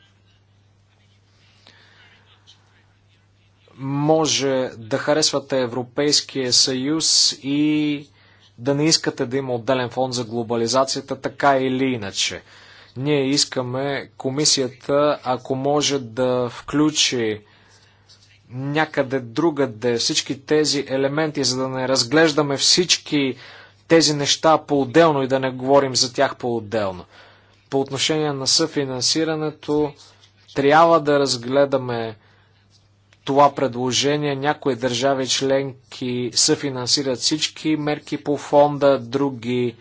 може да харесвате Европейския съюз и да не искате да има отделен фонд за глобализацията, така или иначе. Ние искаме комисията, ако може да включи някъде другаде всички тези елементи, за да не разглеждаме всички тези неща по-отделно и да не говорим за тях по-отделно. По отношение на съфинансирането, трябва да разгледаме това предложение. Някои държави членки съфинансират всички мерки по фонда, други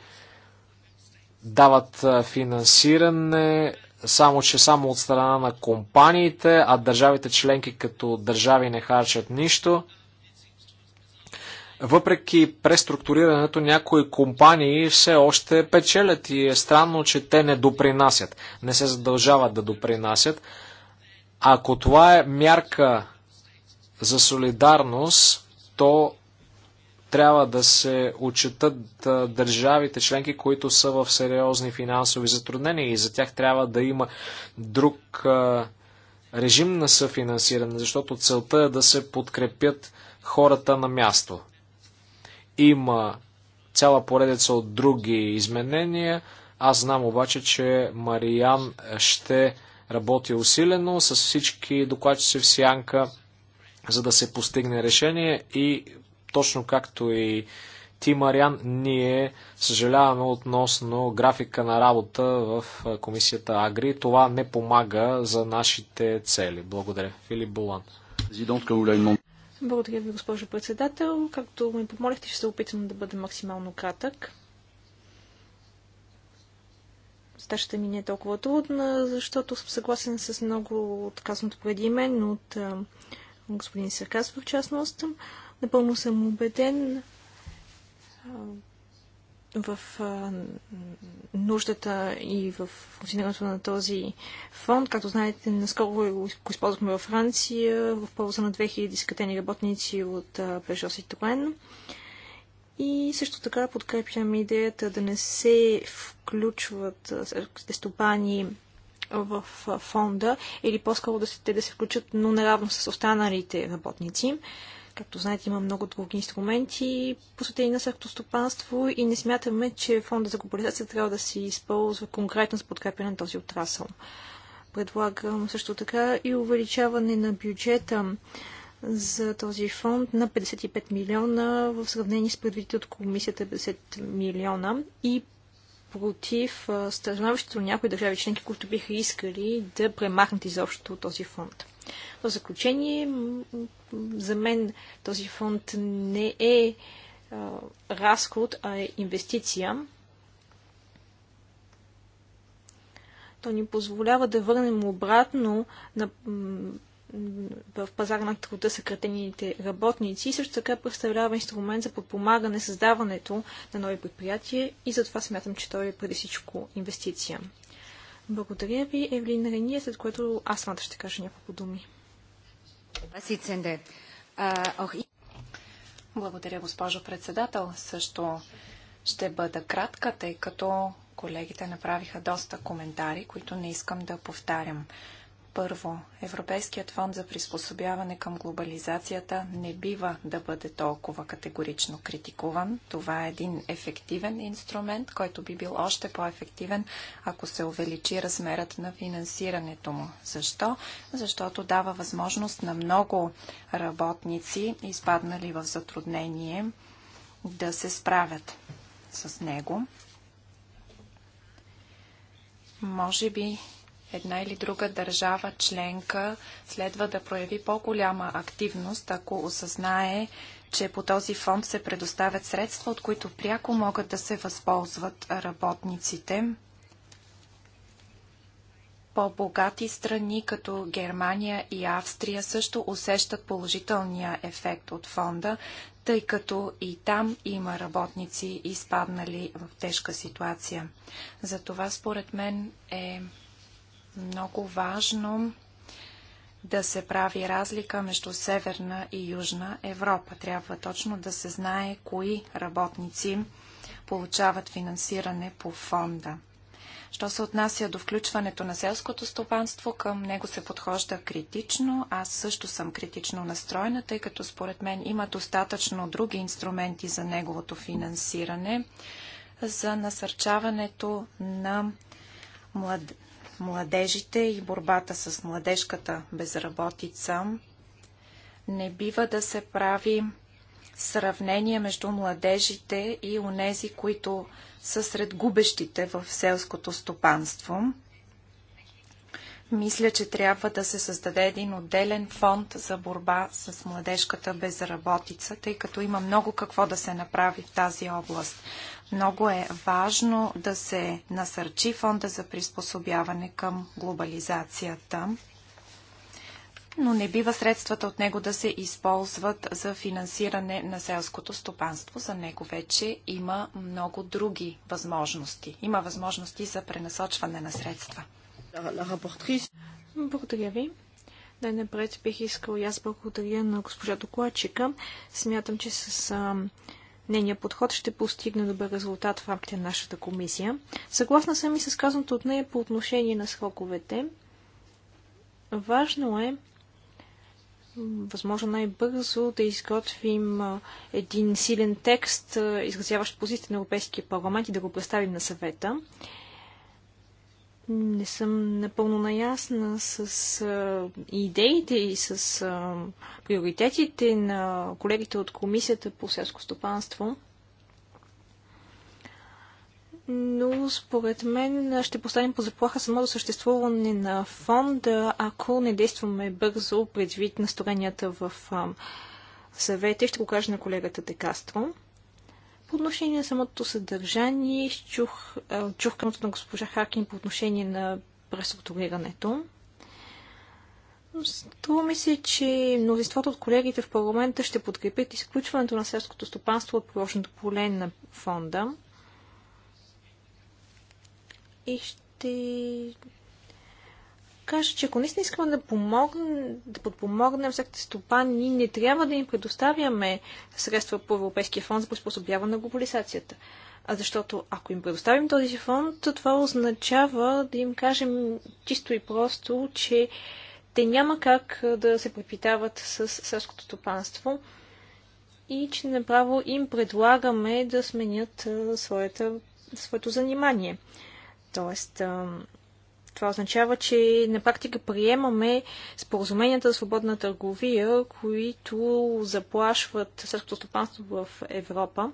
дават финансиране, само че само от страна на компаниите, а държавите членки като държави не харчат нищо. Въпреки преструктурирането, някои компании все още печелят и е странно, че те не допринасят, не се задължават да допринасят. Ако това е мярка за солидарност, то трябва да се отчитат държавите членки, които са в сериозни финансови затруднения и за тях трябва да има друг режим на съфинансиране, защото целта е да се подкрепят хората на място. Има цяла поредица от други изменения. Аз знам обаче, че Мариан ще работи усилено с всички докладчици в Сянка за да се постигне решение и точно както и ти, Мариан, ние съжаляваме относно графика на работа в комисията Агри. Това не помага за нашите цели. Благодаря. Филип Булан. Благодаря ви, госпожо председател. Както ми помолихте, ще се опитам да бъда максимално кратък. Задачата ми не е толкова трудна, защото съм съгласен с много отказаното преди мен от господин Саркас в частност. Напълно съм убеден в нуждата и в функционирането на този фонд. Както знаете, наскоро го използвахме във Франция в полза на 2000 скатени работници от Peugeot Citroën. И също така подкрепям идеята да не се включват стопани в фонда или по-скоро да се, те да се включат, но наравно с останалите работници. Както знаете, има много други инструменти, посветени на съртостопанство и не смятаме, че фонда за глобализация трябва да се използва конкретно с подкрепяне на този отрасъл. Предлагам също така и увеличаване на бюджета за този фонд на 55 милиона в сравнение с предвидите от комисията 50 милиона и против становището на някои държави членки, които биха искали да премахнат изобщо този фонд. В заключение, за мен този фонд не е разход, а е инвестиция. То ни позволява да върнем обратно на в пазара на труда съкратените работници и също така представлява инструмент за подпомагане създаването на нови предприятия и затова смятам, че той е преди всичко инвестиция. Благодаря ви, Евлин Рения, след което аз самата ще кажа няколко думи. Благодаря, госпожо председател. Също ще бъда кратка, тъй като колегите направиха доста коментари, които не искам да повтарям. Първо, Европейският фонд за приспособяване към глобализацията не бива да бъде толкова категорично критикуван. Това е един ефективен инструмент, който би бил още по-ефективен, ако се увеличи размерът на финансирането му. Защо? Защото дава възможност на много работници, изпаднали в затруднение, да се справят с него. Може би една или друга държава членка следва да прояви по-голяма активност, ако осъзнае, че по този фонд се предоставят средства, от които пряко могат да се възползват работниците. По-богати страни, като Германия и Австрия, също усещат положителния ефект от фонда, тъй като и там има работници, изпаднали в тежка ситуация. Затова, според мен, е много важно да се прави разлика между Северна и Южна Европа. Трябва точно да се знае кои работници получават финансиране по фонда. Що се отнася до включването на селското стопанство, към него се подхожда критично. Аз също съм критично настроена, тъй като според мен има достатъчно други инструменти за неговото финансиране, за насърчаването на млад младежите и борбата с младежката безработица, не бива да се прави сравнение между младежите и онези, които са сред губещите в селското стопанство. Мисля, че трябва да се създаде един отделен фонд за борба с младежката безработица, тъй като има много какво да се направи в тази област. Много е важно да се насърчи фонда за приспособяване към глобализацията, но не бива средствата от него да се използват за финансиране на селското стопанство. За него вече има много други възможности. Има възможности за пренасочване на средства. Благодаря ви. Най-напред бих искал и аз благодаря на госпожа докладчика. Смятам, че с нейния подход ще постигне добър резултат в рамките на нашата комисия. Съгласна съм и с казаното от нея по отношение на сроковете. Важно е възможно най-бързо да изготвим един силен текст, изразяващ позиция на Европейския парламент и да го представим на съвета. Не съм напълно наясна с а, идеите и с а, приоритетите на колегите от Комисията по селско стопанство но според мен ще поставим по заплаха самото съществуване на фонда, ако не действаме бързо предвид настроенията в съвета. Ще го кажа на колегата Декастро. По отношение на самото съдържание, чух, чух къмто на госпожа Харкин по отношение на преструктурирането. Струва ми се, че мнозинството от колегите в парламента ще подкрепят изключването на селското стопанство от приложното поле на фонда. И ще кажа, че ако наистина искаме да, помогнем, да подпомогнем всяките стопани, не трябва да им предоставяме средства по Европейския фонд за приспособяване на глобализацията. А защото ако им предоставим този фонд, то това означава да им кажем чисто и просто, че те няма как да се препитават с селското стопанство и че направо им предлагаме да сменят своята, своето занимание. Тоест, това означава, че на практика приемаме споразуменията за свободна търговия, които заплашват сърското стопанство в Европа.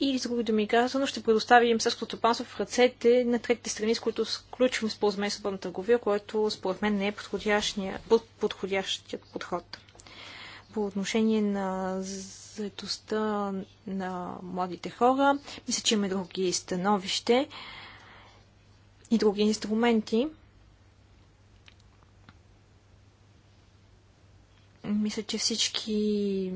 И с други думи казано, ще предоставим сърското стопанство в ръцете на третите страни, с които включваме споразумение за свободна търговия, което според мен не е подходящият подход. По отношение на заедостта на младите хора. Мисля, че има други становище и други инструменти. Мисля, че всички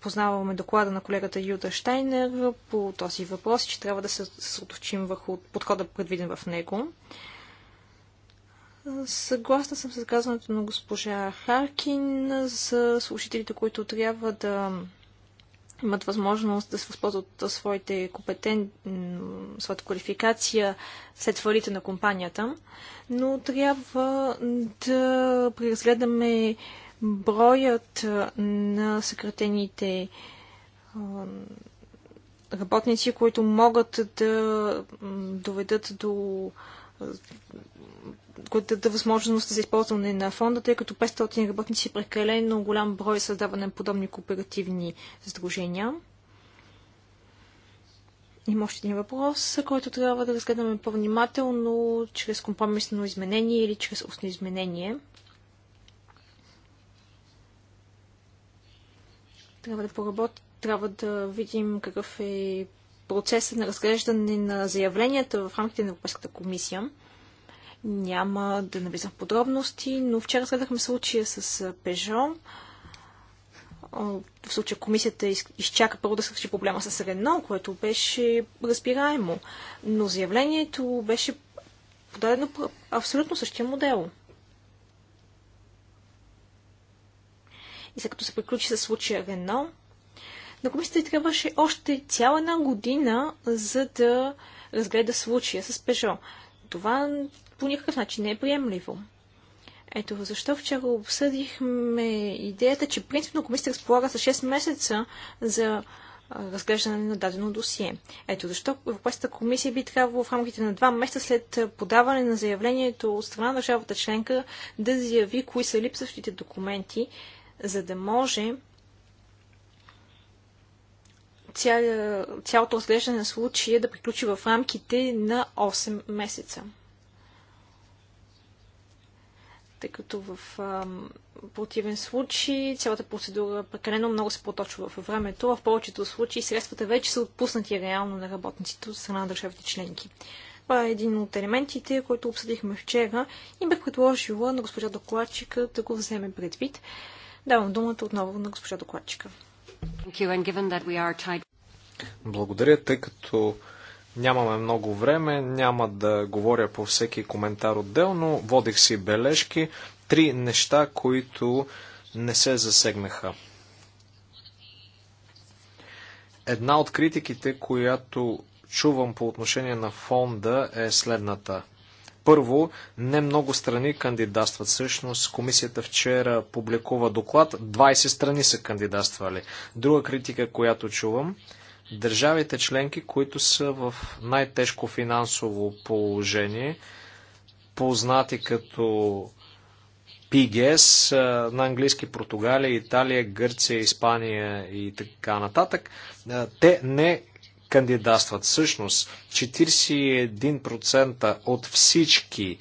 познаваме доклада на колегата Юда Штайнер по този въпрос и че трябва да се съсредоточим върху подхода, предвиден в него. Съгласна съм с казването на госпожа Харкин за слушателите, които трябва да имат възможност да се възползват от своите компетен... своята квалификация след фалита на компанията, но трябва да преразгледаме броят на съкратените работници, които могат да доведат до които възможност за използване на фонда, тъй като 500 работници е прекалено голям брой създаване на подобни кооперативни сдружения. Има още един въпрос, който трябва да разгледаме по-внимателно, чрез компромисно изменение или чрез устно изменение. Трябва да поработим, трябва да видим какъв е процеса на разглеждане на заявленията в рамките на Европейската комисия. Няма да навлизам в подробности, но вчера разгледахме случая с Пежо. В случая комисията изчака първо да се реши проблема с Рено, което беше разбираемо. Но заявлението беше подадено по абсолютно същия модел. И след като се приключи с случая Рено, на комисията трябваше още цяла една година, за да разгледа случая с Пежо. Това по никакъв начин не е приемливо. Ето защо вчера обсъдихме идеята, че принципно комисията разполага с 6 месеца за разглеждане на дадено досие. Ето защо Европейската комисия би трябвало в рамките на два месеца след подаване на заявлението от страна на държавата членка да заяви кои са липсващите документи, за да може ця, цялото разглеждане на случая е да приключи в рамките на 8 месеца. Тъй като в ам, противен случай цялата процедура прекалено много се поточва във времето, а в повечето случаи средствата вече са отпуснати реално на работниците от страна на държавите членки. Това е един от елементите, който обсъдихме вчера и бе предложила на госпожа докладчика да го вземе предвид. Давам думата отново на госпожа докладчика. Tied... Благодаря, тъй като нямаме много време, няма да говоря по всеки коментар отделно, водих си бележки, три неща, които не се засегнаха. Една от критиките, която чувам по отношение на фонда е следната. Първо, не много страни кандидатстват. Всъщност, комисията вчера публикува доклад. 20 страни са кандидатствали. Друга критика, която чувам, Държавите членки, които са в най-тежко финансово положение, познати като ПГС на английски Португалия, Италия, Гърция, Испания и така нататък, те не кандидатстват. Всъщност 41% от всички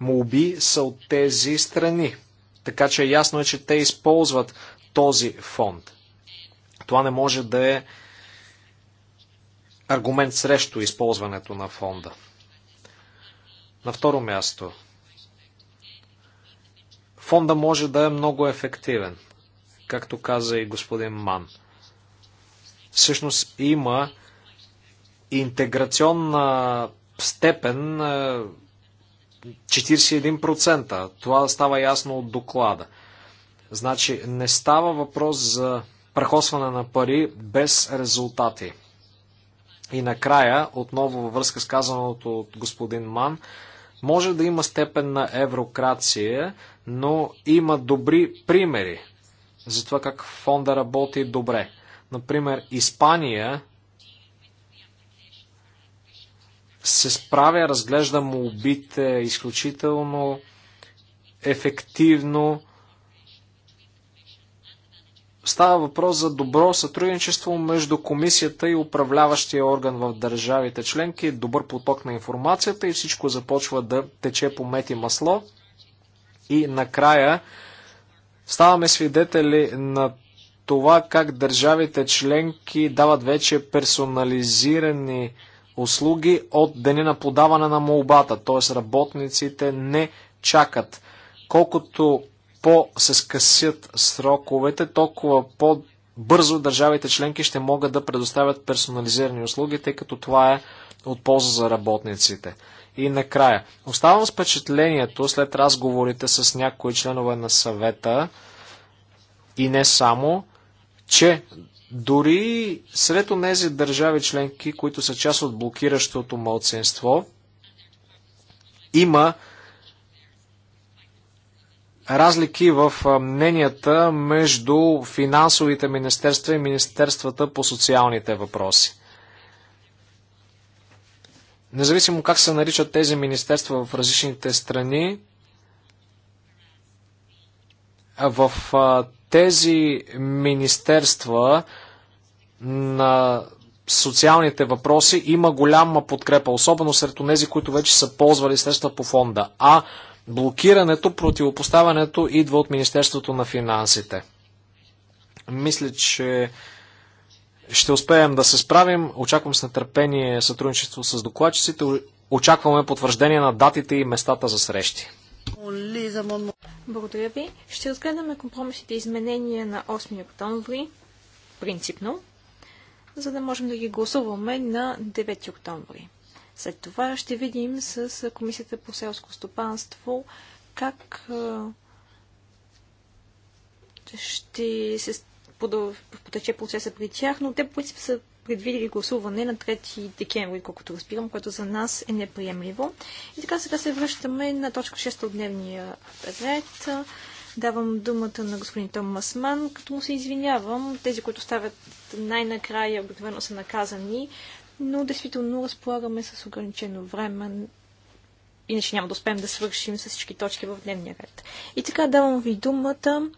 моби са от тези страни. Така че е ясно е, че те използват този фонд. Това не може да е аргумент срещу използването на фонда. На второ място, фонда може да е много ефективен, както каза и господин Ман. Всъщност има интеграционна степен 41%. Е, Това става ясно от доклада. Значи не става въпрос за прахосване на пари без резултати. И накрая, отново във връзка с казаното от господин Ман, може да има степен на еврокрация, но има добри примери за това как фонда работи добре. Например, Испания се справя, разглежда му убите изключително ефективно, Става въпрос за добро сътрудничество между комисията и управляващия орган в държавите членки, добър поток на информацията и всичко започва да тече по мет и масло. И накрая ставаме свидетели на това как държавите членки дават вече персонализирани услуги от деня на подаване на молбата, т.е. работниците не чакат. Колкото по се скъсят сроковете, толкова по-бързо държавите членки ще могат да предоставят персонализирани услуги, тъй като това е от полза за работниците. И накрая, оставам с впечатлението след разговорите с някои членове на съвета и не само, че дори сред онези държави членки, които са част от блокиращото мълценство, има разлики в мненията между финансовите министерства и министерствата по социалните въпроси. Независимо как се наричат тези министерства в различните страни, в тези министерства на социалните въпроси има голяма подкрепа, особено сред тези, които вече са ползвали средства по фонда. А Блокирането, противопоставането идва от Министерството на финансите. Мисля, че ще успеем да се справим. Очаквам с нетърпение сътрудничество с докладчиците. Очакваме потвърждение на датите и местата за срещи. Благодаря ви. Ще разгледаме компромисите изменения на 8 октомври, принципно, за да можем да ги гласуваме на 9 октомври. След това ще видим с Комисията по селско стопанство как ще се потече процеса при тях, но те по принцип са предвидили гласуване на 3 декември, колкото разбирам, което за нас е неприемливо. И така сега се връщаме на точка 6 от дневния ред. Давам думата на господин Ман, като му се извинявам. Тези, които ставят най-накрая, обикновено са наказани, но действително разполагаме с ограничено време, иначе няма да успеем да свършим с всички точки в дневния ред. И така давам ви думата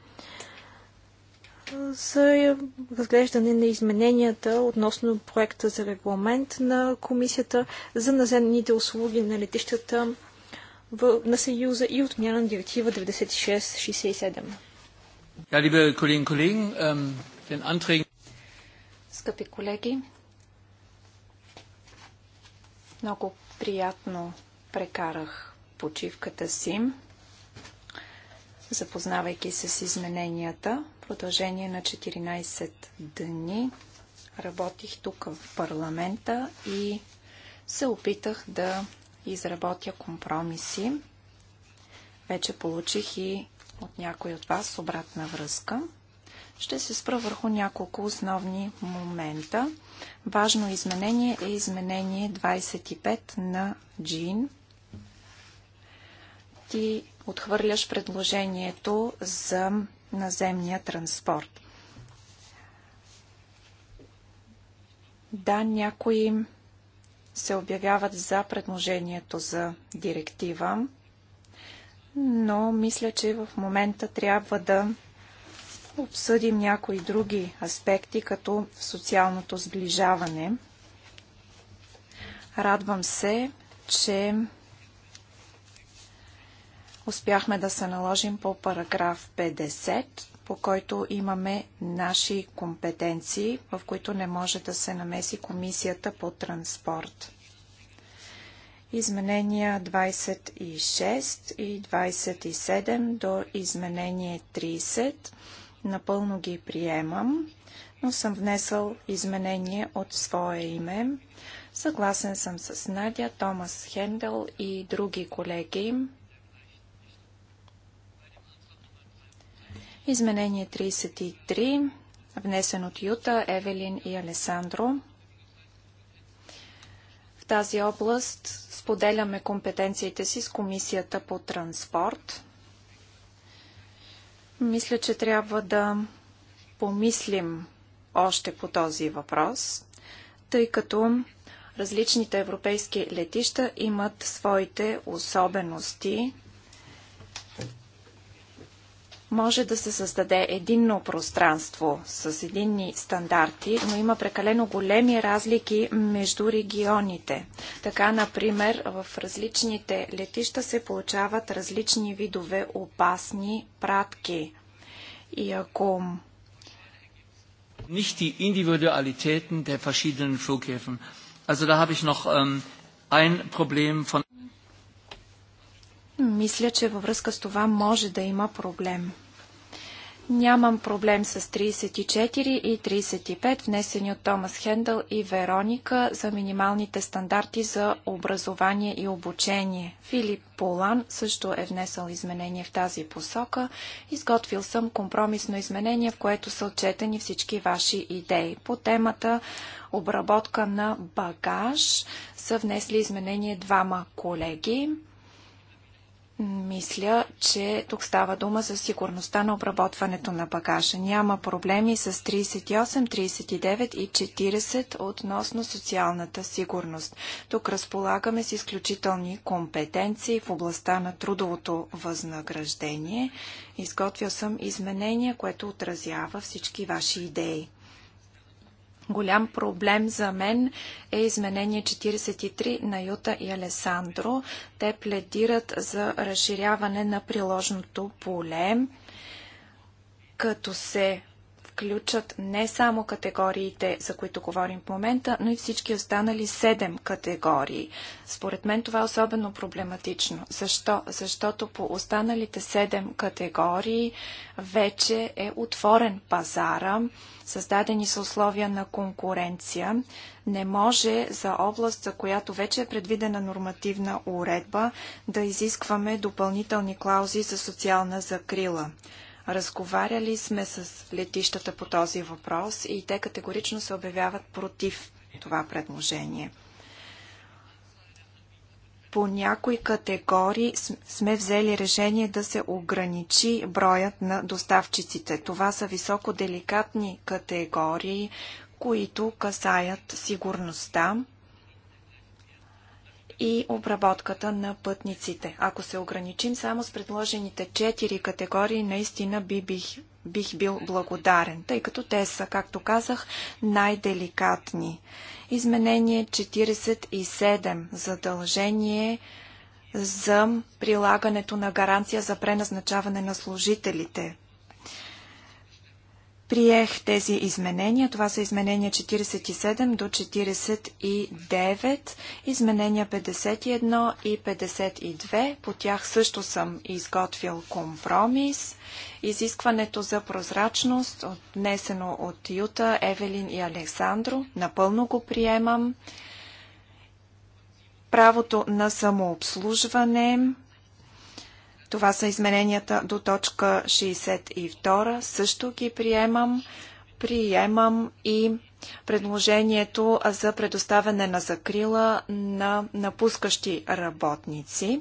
за разглеждане на измененията относно проекта за регламент на Комисията за наземните услуги на летищата на Съюза и отмяна на директива 9667. Ja, liebe Kolleginnen und Kollegen, ähm, den Anträgen... Скъпи колеги, много приятно прекарах почивката си, запознавайки се с измененията. В продължение на 14 дни работих тук в парламента и се опитах да изработя компромиси. Вече получих и от някой от вас обратна връзка. Ще се спра върху няколко основни момента. Важно изменение е изменение 25 на Джин. Ти отхвърляш предложението за наземния транспорт. Да, някои се обявяват за предложението за директива, но мисля, че в момента трябва да обсъдим някои други аспекти, като социалното сближаване. Радвам се, че успяхме да се наложим по параграф 50, по който имаме наши компетенции, в които не може да се намеси комисията по транспорт. Изменения 26 и 27 до изменение 30 Напълно ги приемам, но съм внесъл изменение от свое име. Съгласен съм с Надя, Томас Хендел и други колеги. Изменение 33, внесен от Юта, Евелин и Алесандро. В тази област споделяме компетенциите си с Комисията по транспорт. Мисля, че трябва да помислим още по този въпрос, тъй като различните европейски летища имат своите особености. Може да се създаде единно пространство с единни стандарти, но има прекалено големи разлики между регионите. Така, например, в различните летища се получават различни видове опасни пратки. И ако nicht die Individualitäten der verschiedenen Flughäfen. Also da habe ich noch ähm, ein Problem von мисля, че във връзка с това може да има проблем. Нямам проблем с 34 и 35, внесени от Томас Хендъл и Вероника за минималните стандарти за образование и обучение. Филип Полан също е внесъл изменение в тази посока. Изготвил съм компромисно изменение, в което са отчетени всички ваши идеи. По темата обработка на багаж са внесли изменение двама колеги. Мисля, че тук става дума за сигурността на обработването на багажа. Няма проблеми с 38, 39 и 40 относно социалната сигурност. Тук разполагаме с изключителни компетенции в областта на трудовото възнаграждение. Изготвил съм изменение, което отразява всички ваши идеи. Голям проблем за мен е изменение 43 на Юта и Алесандро. Те пледират за разширяване на приложното поле, като се включат не само категориите, за които говорим в момента, но и всички останали седем категории. Според мен това е особено проблематично. Защо? Защото по останалите седем категории вече е отворен пазара, създадени са условия на конкуренция. Не може за област, за която вече е предвидена нормативна уредба, да изискваме допълнителни клаузи за социална закрила. Разговаряли сме с летищата по този въпрос и те категорично се обявяват против това предложение. По някои категории сме взели решение да се ограничи броят на доставчиците. Това са високо деликатни категории, които касаят сигурността и обработката на пътниците. Ако се ограничим само с предложените 4 категории, наистина би бих, бих бил благодарен, тъй като те са, както казах, най-деликатни. Изменение 47 задължение за прилагането на гаранция за преназначаване на служителите. Приех тези изменения. Това са изменения 47 до 49, изменения 51 и 52. По тях също съм изготвил компромис. Изискването за прозрачност, отнесено от Юта, Евелин и Александро, напълно го приемам. Правото на самообслужване, това са измененията до точка 62. Също ги приемам. Приемам и предложението за предоставяне на закрила на напускащи работници.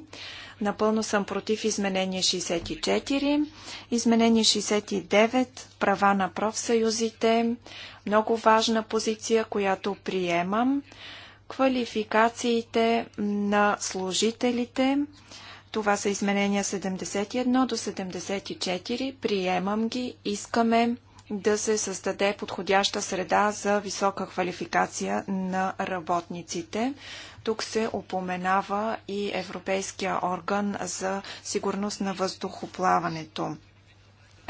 Напълно съм против изменение 64. Изменение 69. Права на профсъюзите. Много важна позиция, която приемам. Квалификациите на служителите това са изменения 71 до 74. Приемам ги. Искаме да се създаде подходяща среда за висока квалификация на работниците. Тук се упоменава и Европейския орган за сигурност на въздухоплаването.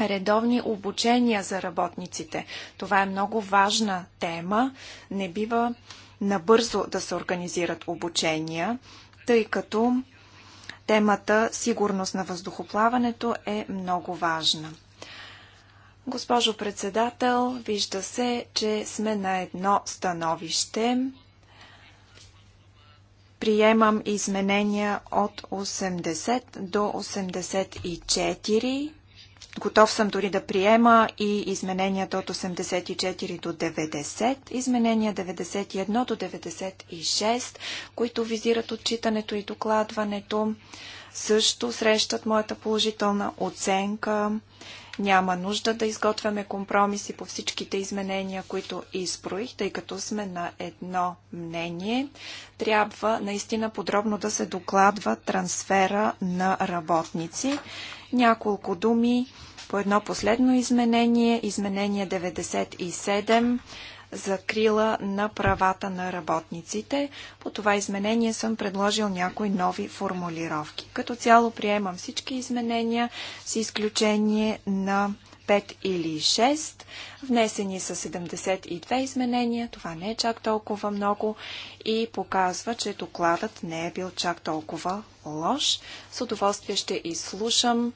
Редовни обучения за работниците. Това е много важна тема. Не бива набързо да се организират обучения, тъй като Темата сигурност на въздухоплаването е много важна. Госпожо председател, вижда се, че сме на едно становище. Приемам изменения от 80 до 84 Готов съм дори да приема и измененията от 84 до 90, изменения 91 до 96, които визират отчитането и докладването, също срещат моята положителна оценка. Няма нужда да изготвяме компромиси по всичките изменения, които изброих, тъй като сме на едно мнение. Трябва наистина подробно да се докладва трансфера на работници. Няколко думи по едно последно изменение, изменение 97, за крила на правата на работниците. По това изменение съм предложил някои нови формулировки. Като цяло приемам всички изменения с изключение на 5 или 6. Внесени са 72 изменения. Това не е чак толкова много и показва, че докладът не е бил чак толкова лош. С удоволствие ще изслушам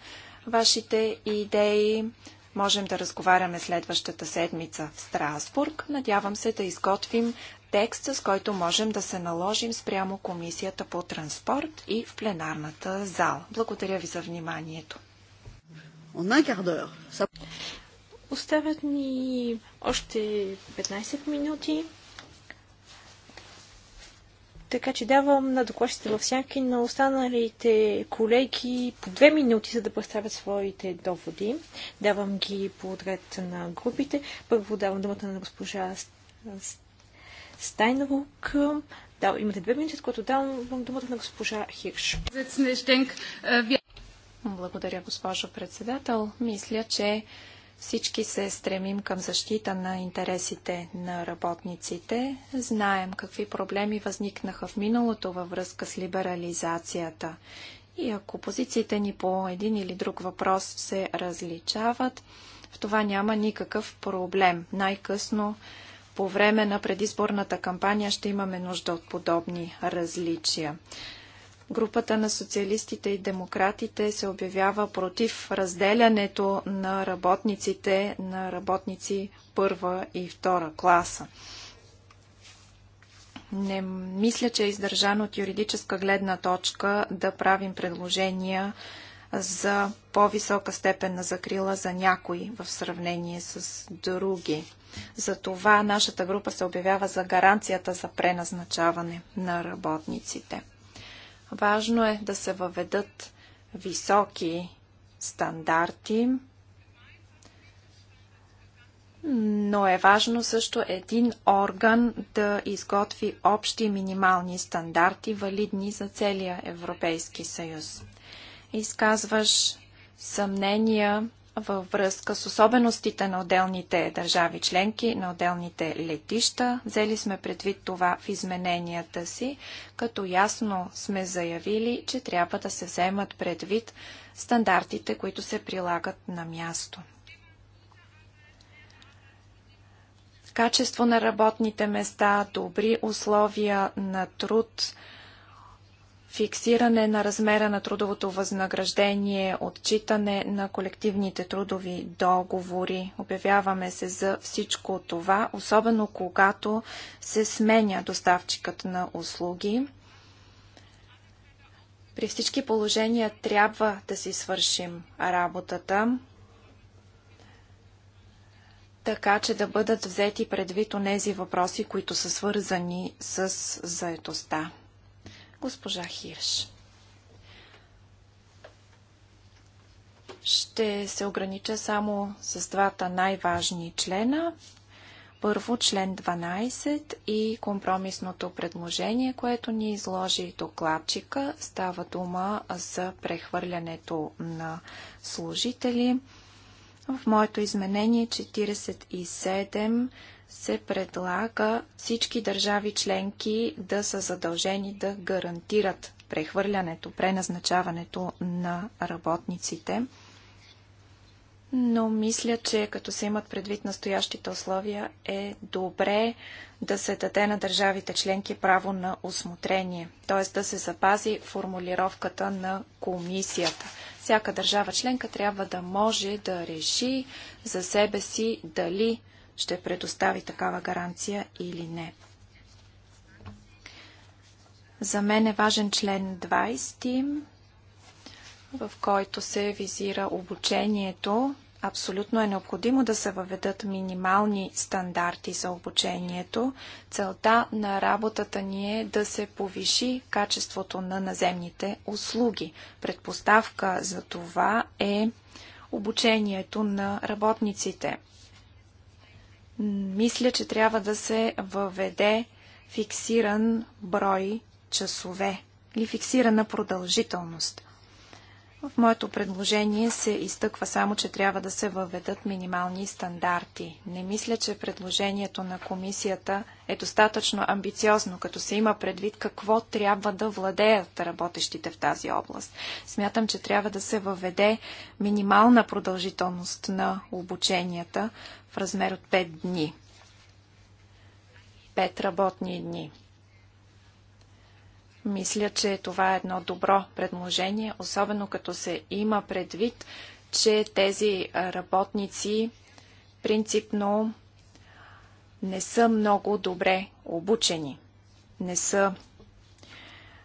вашите идеи. Можем да разговаряме следващата седмица в Страсбург. Надявам се да изготвим текст, с който можем да се наложим спрямо Комисията по транспорт и в пленарната зала. Благодаря ви за вниманието. Оставят ни още 15 минути. Така че давам на докладчите в сянки на останалите колеги по две минути, за да представят своите доводи. Давам ги по отред на групите. Първо давам думата на госпожа Стайнрук. Да, имате две минути, което давам думата на госпожа Хирш. Благодаря, госпожо председател. Мисля, че всички се стремим към защита на интересите на работниците. Знаем какви проблеми възникнаха в миналото във връзка с либерализацията. И ако позициите ни по един или друг въпрос се различават, в това няма никакъв проблем. Най-късно по време на предизборната кампания ще имаме нужда от подобни различия. Групата на социалистите и демократите се обявява против разделянето на работниците на работници първа и втора класа. Не мисля, че е издържан от юридическа гледна точка да правим предложения за по-висока степен на закрила за някои в сравнение с други. Затова нашата група се обявява за гаранцията за преназначаване на работниците. Важно е да се въведат високи стандарти, но е важно също един орган да изготви общи минимални стандарти, валидни за целия Европейски съюз. Изказваш съмнения във връзка с особеностите на отделните държави членки, на отделните летища. Взели сме предвид това в измененията си, като ясно сме заявили, че трябва да се вземат предвид стандартите, които се прилагат на място. Качество на работните места, добри условия на труд – фиксиране на размера на трудовото възнаграждение, отчитане на колективните трудови договори. Обявяваме се за всичко това, особено когато се сменя доставчикът на услуги. При всички положения трябва да си свършим работата, така че да бъдат взети предвид онези въпроси, които са свързани с заетостта. Госпожа Хирш. Ще се огранича само с двата най-важни члена. Първо член 12 и компромисното предложение, което ни изложи докладчика. Става дума за прехвърлянето на служители. В моето изменение 47 се предлага всички държави членки да са задължени да гарантират прехвърлянето, преназначаването на работниците. Но мисля, че като се имат предвид настоящите условия, е добре да се даде на държавите членки право на осмотрение, т.е. да се запази формулировката на комисията. Всяка държава членка трябва да може да реши за себе си дали ще предостави такава гаранция или не. За мен е важен член 20, в който се визира обучението. Абсолютно е необходимо да се въведат минимални стандарти за обучението. Целта на работата ни е да се повиши качеството на наземните услуги. Предпоставка за това е обучението на работниците – мисля, че трябва да се въведе фиксиран брой часове или фиксирана продължителност. В моето предложение се изтъква само, че трябва да се въведат минимални стандарти. Не мисля, че предложението на комисията е достатъчно амбициозно, като се има предвид какво трябва да владеят работещите в тази област. Смятам, че трябва да се въведе минимална продължителност на обученията, в размер от 5 дни. 5 работни дни. Мисля, че това е едно добро предложение, особено като се има предвид, че тези работници принципно не са много добре обучени. Не са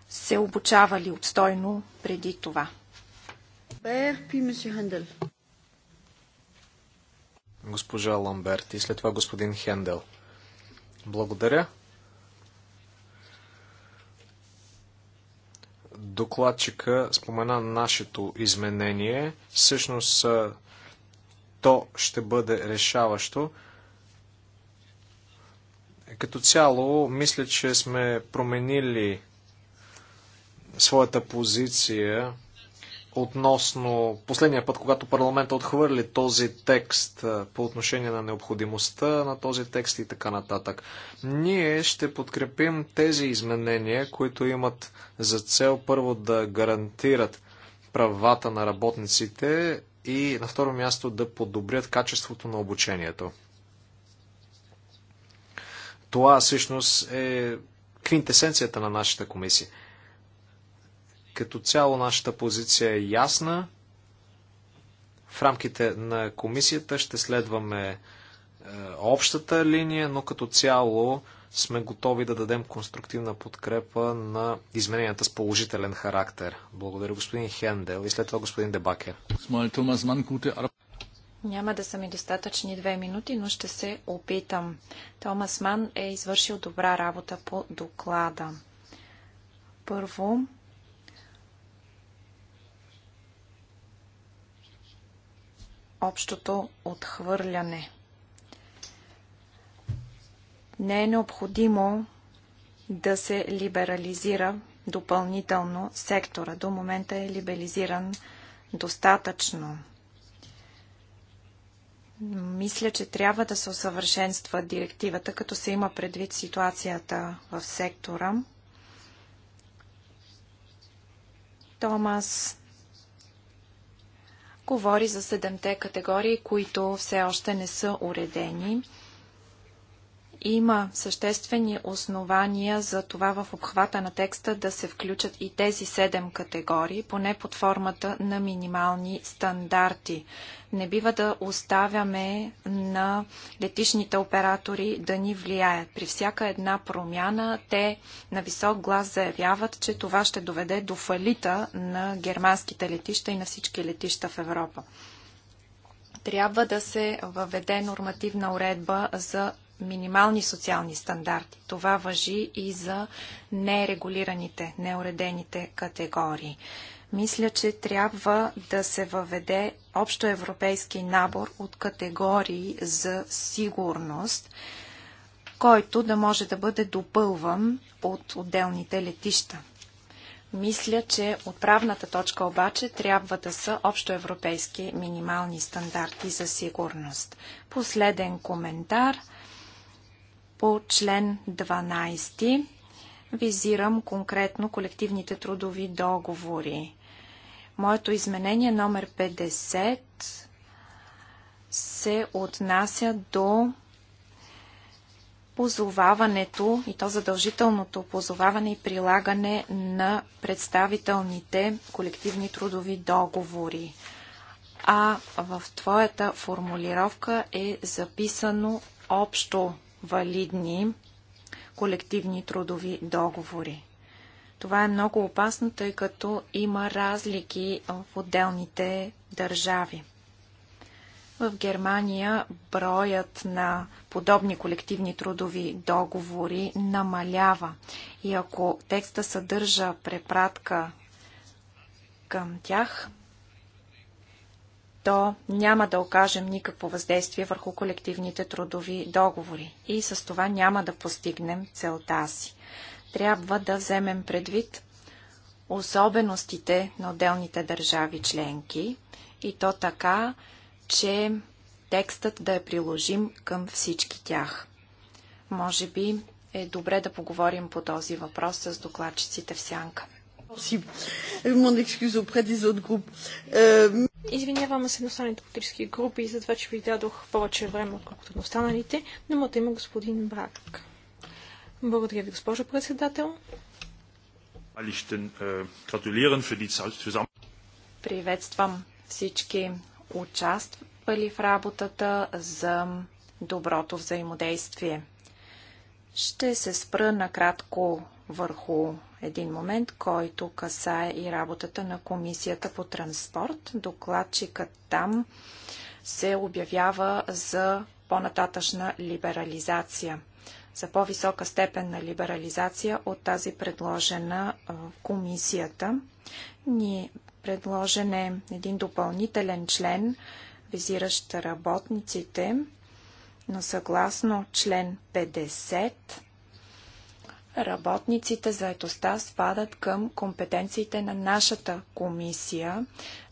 се обучавали отстойно преди това. Пер пи, Хендел госпожа Ламберт и след това господин Хендел. Благодаря. Докладчика спомена нашето изменение. Всъщност то ще бъде решаващо. Като цяло, мисля, че сме променили своята позиция относно последния път, когато парламента отхвърли този текст по отношение на необходимостта на този текст и така нататък. Ние ще подкрепим тези изменения, които имат за цел първо да гарантират правата на работниците и на второ място да подобрят качеството на обучението. Това всъщност е квинтесенцията на нашата комисия. Като цяло нашата позиция е ясна. В рамките на комисията ще следваме е, общата линия, но като цяло сме готови да дадем конструктивна подкрепа на измененията с положителен характер. Благодаря господин Хендел и след това господин Дебакер. Няма да са ми достатъчни две минути, но ще се опитам. Томас Ман е извършил добра работа по доклада. Първо, общото отхвърляне. Не е необходимо да се либерализира допълнително сектора. До момента е либерализиран достатъчно. Мисля, че трябва да се усъвършенства директивата, като се има предвид ситуацията в сектора. Томас говори за седемте категории, които все още не са уредени. Има съществени основания за това в обхвата на текста да се включат и тези седем категории, поне под формата на минимални стандарти. Не бива да оставяме на летишните оператори да ни влияят. При всяка една промяна те на висок глас заявяват, че това ще доведе до фалита на германските летища и на всички летища в Европа трябва да се въведе нормативна уредба за минимални социални стандарти. Това въжи и за нерегулираните, неуредените категории. Мисля, че трябва да се въведе общоевропейски набор от категории за сигурност, който да може да бъде допълван от отделните летища. Мисля, че отправната точка обаче трябва да са общоевропейски минимални стандарти за сигурност. Последен коментар – по член 12 визирам конкретно колективните трудови договори. Моето изменение номер 50 се отнася до позоваването и то задължителното позоваване и прилагане на представителните колективни трудови договори. А в твоята формулировка е записано общо валидни колективни трудови договори. Това е много опасно, тъй като има разлики в отделните държави. В Германия броят на подобни колективни трудови договори намалява. И ако текста съдържа препратка към тях, то няма да окажем никакво въздействие върху колективните трудови договори и с това няма да постигнем целта си. Трябва да вземем предвид особеностите на отделните държави членки и то така, че текстът да е приложим към всички тях. Може би е добре да поговорим по този въпрос с докладчиците в сянка. Merci. Mon excuse auprès des autres groupes. Euh, Извинявам се на останалите политически групи за това, че ви дадох повече време, отколкото на останалите. Думата има господин Брак. Благодаря ви, госпожо председател. Е, Приветствам всички участвали в работата за доброто взаимодействие. Ще се спра накратко върху един момент, който касае и работата на Комисията по транспорт. Докладчикът там се обявява за по-нататъчна либерализация, за по-висока степен на либерализация от тази предложена комисията. Ни предложен е един допълнителен член, визиращ работниците, но съгласно член 50 Работниците за етостта спадат към компетенциите на нашата комисия.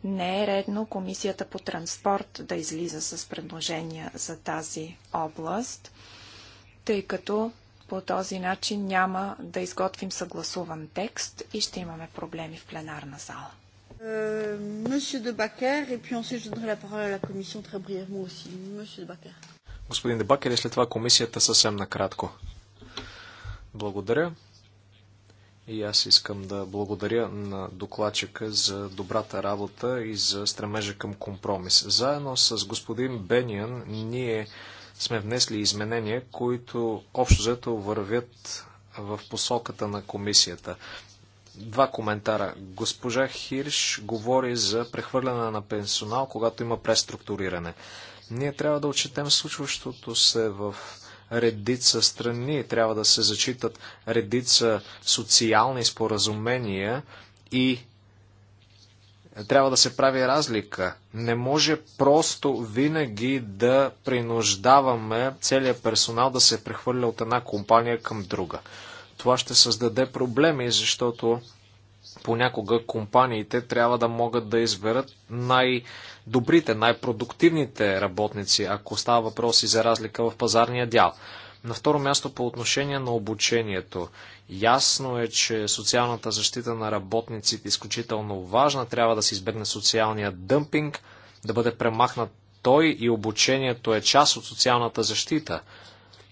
Не е редно комисията по транспорт да излиза с предложения за тази област, тъй като по този начин няма да изготвим съгласуван текст и ще имаме проблеми в пленарна зала. Е, puis ensuite je donnerai la parole à la Commission très brièvement aussi. Господин Дебакер, след това комисията съвсем накратко. Благодаря. И аз искам да благодаря на докладчика за добрата работа и за стремежа към компромис. Заедно с господин Бениан ние сме внесли изменения, които общо взето вървят в посоката на комисията. Два коментара. Госпожа Хирш говори за прехвърляне на пенсионал, когато има преструктуриране. Ние трябва да отчетем случващото се в редица страни, трябва да се зачитат редица социални споразумения и трябва да се прави разлика. Не може просто винаги да принуждаваме целият персонал да се прехвърля от една компания към друга. Това ще създаде проблеми, защото понякога компаниите трябва да могат да изберат най-добрите, най-продуктивните работници, ако става въпрос и за разлика в пазарния дял. На второ място по отношение на обучението. Ясно е, че социалната защита на работниците е изключително важна. Трябва да се избегне социалния дъмпинг, да бъде премахнат той и обучението е част от социалната защита.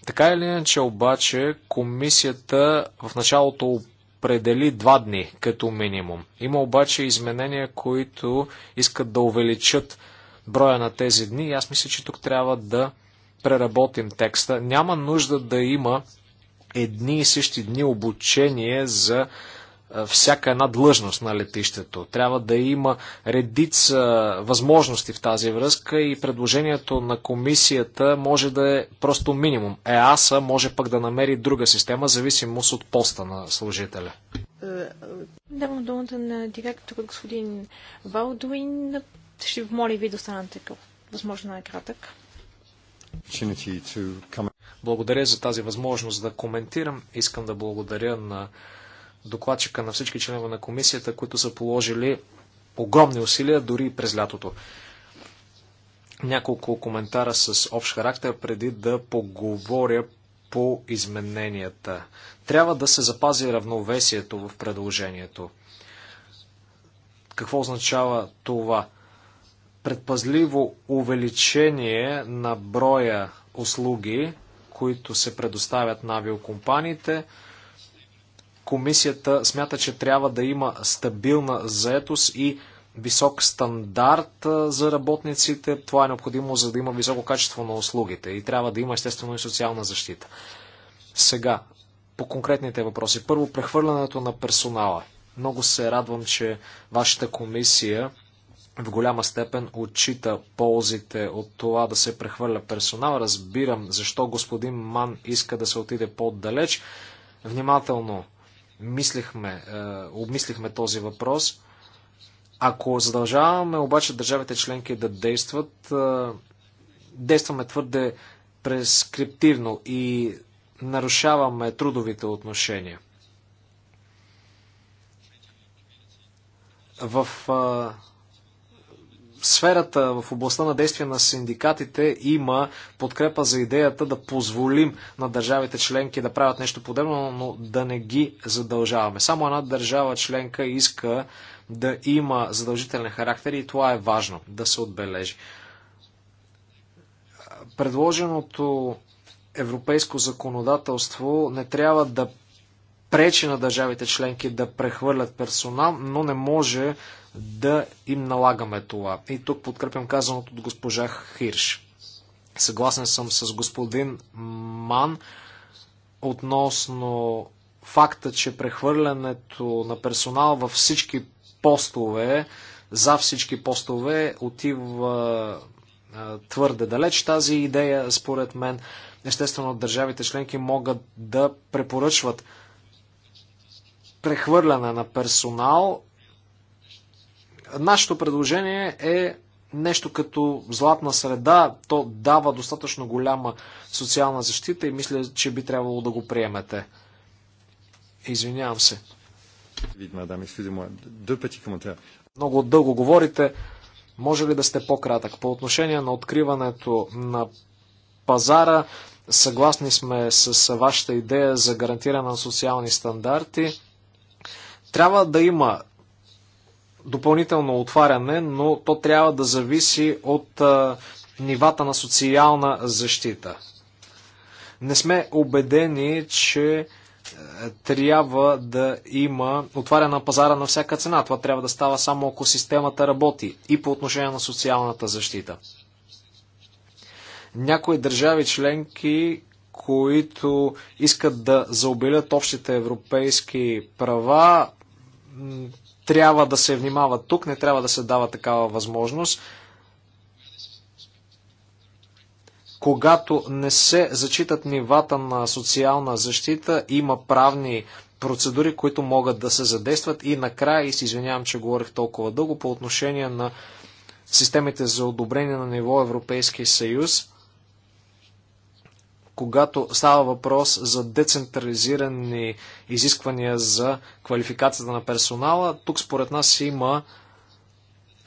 Така или иначе обаче, комисията в началото определи два дни като минимум. Има обаче изменения, които искат да увеличат броя на тези дни и аз мисля, че тук трябва да преработим текста. Няма нужда да има едни и същи дни обучение за всяка една длъжност на летището. Трябва да има редица възможности в тази връзка и предложението на комисията може да е просто минимум. ЕАСА може пък да намери друга система, зависимост от поста на служителя. Давам думата на директор господин Валдуин. Ще ви моля ви да останете възможно най-кратък. Благодаря за тази възможност да коментирам. Искам да благодаря на докладчика на всички членове на комисията, които са положили огромни усилия дори през лятото. Няколко коментара с общ характер преди да поговоря по измененията. Трябва да се запази равновесието в предложението. Какво означава това? Предпазливо увеличение на броя услуги, които се предоставят на авиокомпаниите, Комисията смята, че трябва да има стабилна заетост и висок стандарт за работниците. Това е необходимо, за да има високо качество на услугите и трябва да има естествено и социална защита. Сега, по конкретните въпроси. Първо, прехвърлянето на персонала. Много се радвам, че вашата комисия в голяма степен отчита ползите от това да се прехвърля персонал. Разбирам защо господин Ман иска да се отиде по-далеч. Внимателно мислихме, е, обмислихме този въпрос. Ако задължаваме обаче държавите членки да действат, е, действаме твърде прескриптивно и нарушаваме трудовите отношения. В е, сферата, в областта на действие на синдикатите има подкрепа за идеята да позволим на държавите членки да правят нещо подобно, но да не ги задължаваме. Само една държава членка иска да има задължителен характер и това е важно да се отбележи. Предложеното европейско законодателство не трябва да пречи на държавите членки да прехвърлят персонал, но не може да им налагаме това. И тук подкрепям казаното от госпожа Хирш. Съгласен съм с господин Ман относно факта, че прехвърлянето на персонал във всички постове, за всички постове, отива твърде далеч тази идея, според мен. Естествено, държавите членки могат да препоръчват прехвърляне на персонал. Нашето предложение е нещо като златна среда. То дава достатъчно голяма социална защита и мисля, че би трябвало да го приемете. Извинявам се. Много дълго говорите. Може ли да сте по-кратък? По отношение на откриването на пазара, съгласни сме с вашата идея за гарантиране на социални стандарти. Трябва да има допълнително отваряне, но то трябва да зависи от а, нивата на социална защита. Не сме убедени, че е, трябва да има отваря на пазара на всяка цена. Това трябва да става само ако системата работи и по отношение на социалната защита. Някои държави членки, които искат да заобилят общите европейски права, трябва да се внимава тук, не трябва да се дава такава възможност. Когато не се зачитат нивата на социална защита, има правни процедури, които могат да се задействат. И накрая, и се извинявам, че говорих толкова дълго, по отношение на системите за одобрение на ниво Европейски съюз – когато става въпрос за децентрализирани изисквания за квалификацията на персонала, тук според нас има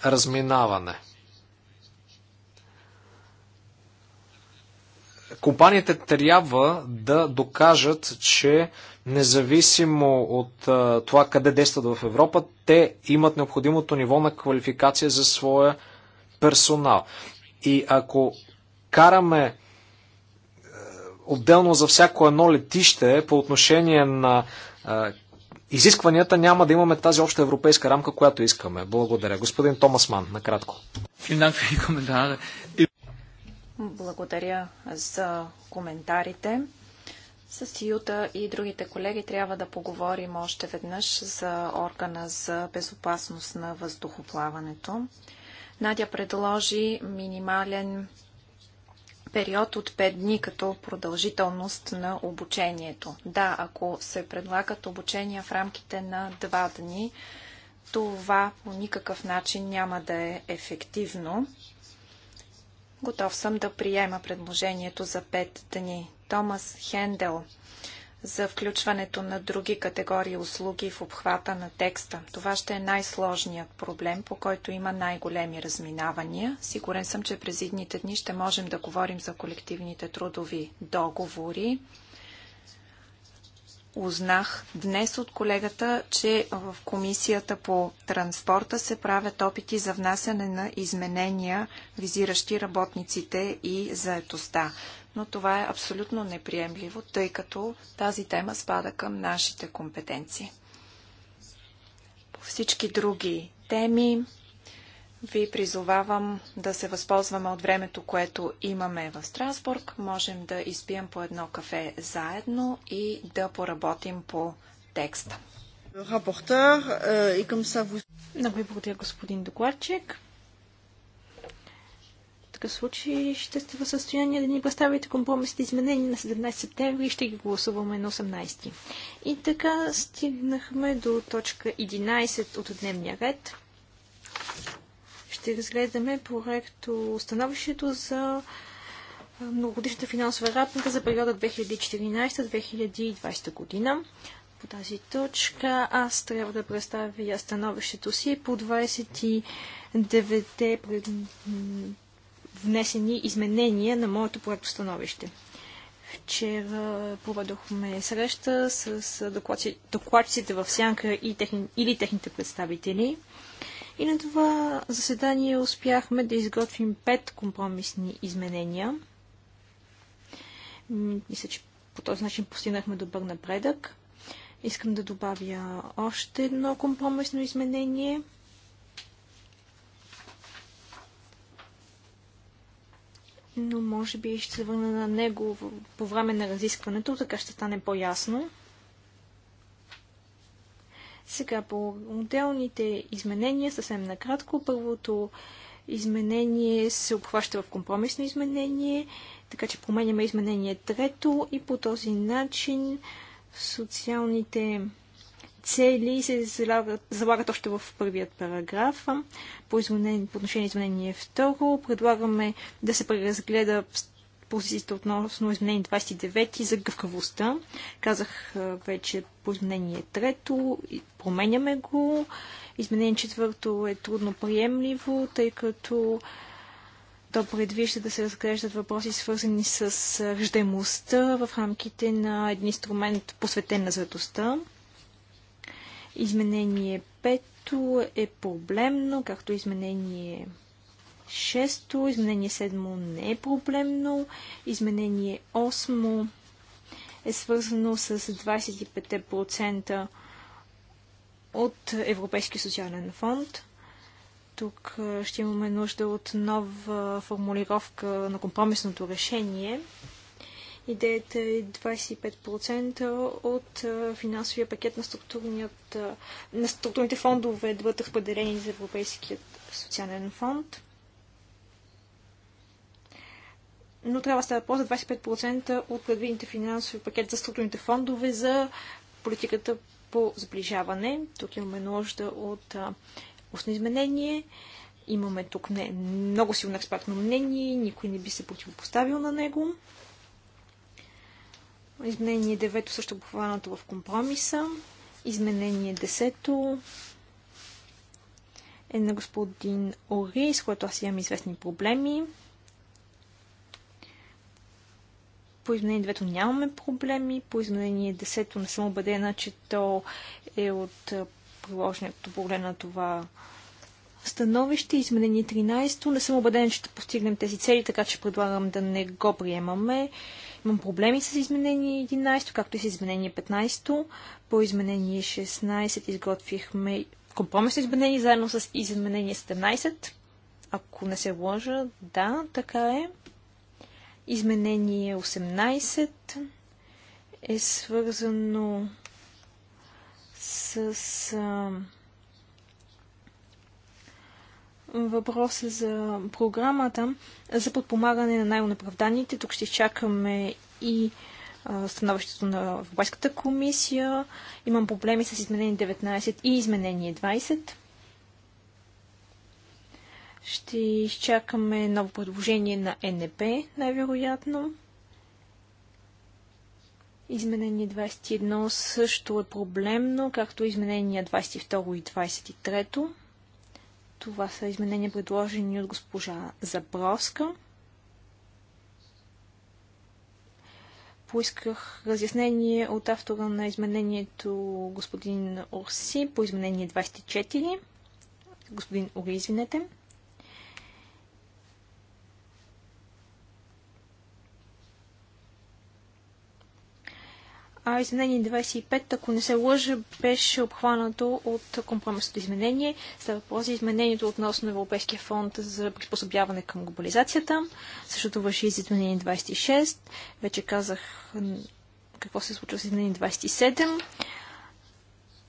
разминаване. Компаниите трябва да докажат, че независимо от това къде действат в Европа, те имат необходимото ниво на квалификация за своя персонал. И ако караме отделно за всяко едно летище по отношение на изискванията, няма да имаме тази обща европейска рамка, която искаме. Благодаря. Господин Томас Ман, накратко. Благодаря за коментарите. С Юта и другите колеги трябва да поговорим още веднъж за органа за безопасност на въздухоплаването. Надя предложи минимален период от 5 дни като продължителност на обучението. Да, ако се предлагат обучения в рамките на 2 дни, това по никакъв начин няма да е ефективно. Готов съм да приема предложението за 5 дни. Томас Хендел за включването на други категории услуги в обхвата на текста. Това ще е най-сложният проблем, по който има най-големи разминавания. Сигурен съм, че през идните дни ще можем да говорим за колективните трудови договори. Узнах днес от колегата, че в Комисията по транспорта се правят опити за внасяне на изменения, визиращи работниците и заетостта но това е абсолютно неприемливо, тъй като тази тема спада към нашите компетенции. По всички други теми ви призовавам да се възползваме от времето, което имаме в Страсбург. Можем да изпием по едно кафе заедно и да поработим по текста. Е, Много ви благодаря, господин докладчик такъв случай ще сте в състояние да ни представите компромисите изменения на 17 септември и ще ги гласуваме на 18. И така стигнахме до точка 11 от дневния ред. Ще разгледаме проекто становището за многогодишната финансова рамка за периода 2014-2020 година. По тази точка аз трябва да представя становището си по 29 пред внесени изменения на моето проекто становище. Вчера проведохме среща с докладчиците в Сянка и техни, или техните представители. И на това заседание успяхме да изготвим пет компромисни изменения. Мисля, че по този начин постигнахме добър напредък. Искам да добавя още едно компромисно изменение – но може би ще се върна на него по време на разискването, така ще стане по-ясно. Сега по отделните изменения, съвсем накратко. Първото изменение се обхваща в компромисно изменение, така че променяме изменение трето и по този начин социалните цели се залагат, залагат още в първият параграф. По, изменение, по отношение изменение второ предлагаме да се преразгледа позицията относно изменение 29 за гъвкавостта. Казах вече по изменение трето, променяме го. Изменение четвърто е трудно приемливо, тъй като то предвижда да се разглеждат въпроси, свързани с ръждаемостта в рамките на един инструмент, посветен на заедостта. Изменение 5 е проблемно, както изменение 6, изменение 7 не е проблемно, изменение 8 е свързано с 25% от Европейския социален фонд. Тук ще имаме нужда от нова формулировка на компромисното решение. Идеята е 25% от финансовия пакет на, на структурните фондове да бъдат разпределени за Европейският социален фонд. Но трябва да става по за 25% от предвидените финансови пакет за структурните фондове за политиката по сближаване. Тук имаме нужда от устно изменение. Имаме тук не, много силно експертно мнение, никой не би се противопоставил на него. Изменение 9 също похваното е в компромиса. Изменение 10 е на господин Ори, с което аз имам известни проблеми. По изменение 9 нямаме проблеми. По изменение 10 не съм убедена, че то е от приложението проблем на това становище. Изменение 13 не съм убедена, че ще постигнем тези цели, така че предлагам да не го приемаме. Имам проблеми с изменение 11, както и с изменение 15. По изменение 16 изготвихме компромисно изменение заедно с изменение 17. Ако не се лъжа, да, така е. Изменение 18 е свързано с а, въпроса за програмата за подпомагане на най-унеправданите. Тук ще изчакаме и становището на Европейската комисия. Имам проблеми с изменение 19 и изменение 20. Ще изчакаме ново предложение на НП, най-вероятно. Изменение 21 също е проблемно, както изменения 22 и 23. Това са изменения предложени от госпожа Заброска. Поисках разяснение от автора на изменението господин Орси по изменение 24. Господин Ори, извинете. а изменение 25, ако не се лъжа, беше обхванато от компромисното изменение. Става въпрос за изменението относно Европейския фонд за приспособяване към глобализацията. Същото върши за изменение 26. Вече казах какво се случва с изменение 27.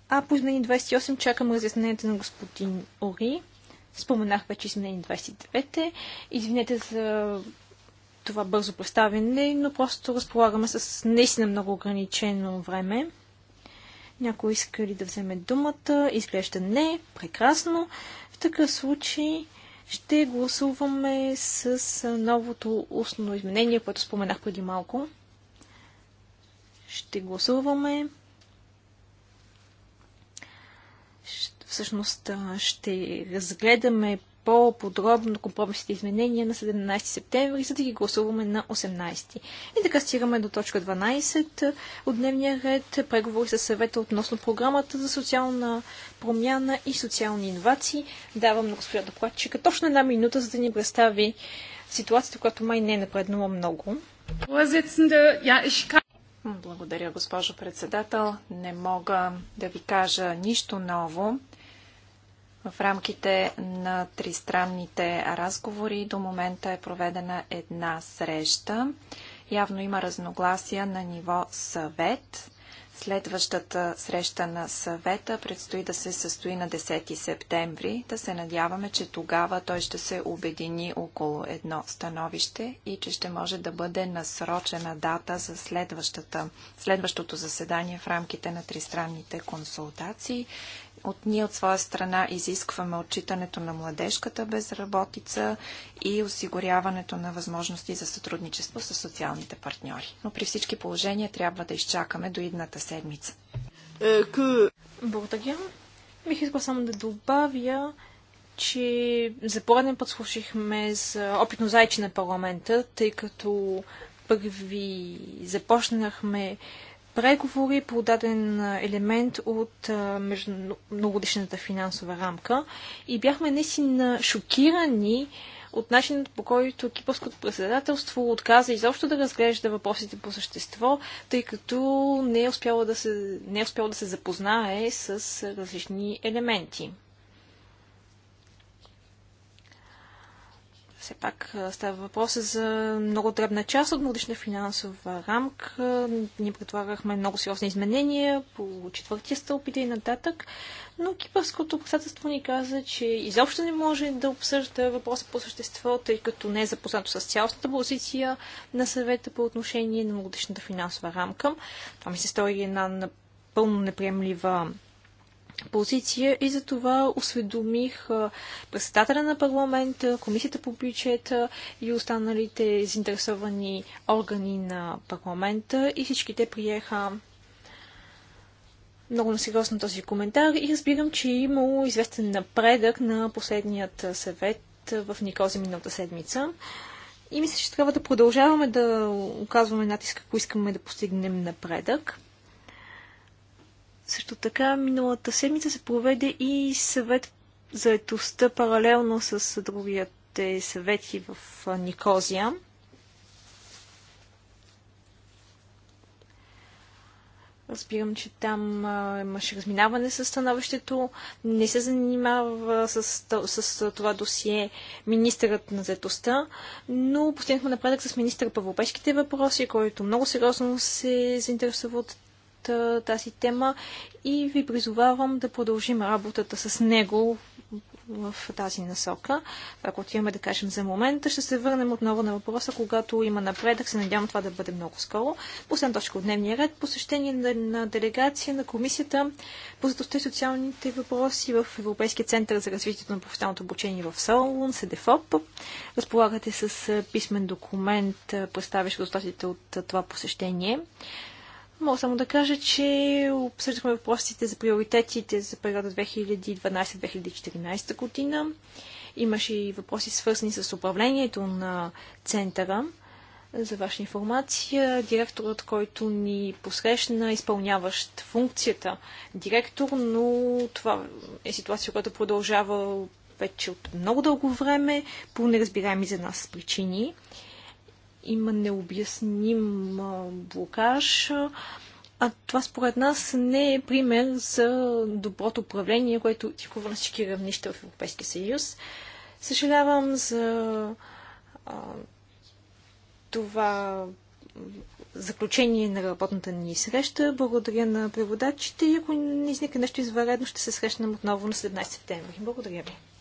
А по изменение 28 чакам разяснението на господин Ори. Споменах вече изменение 29. Извинете за това бързо представяне, но просто разполагаме с наистина много ограничено време. Някой иска ли да вземе думата? Изглежда не. Прекрасно. В такъв случай ще гласуваме с новото устно изменение, което споменах преди малко. Ще гласуваме. Всъщност ще разгледаме по-подробно компромисните изменения на 17 септември, за да ги гласуваме на 18. И така стигаме до точка 12 е, от дневния ред, преговори с съвета относно програмата за социална промяна и социални инновации. Давам на господа докладчика точно една минута, за да ни представи ситуацията, която май не е напреднала много. Благодаря, госпожо председател. Не мога да ви кажа нищо ново. В рамките на тристранните разговори до момента е проведена една среща. Явно има разногласия на ниво съвет. Следващата среща на съвета предстои да се състои на 10 септември. Да се надяваме, че тогава той ще се обедини около едно становище и че ще може да бъде насрочена дата за следващото заседание в рамките на тристранните консултации. От ние от своя страна изискваме отчитането на младежката безработица и осигуряването на възможности за сътрудничество с социалните партньори. Но при всички положения трябва да изчакаме до едната седмица. Е, Благодаря. Бих искал само да добавя, че за пореден път слушахме за опитно зайче на парламента, тъй като първи започнахме преговори по даден елемент от междуногодишната финансова рамка и бяхме наистина шокирани, от начинът по който кипърското председателство отказа изобщо да разглежда въпросите по същество, тъй като не е успяло да се, не е успяло да се запознае с различни елементи. Все пак става въпрос за много дребна част от годишна финансова рамка. Ние предлагахме много сериозни изменения по четвъртия стълб и нататък, но кипърското председателство ни каза, че изобщо не може да обсъжда въпроса по същество, тъй като не е запознато с цялостната позиция на съвета по отношение на годишната финансова рамка. Това ми се стори една напълно неприемлива позиция и за това осведомих председателя на парламента, комисията по бюджета и останалите заинтересовани органи на парламента и всички те приеха много насериозно този коментар и разбирам, че е имало известен напредък на последният съвет в Никози миналата седмица. И мисля, че трябва да продължаваме да оказваме натиск, ако искаме да постигнем напредък. Също така, миналата седмица се проведе и съвет за етостта паралелно с другите съвети в Никозия. Разбирам, че там имаше разминаване с становището. Не се занимава с, с, това досие министърът на заедостта, но постигнахме напредък с министър по европейските въпроси, който много сериозно се заинтересува от тази тема и ви призовавам да продължим работата с него в тази насока. Ако отиваме да кажем за момента, ще се върнем отново на въпроса, когато има напредък. Се надявам това да бъде много скоро. Последна точка от дневния ред. Посещение на, на делегация на Комисията по затостта и социалните въпроси в Европейския център за развитието на професионалното обучение в Солун, СДФОП. Разполагате с писмен документ, представящ резултатите от това посещение. Мога само да кажа, че обсъждахме въпросите за приоритетите за периода 2012-2014 година. Имаше и въпроси свързани с управлението на центъра. За ваша информация, директорът, който ни посрещна, е изпълняващ функцията директор, но това е ситуация, която продължава вече от много дълго време по неразбираеми за нас причини има необясним блокаж. А това според нас не е пример за доброто управление, което тикува на всички равнища в Европейския съюз. Съжалявам за а, това заключение на работната ни среща. Благодаря на преводачите и ако не изникне нещо извънредно, ще се срещнем отново на 17 септември. Благодаря ви.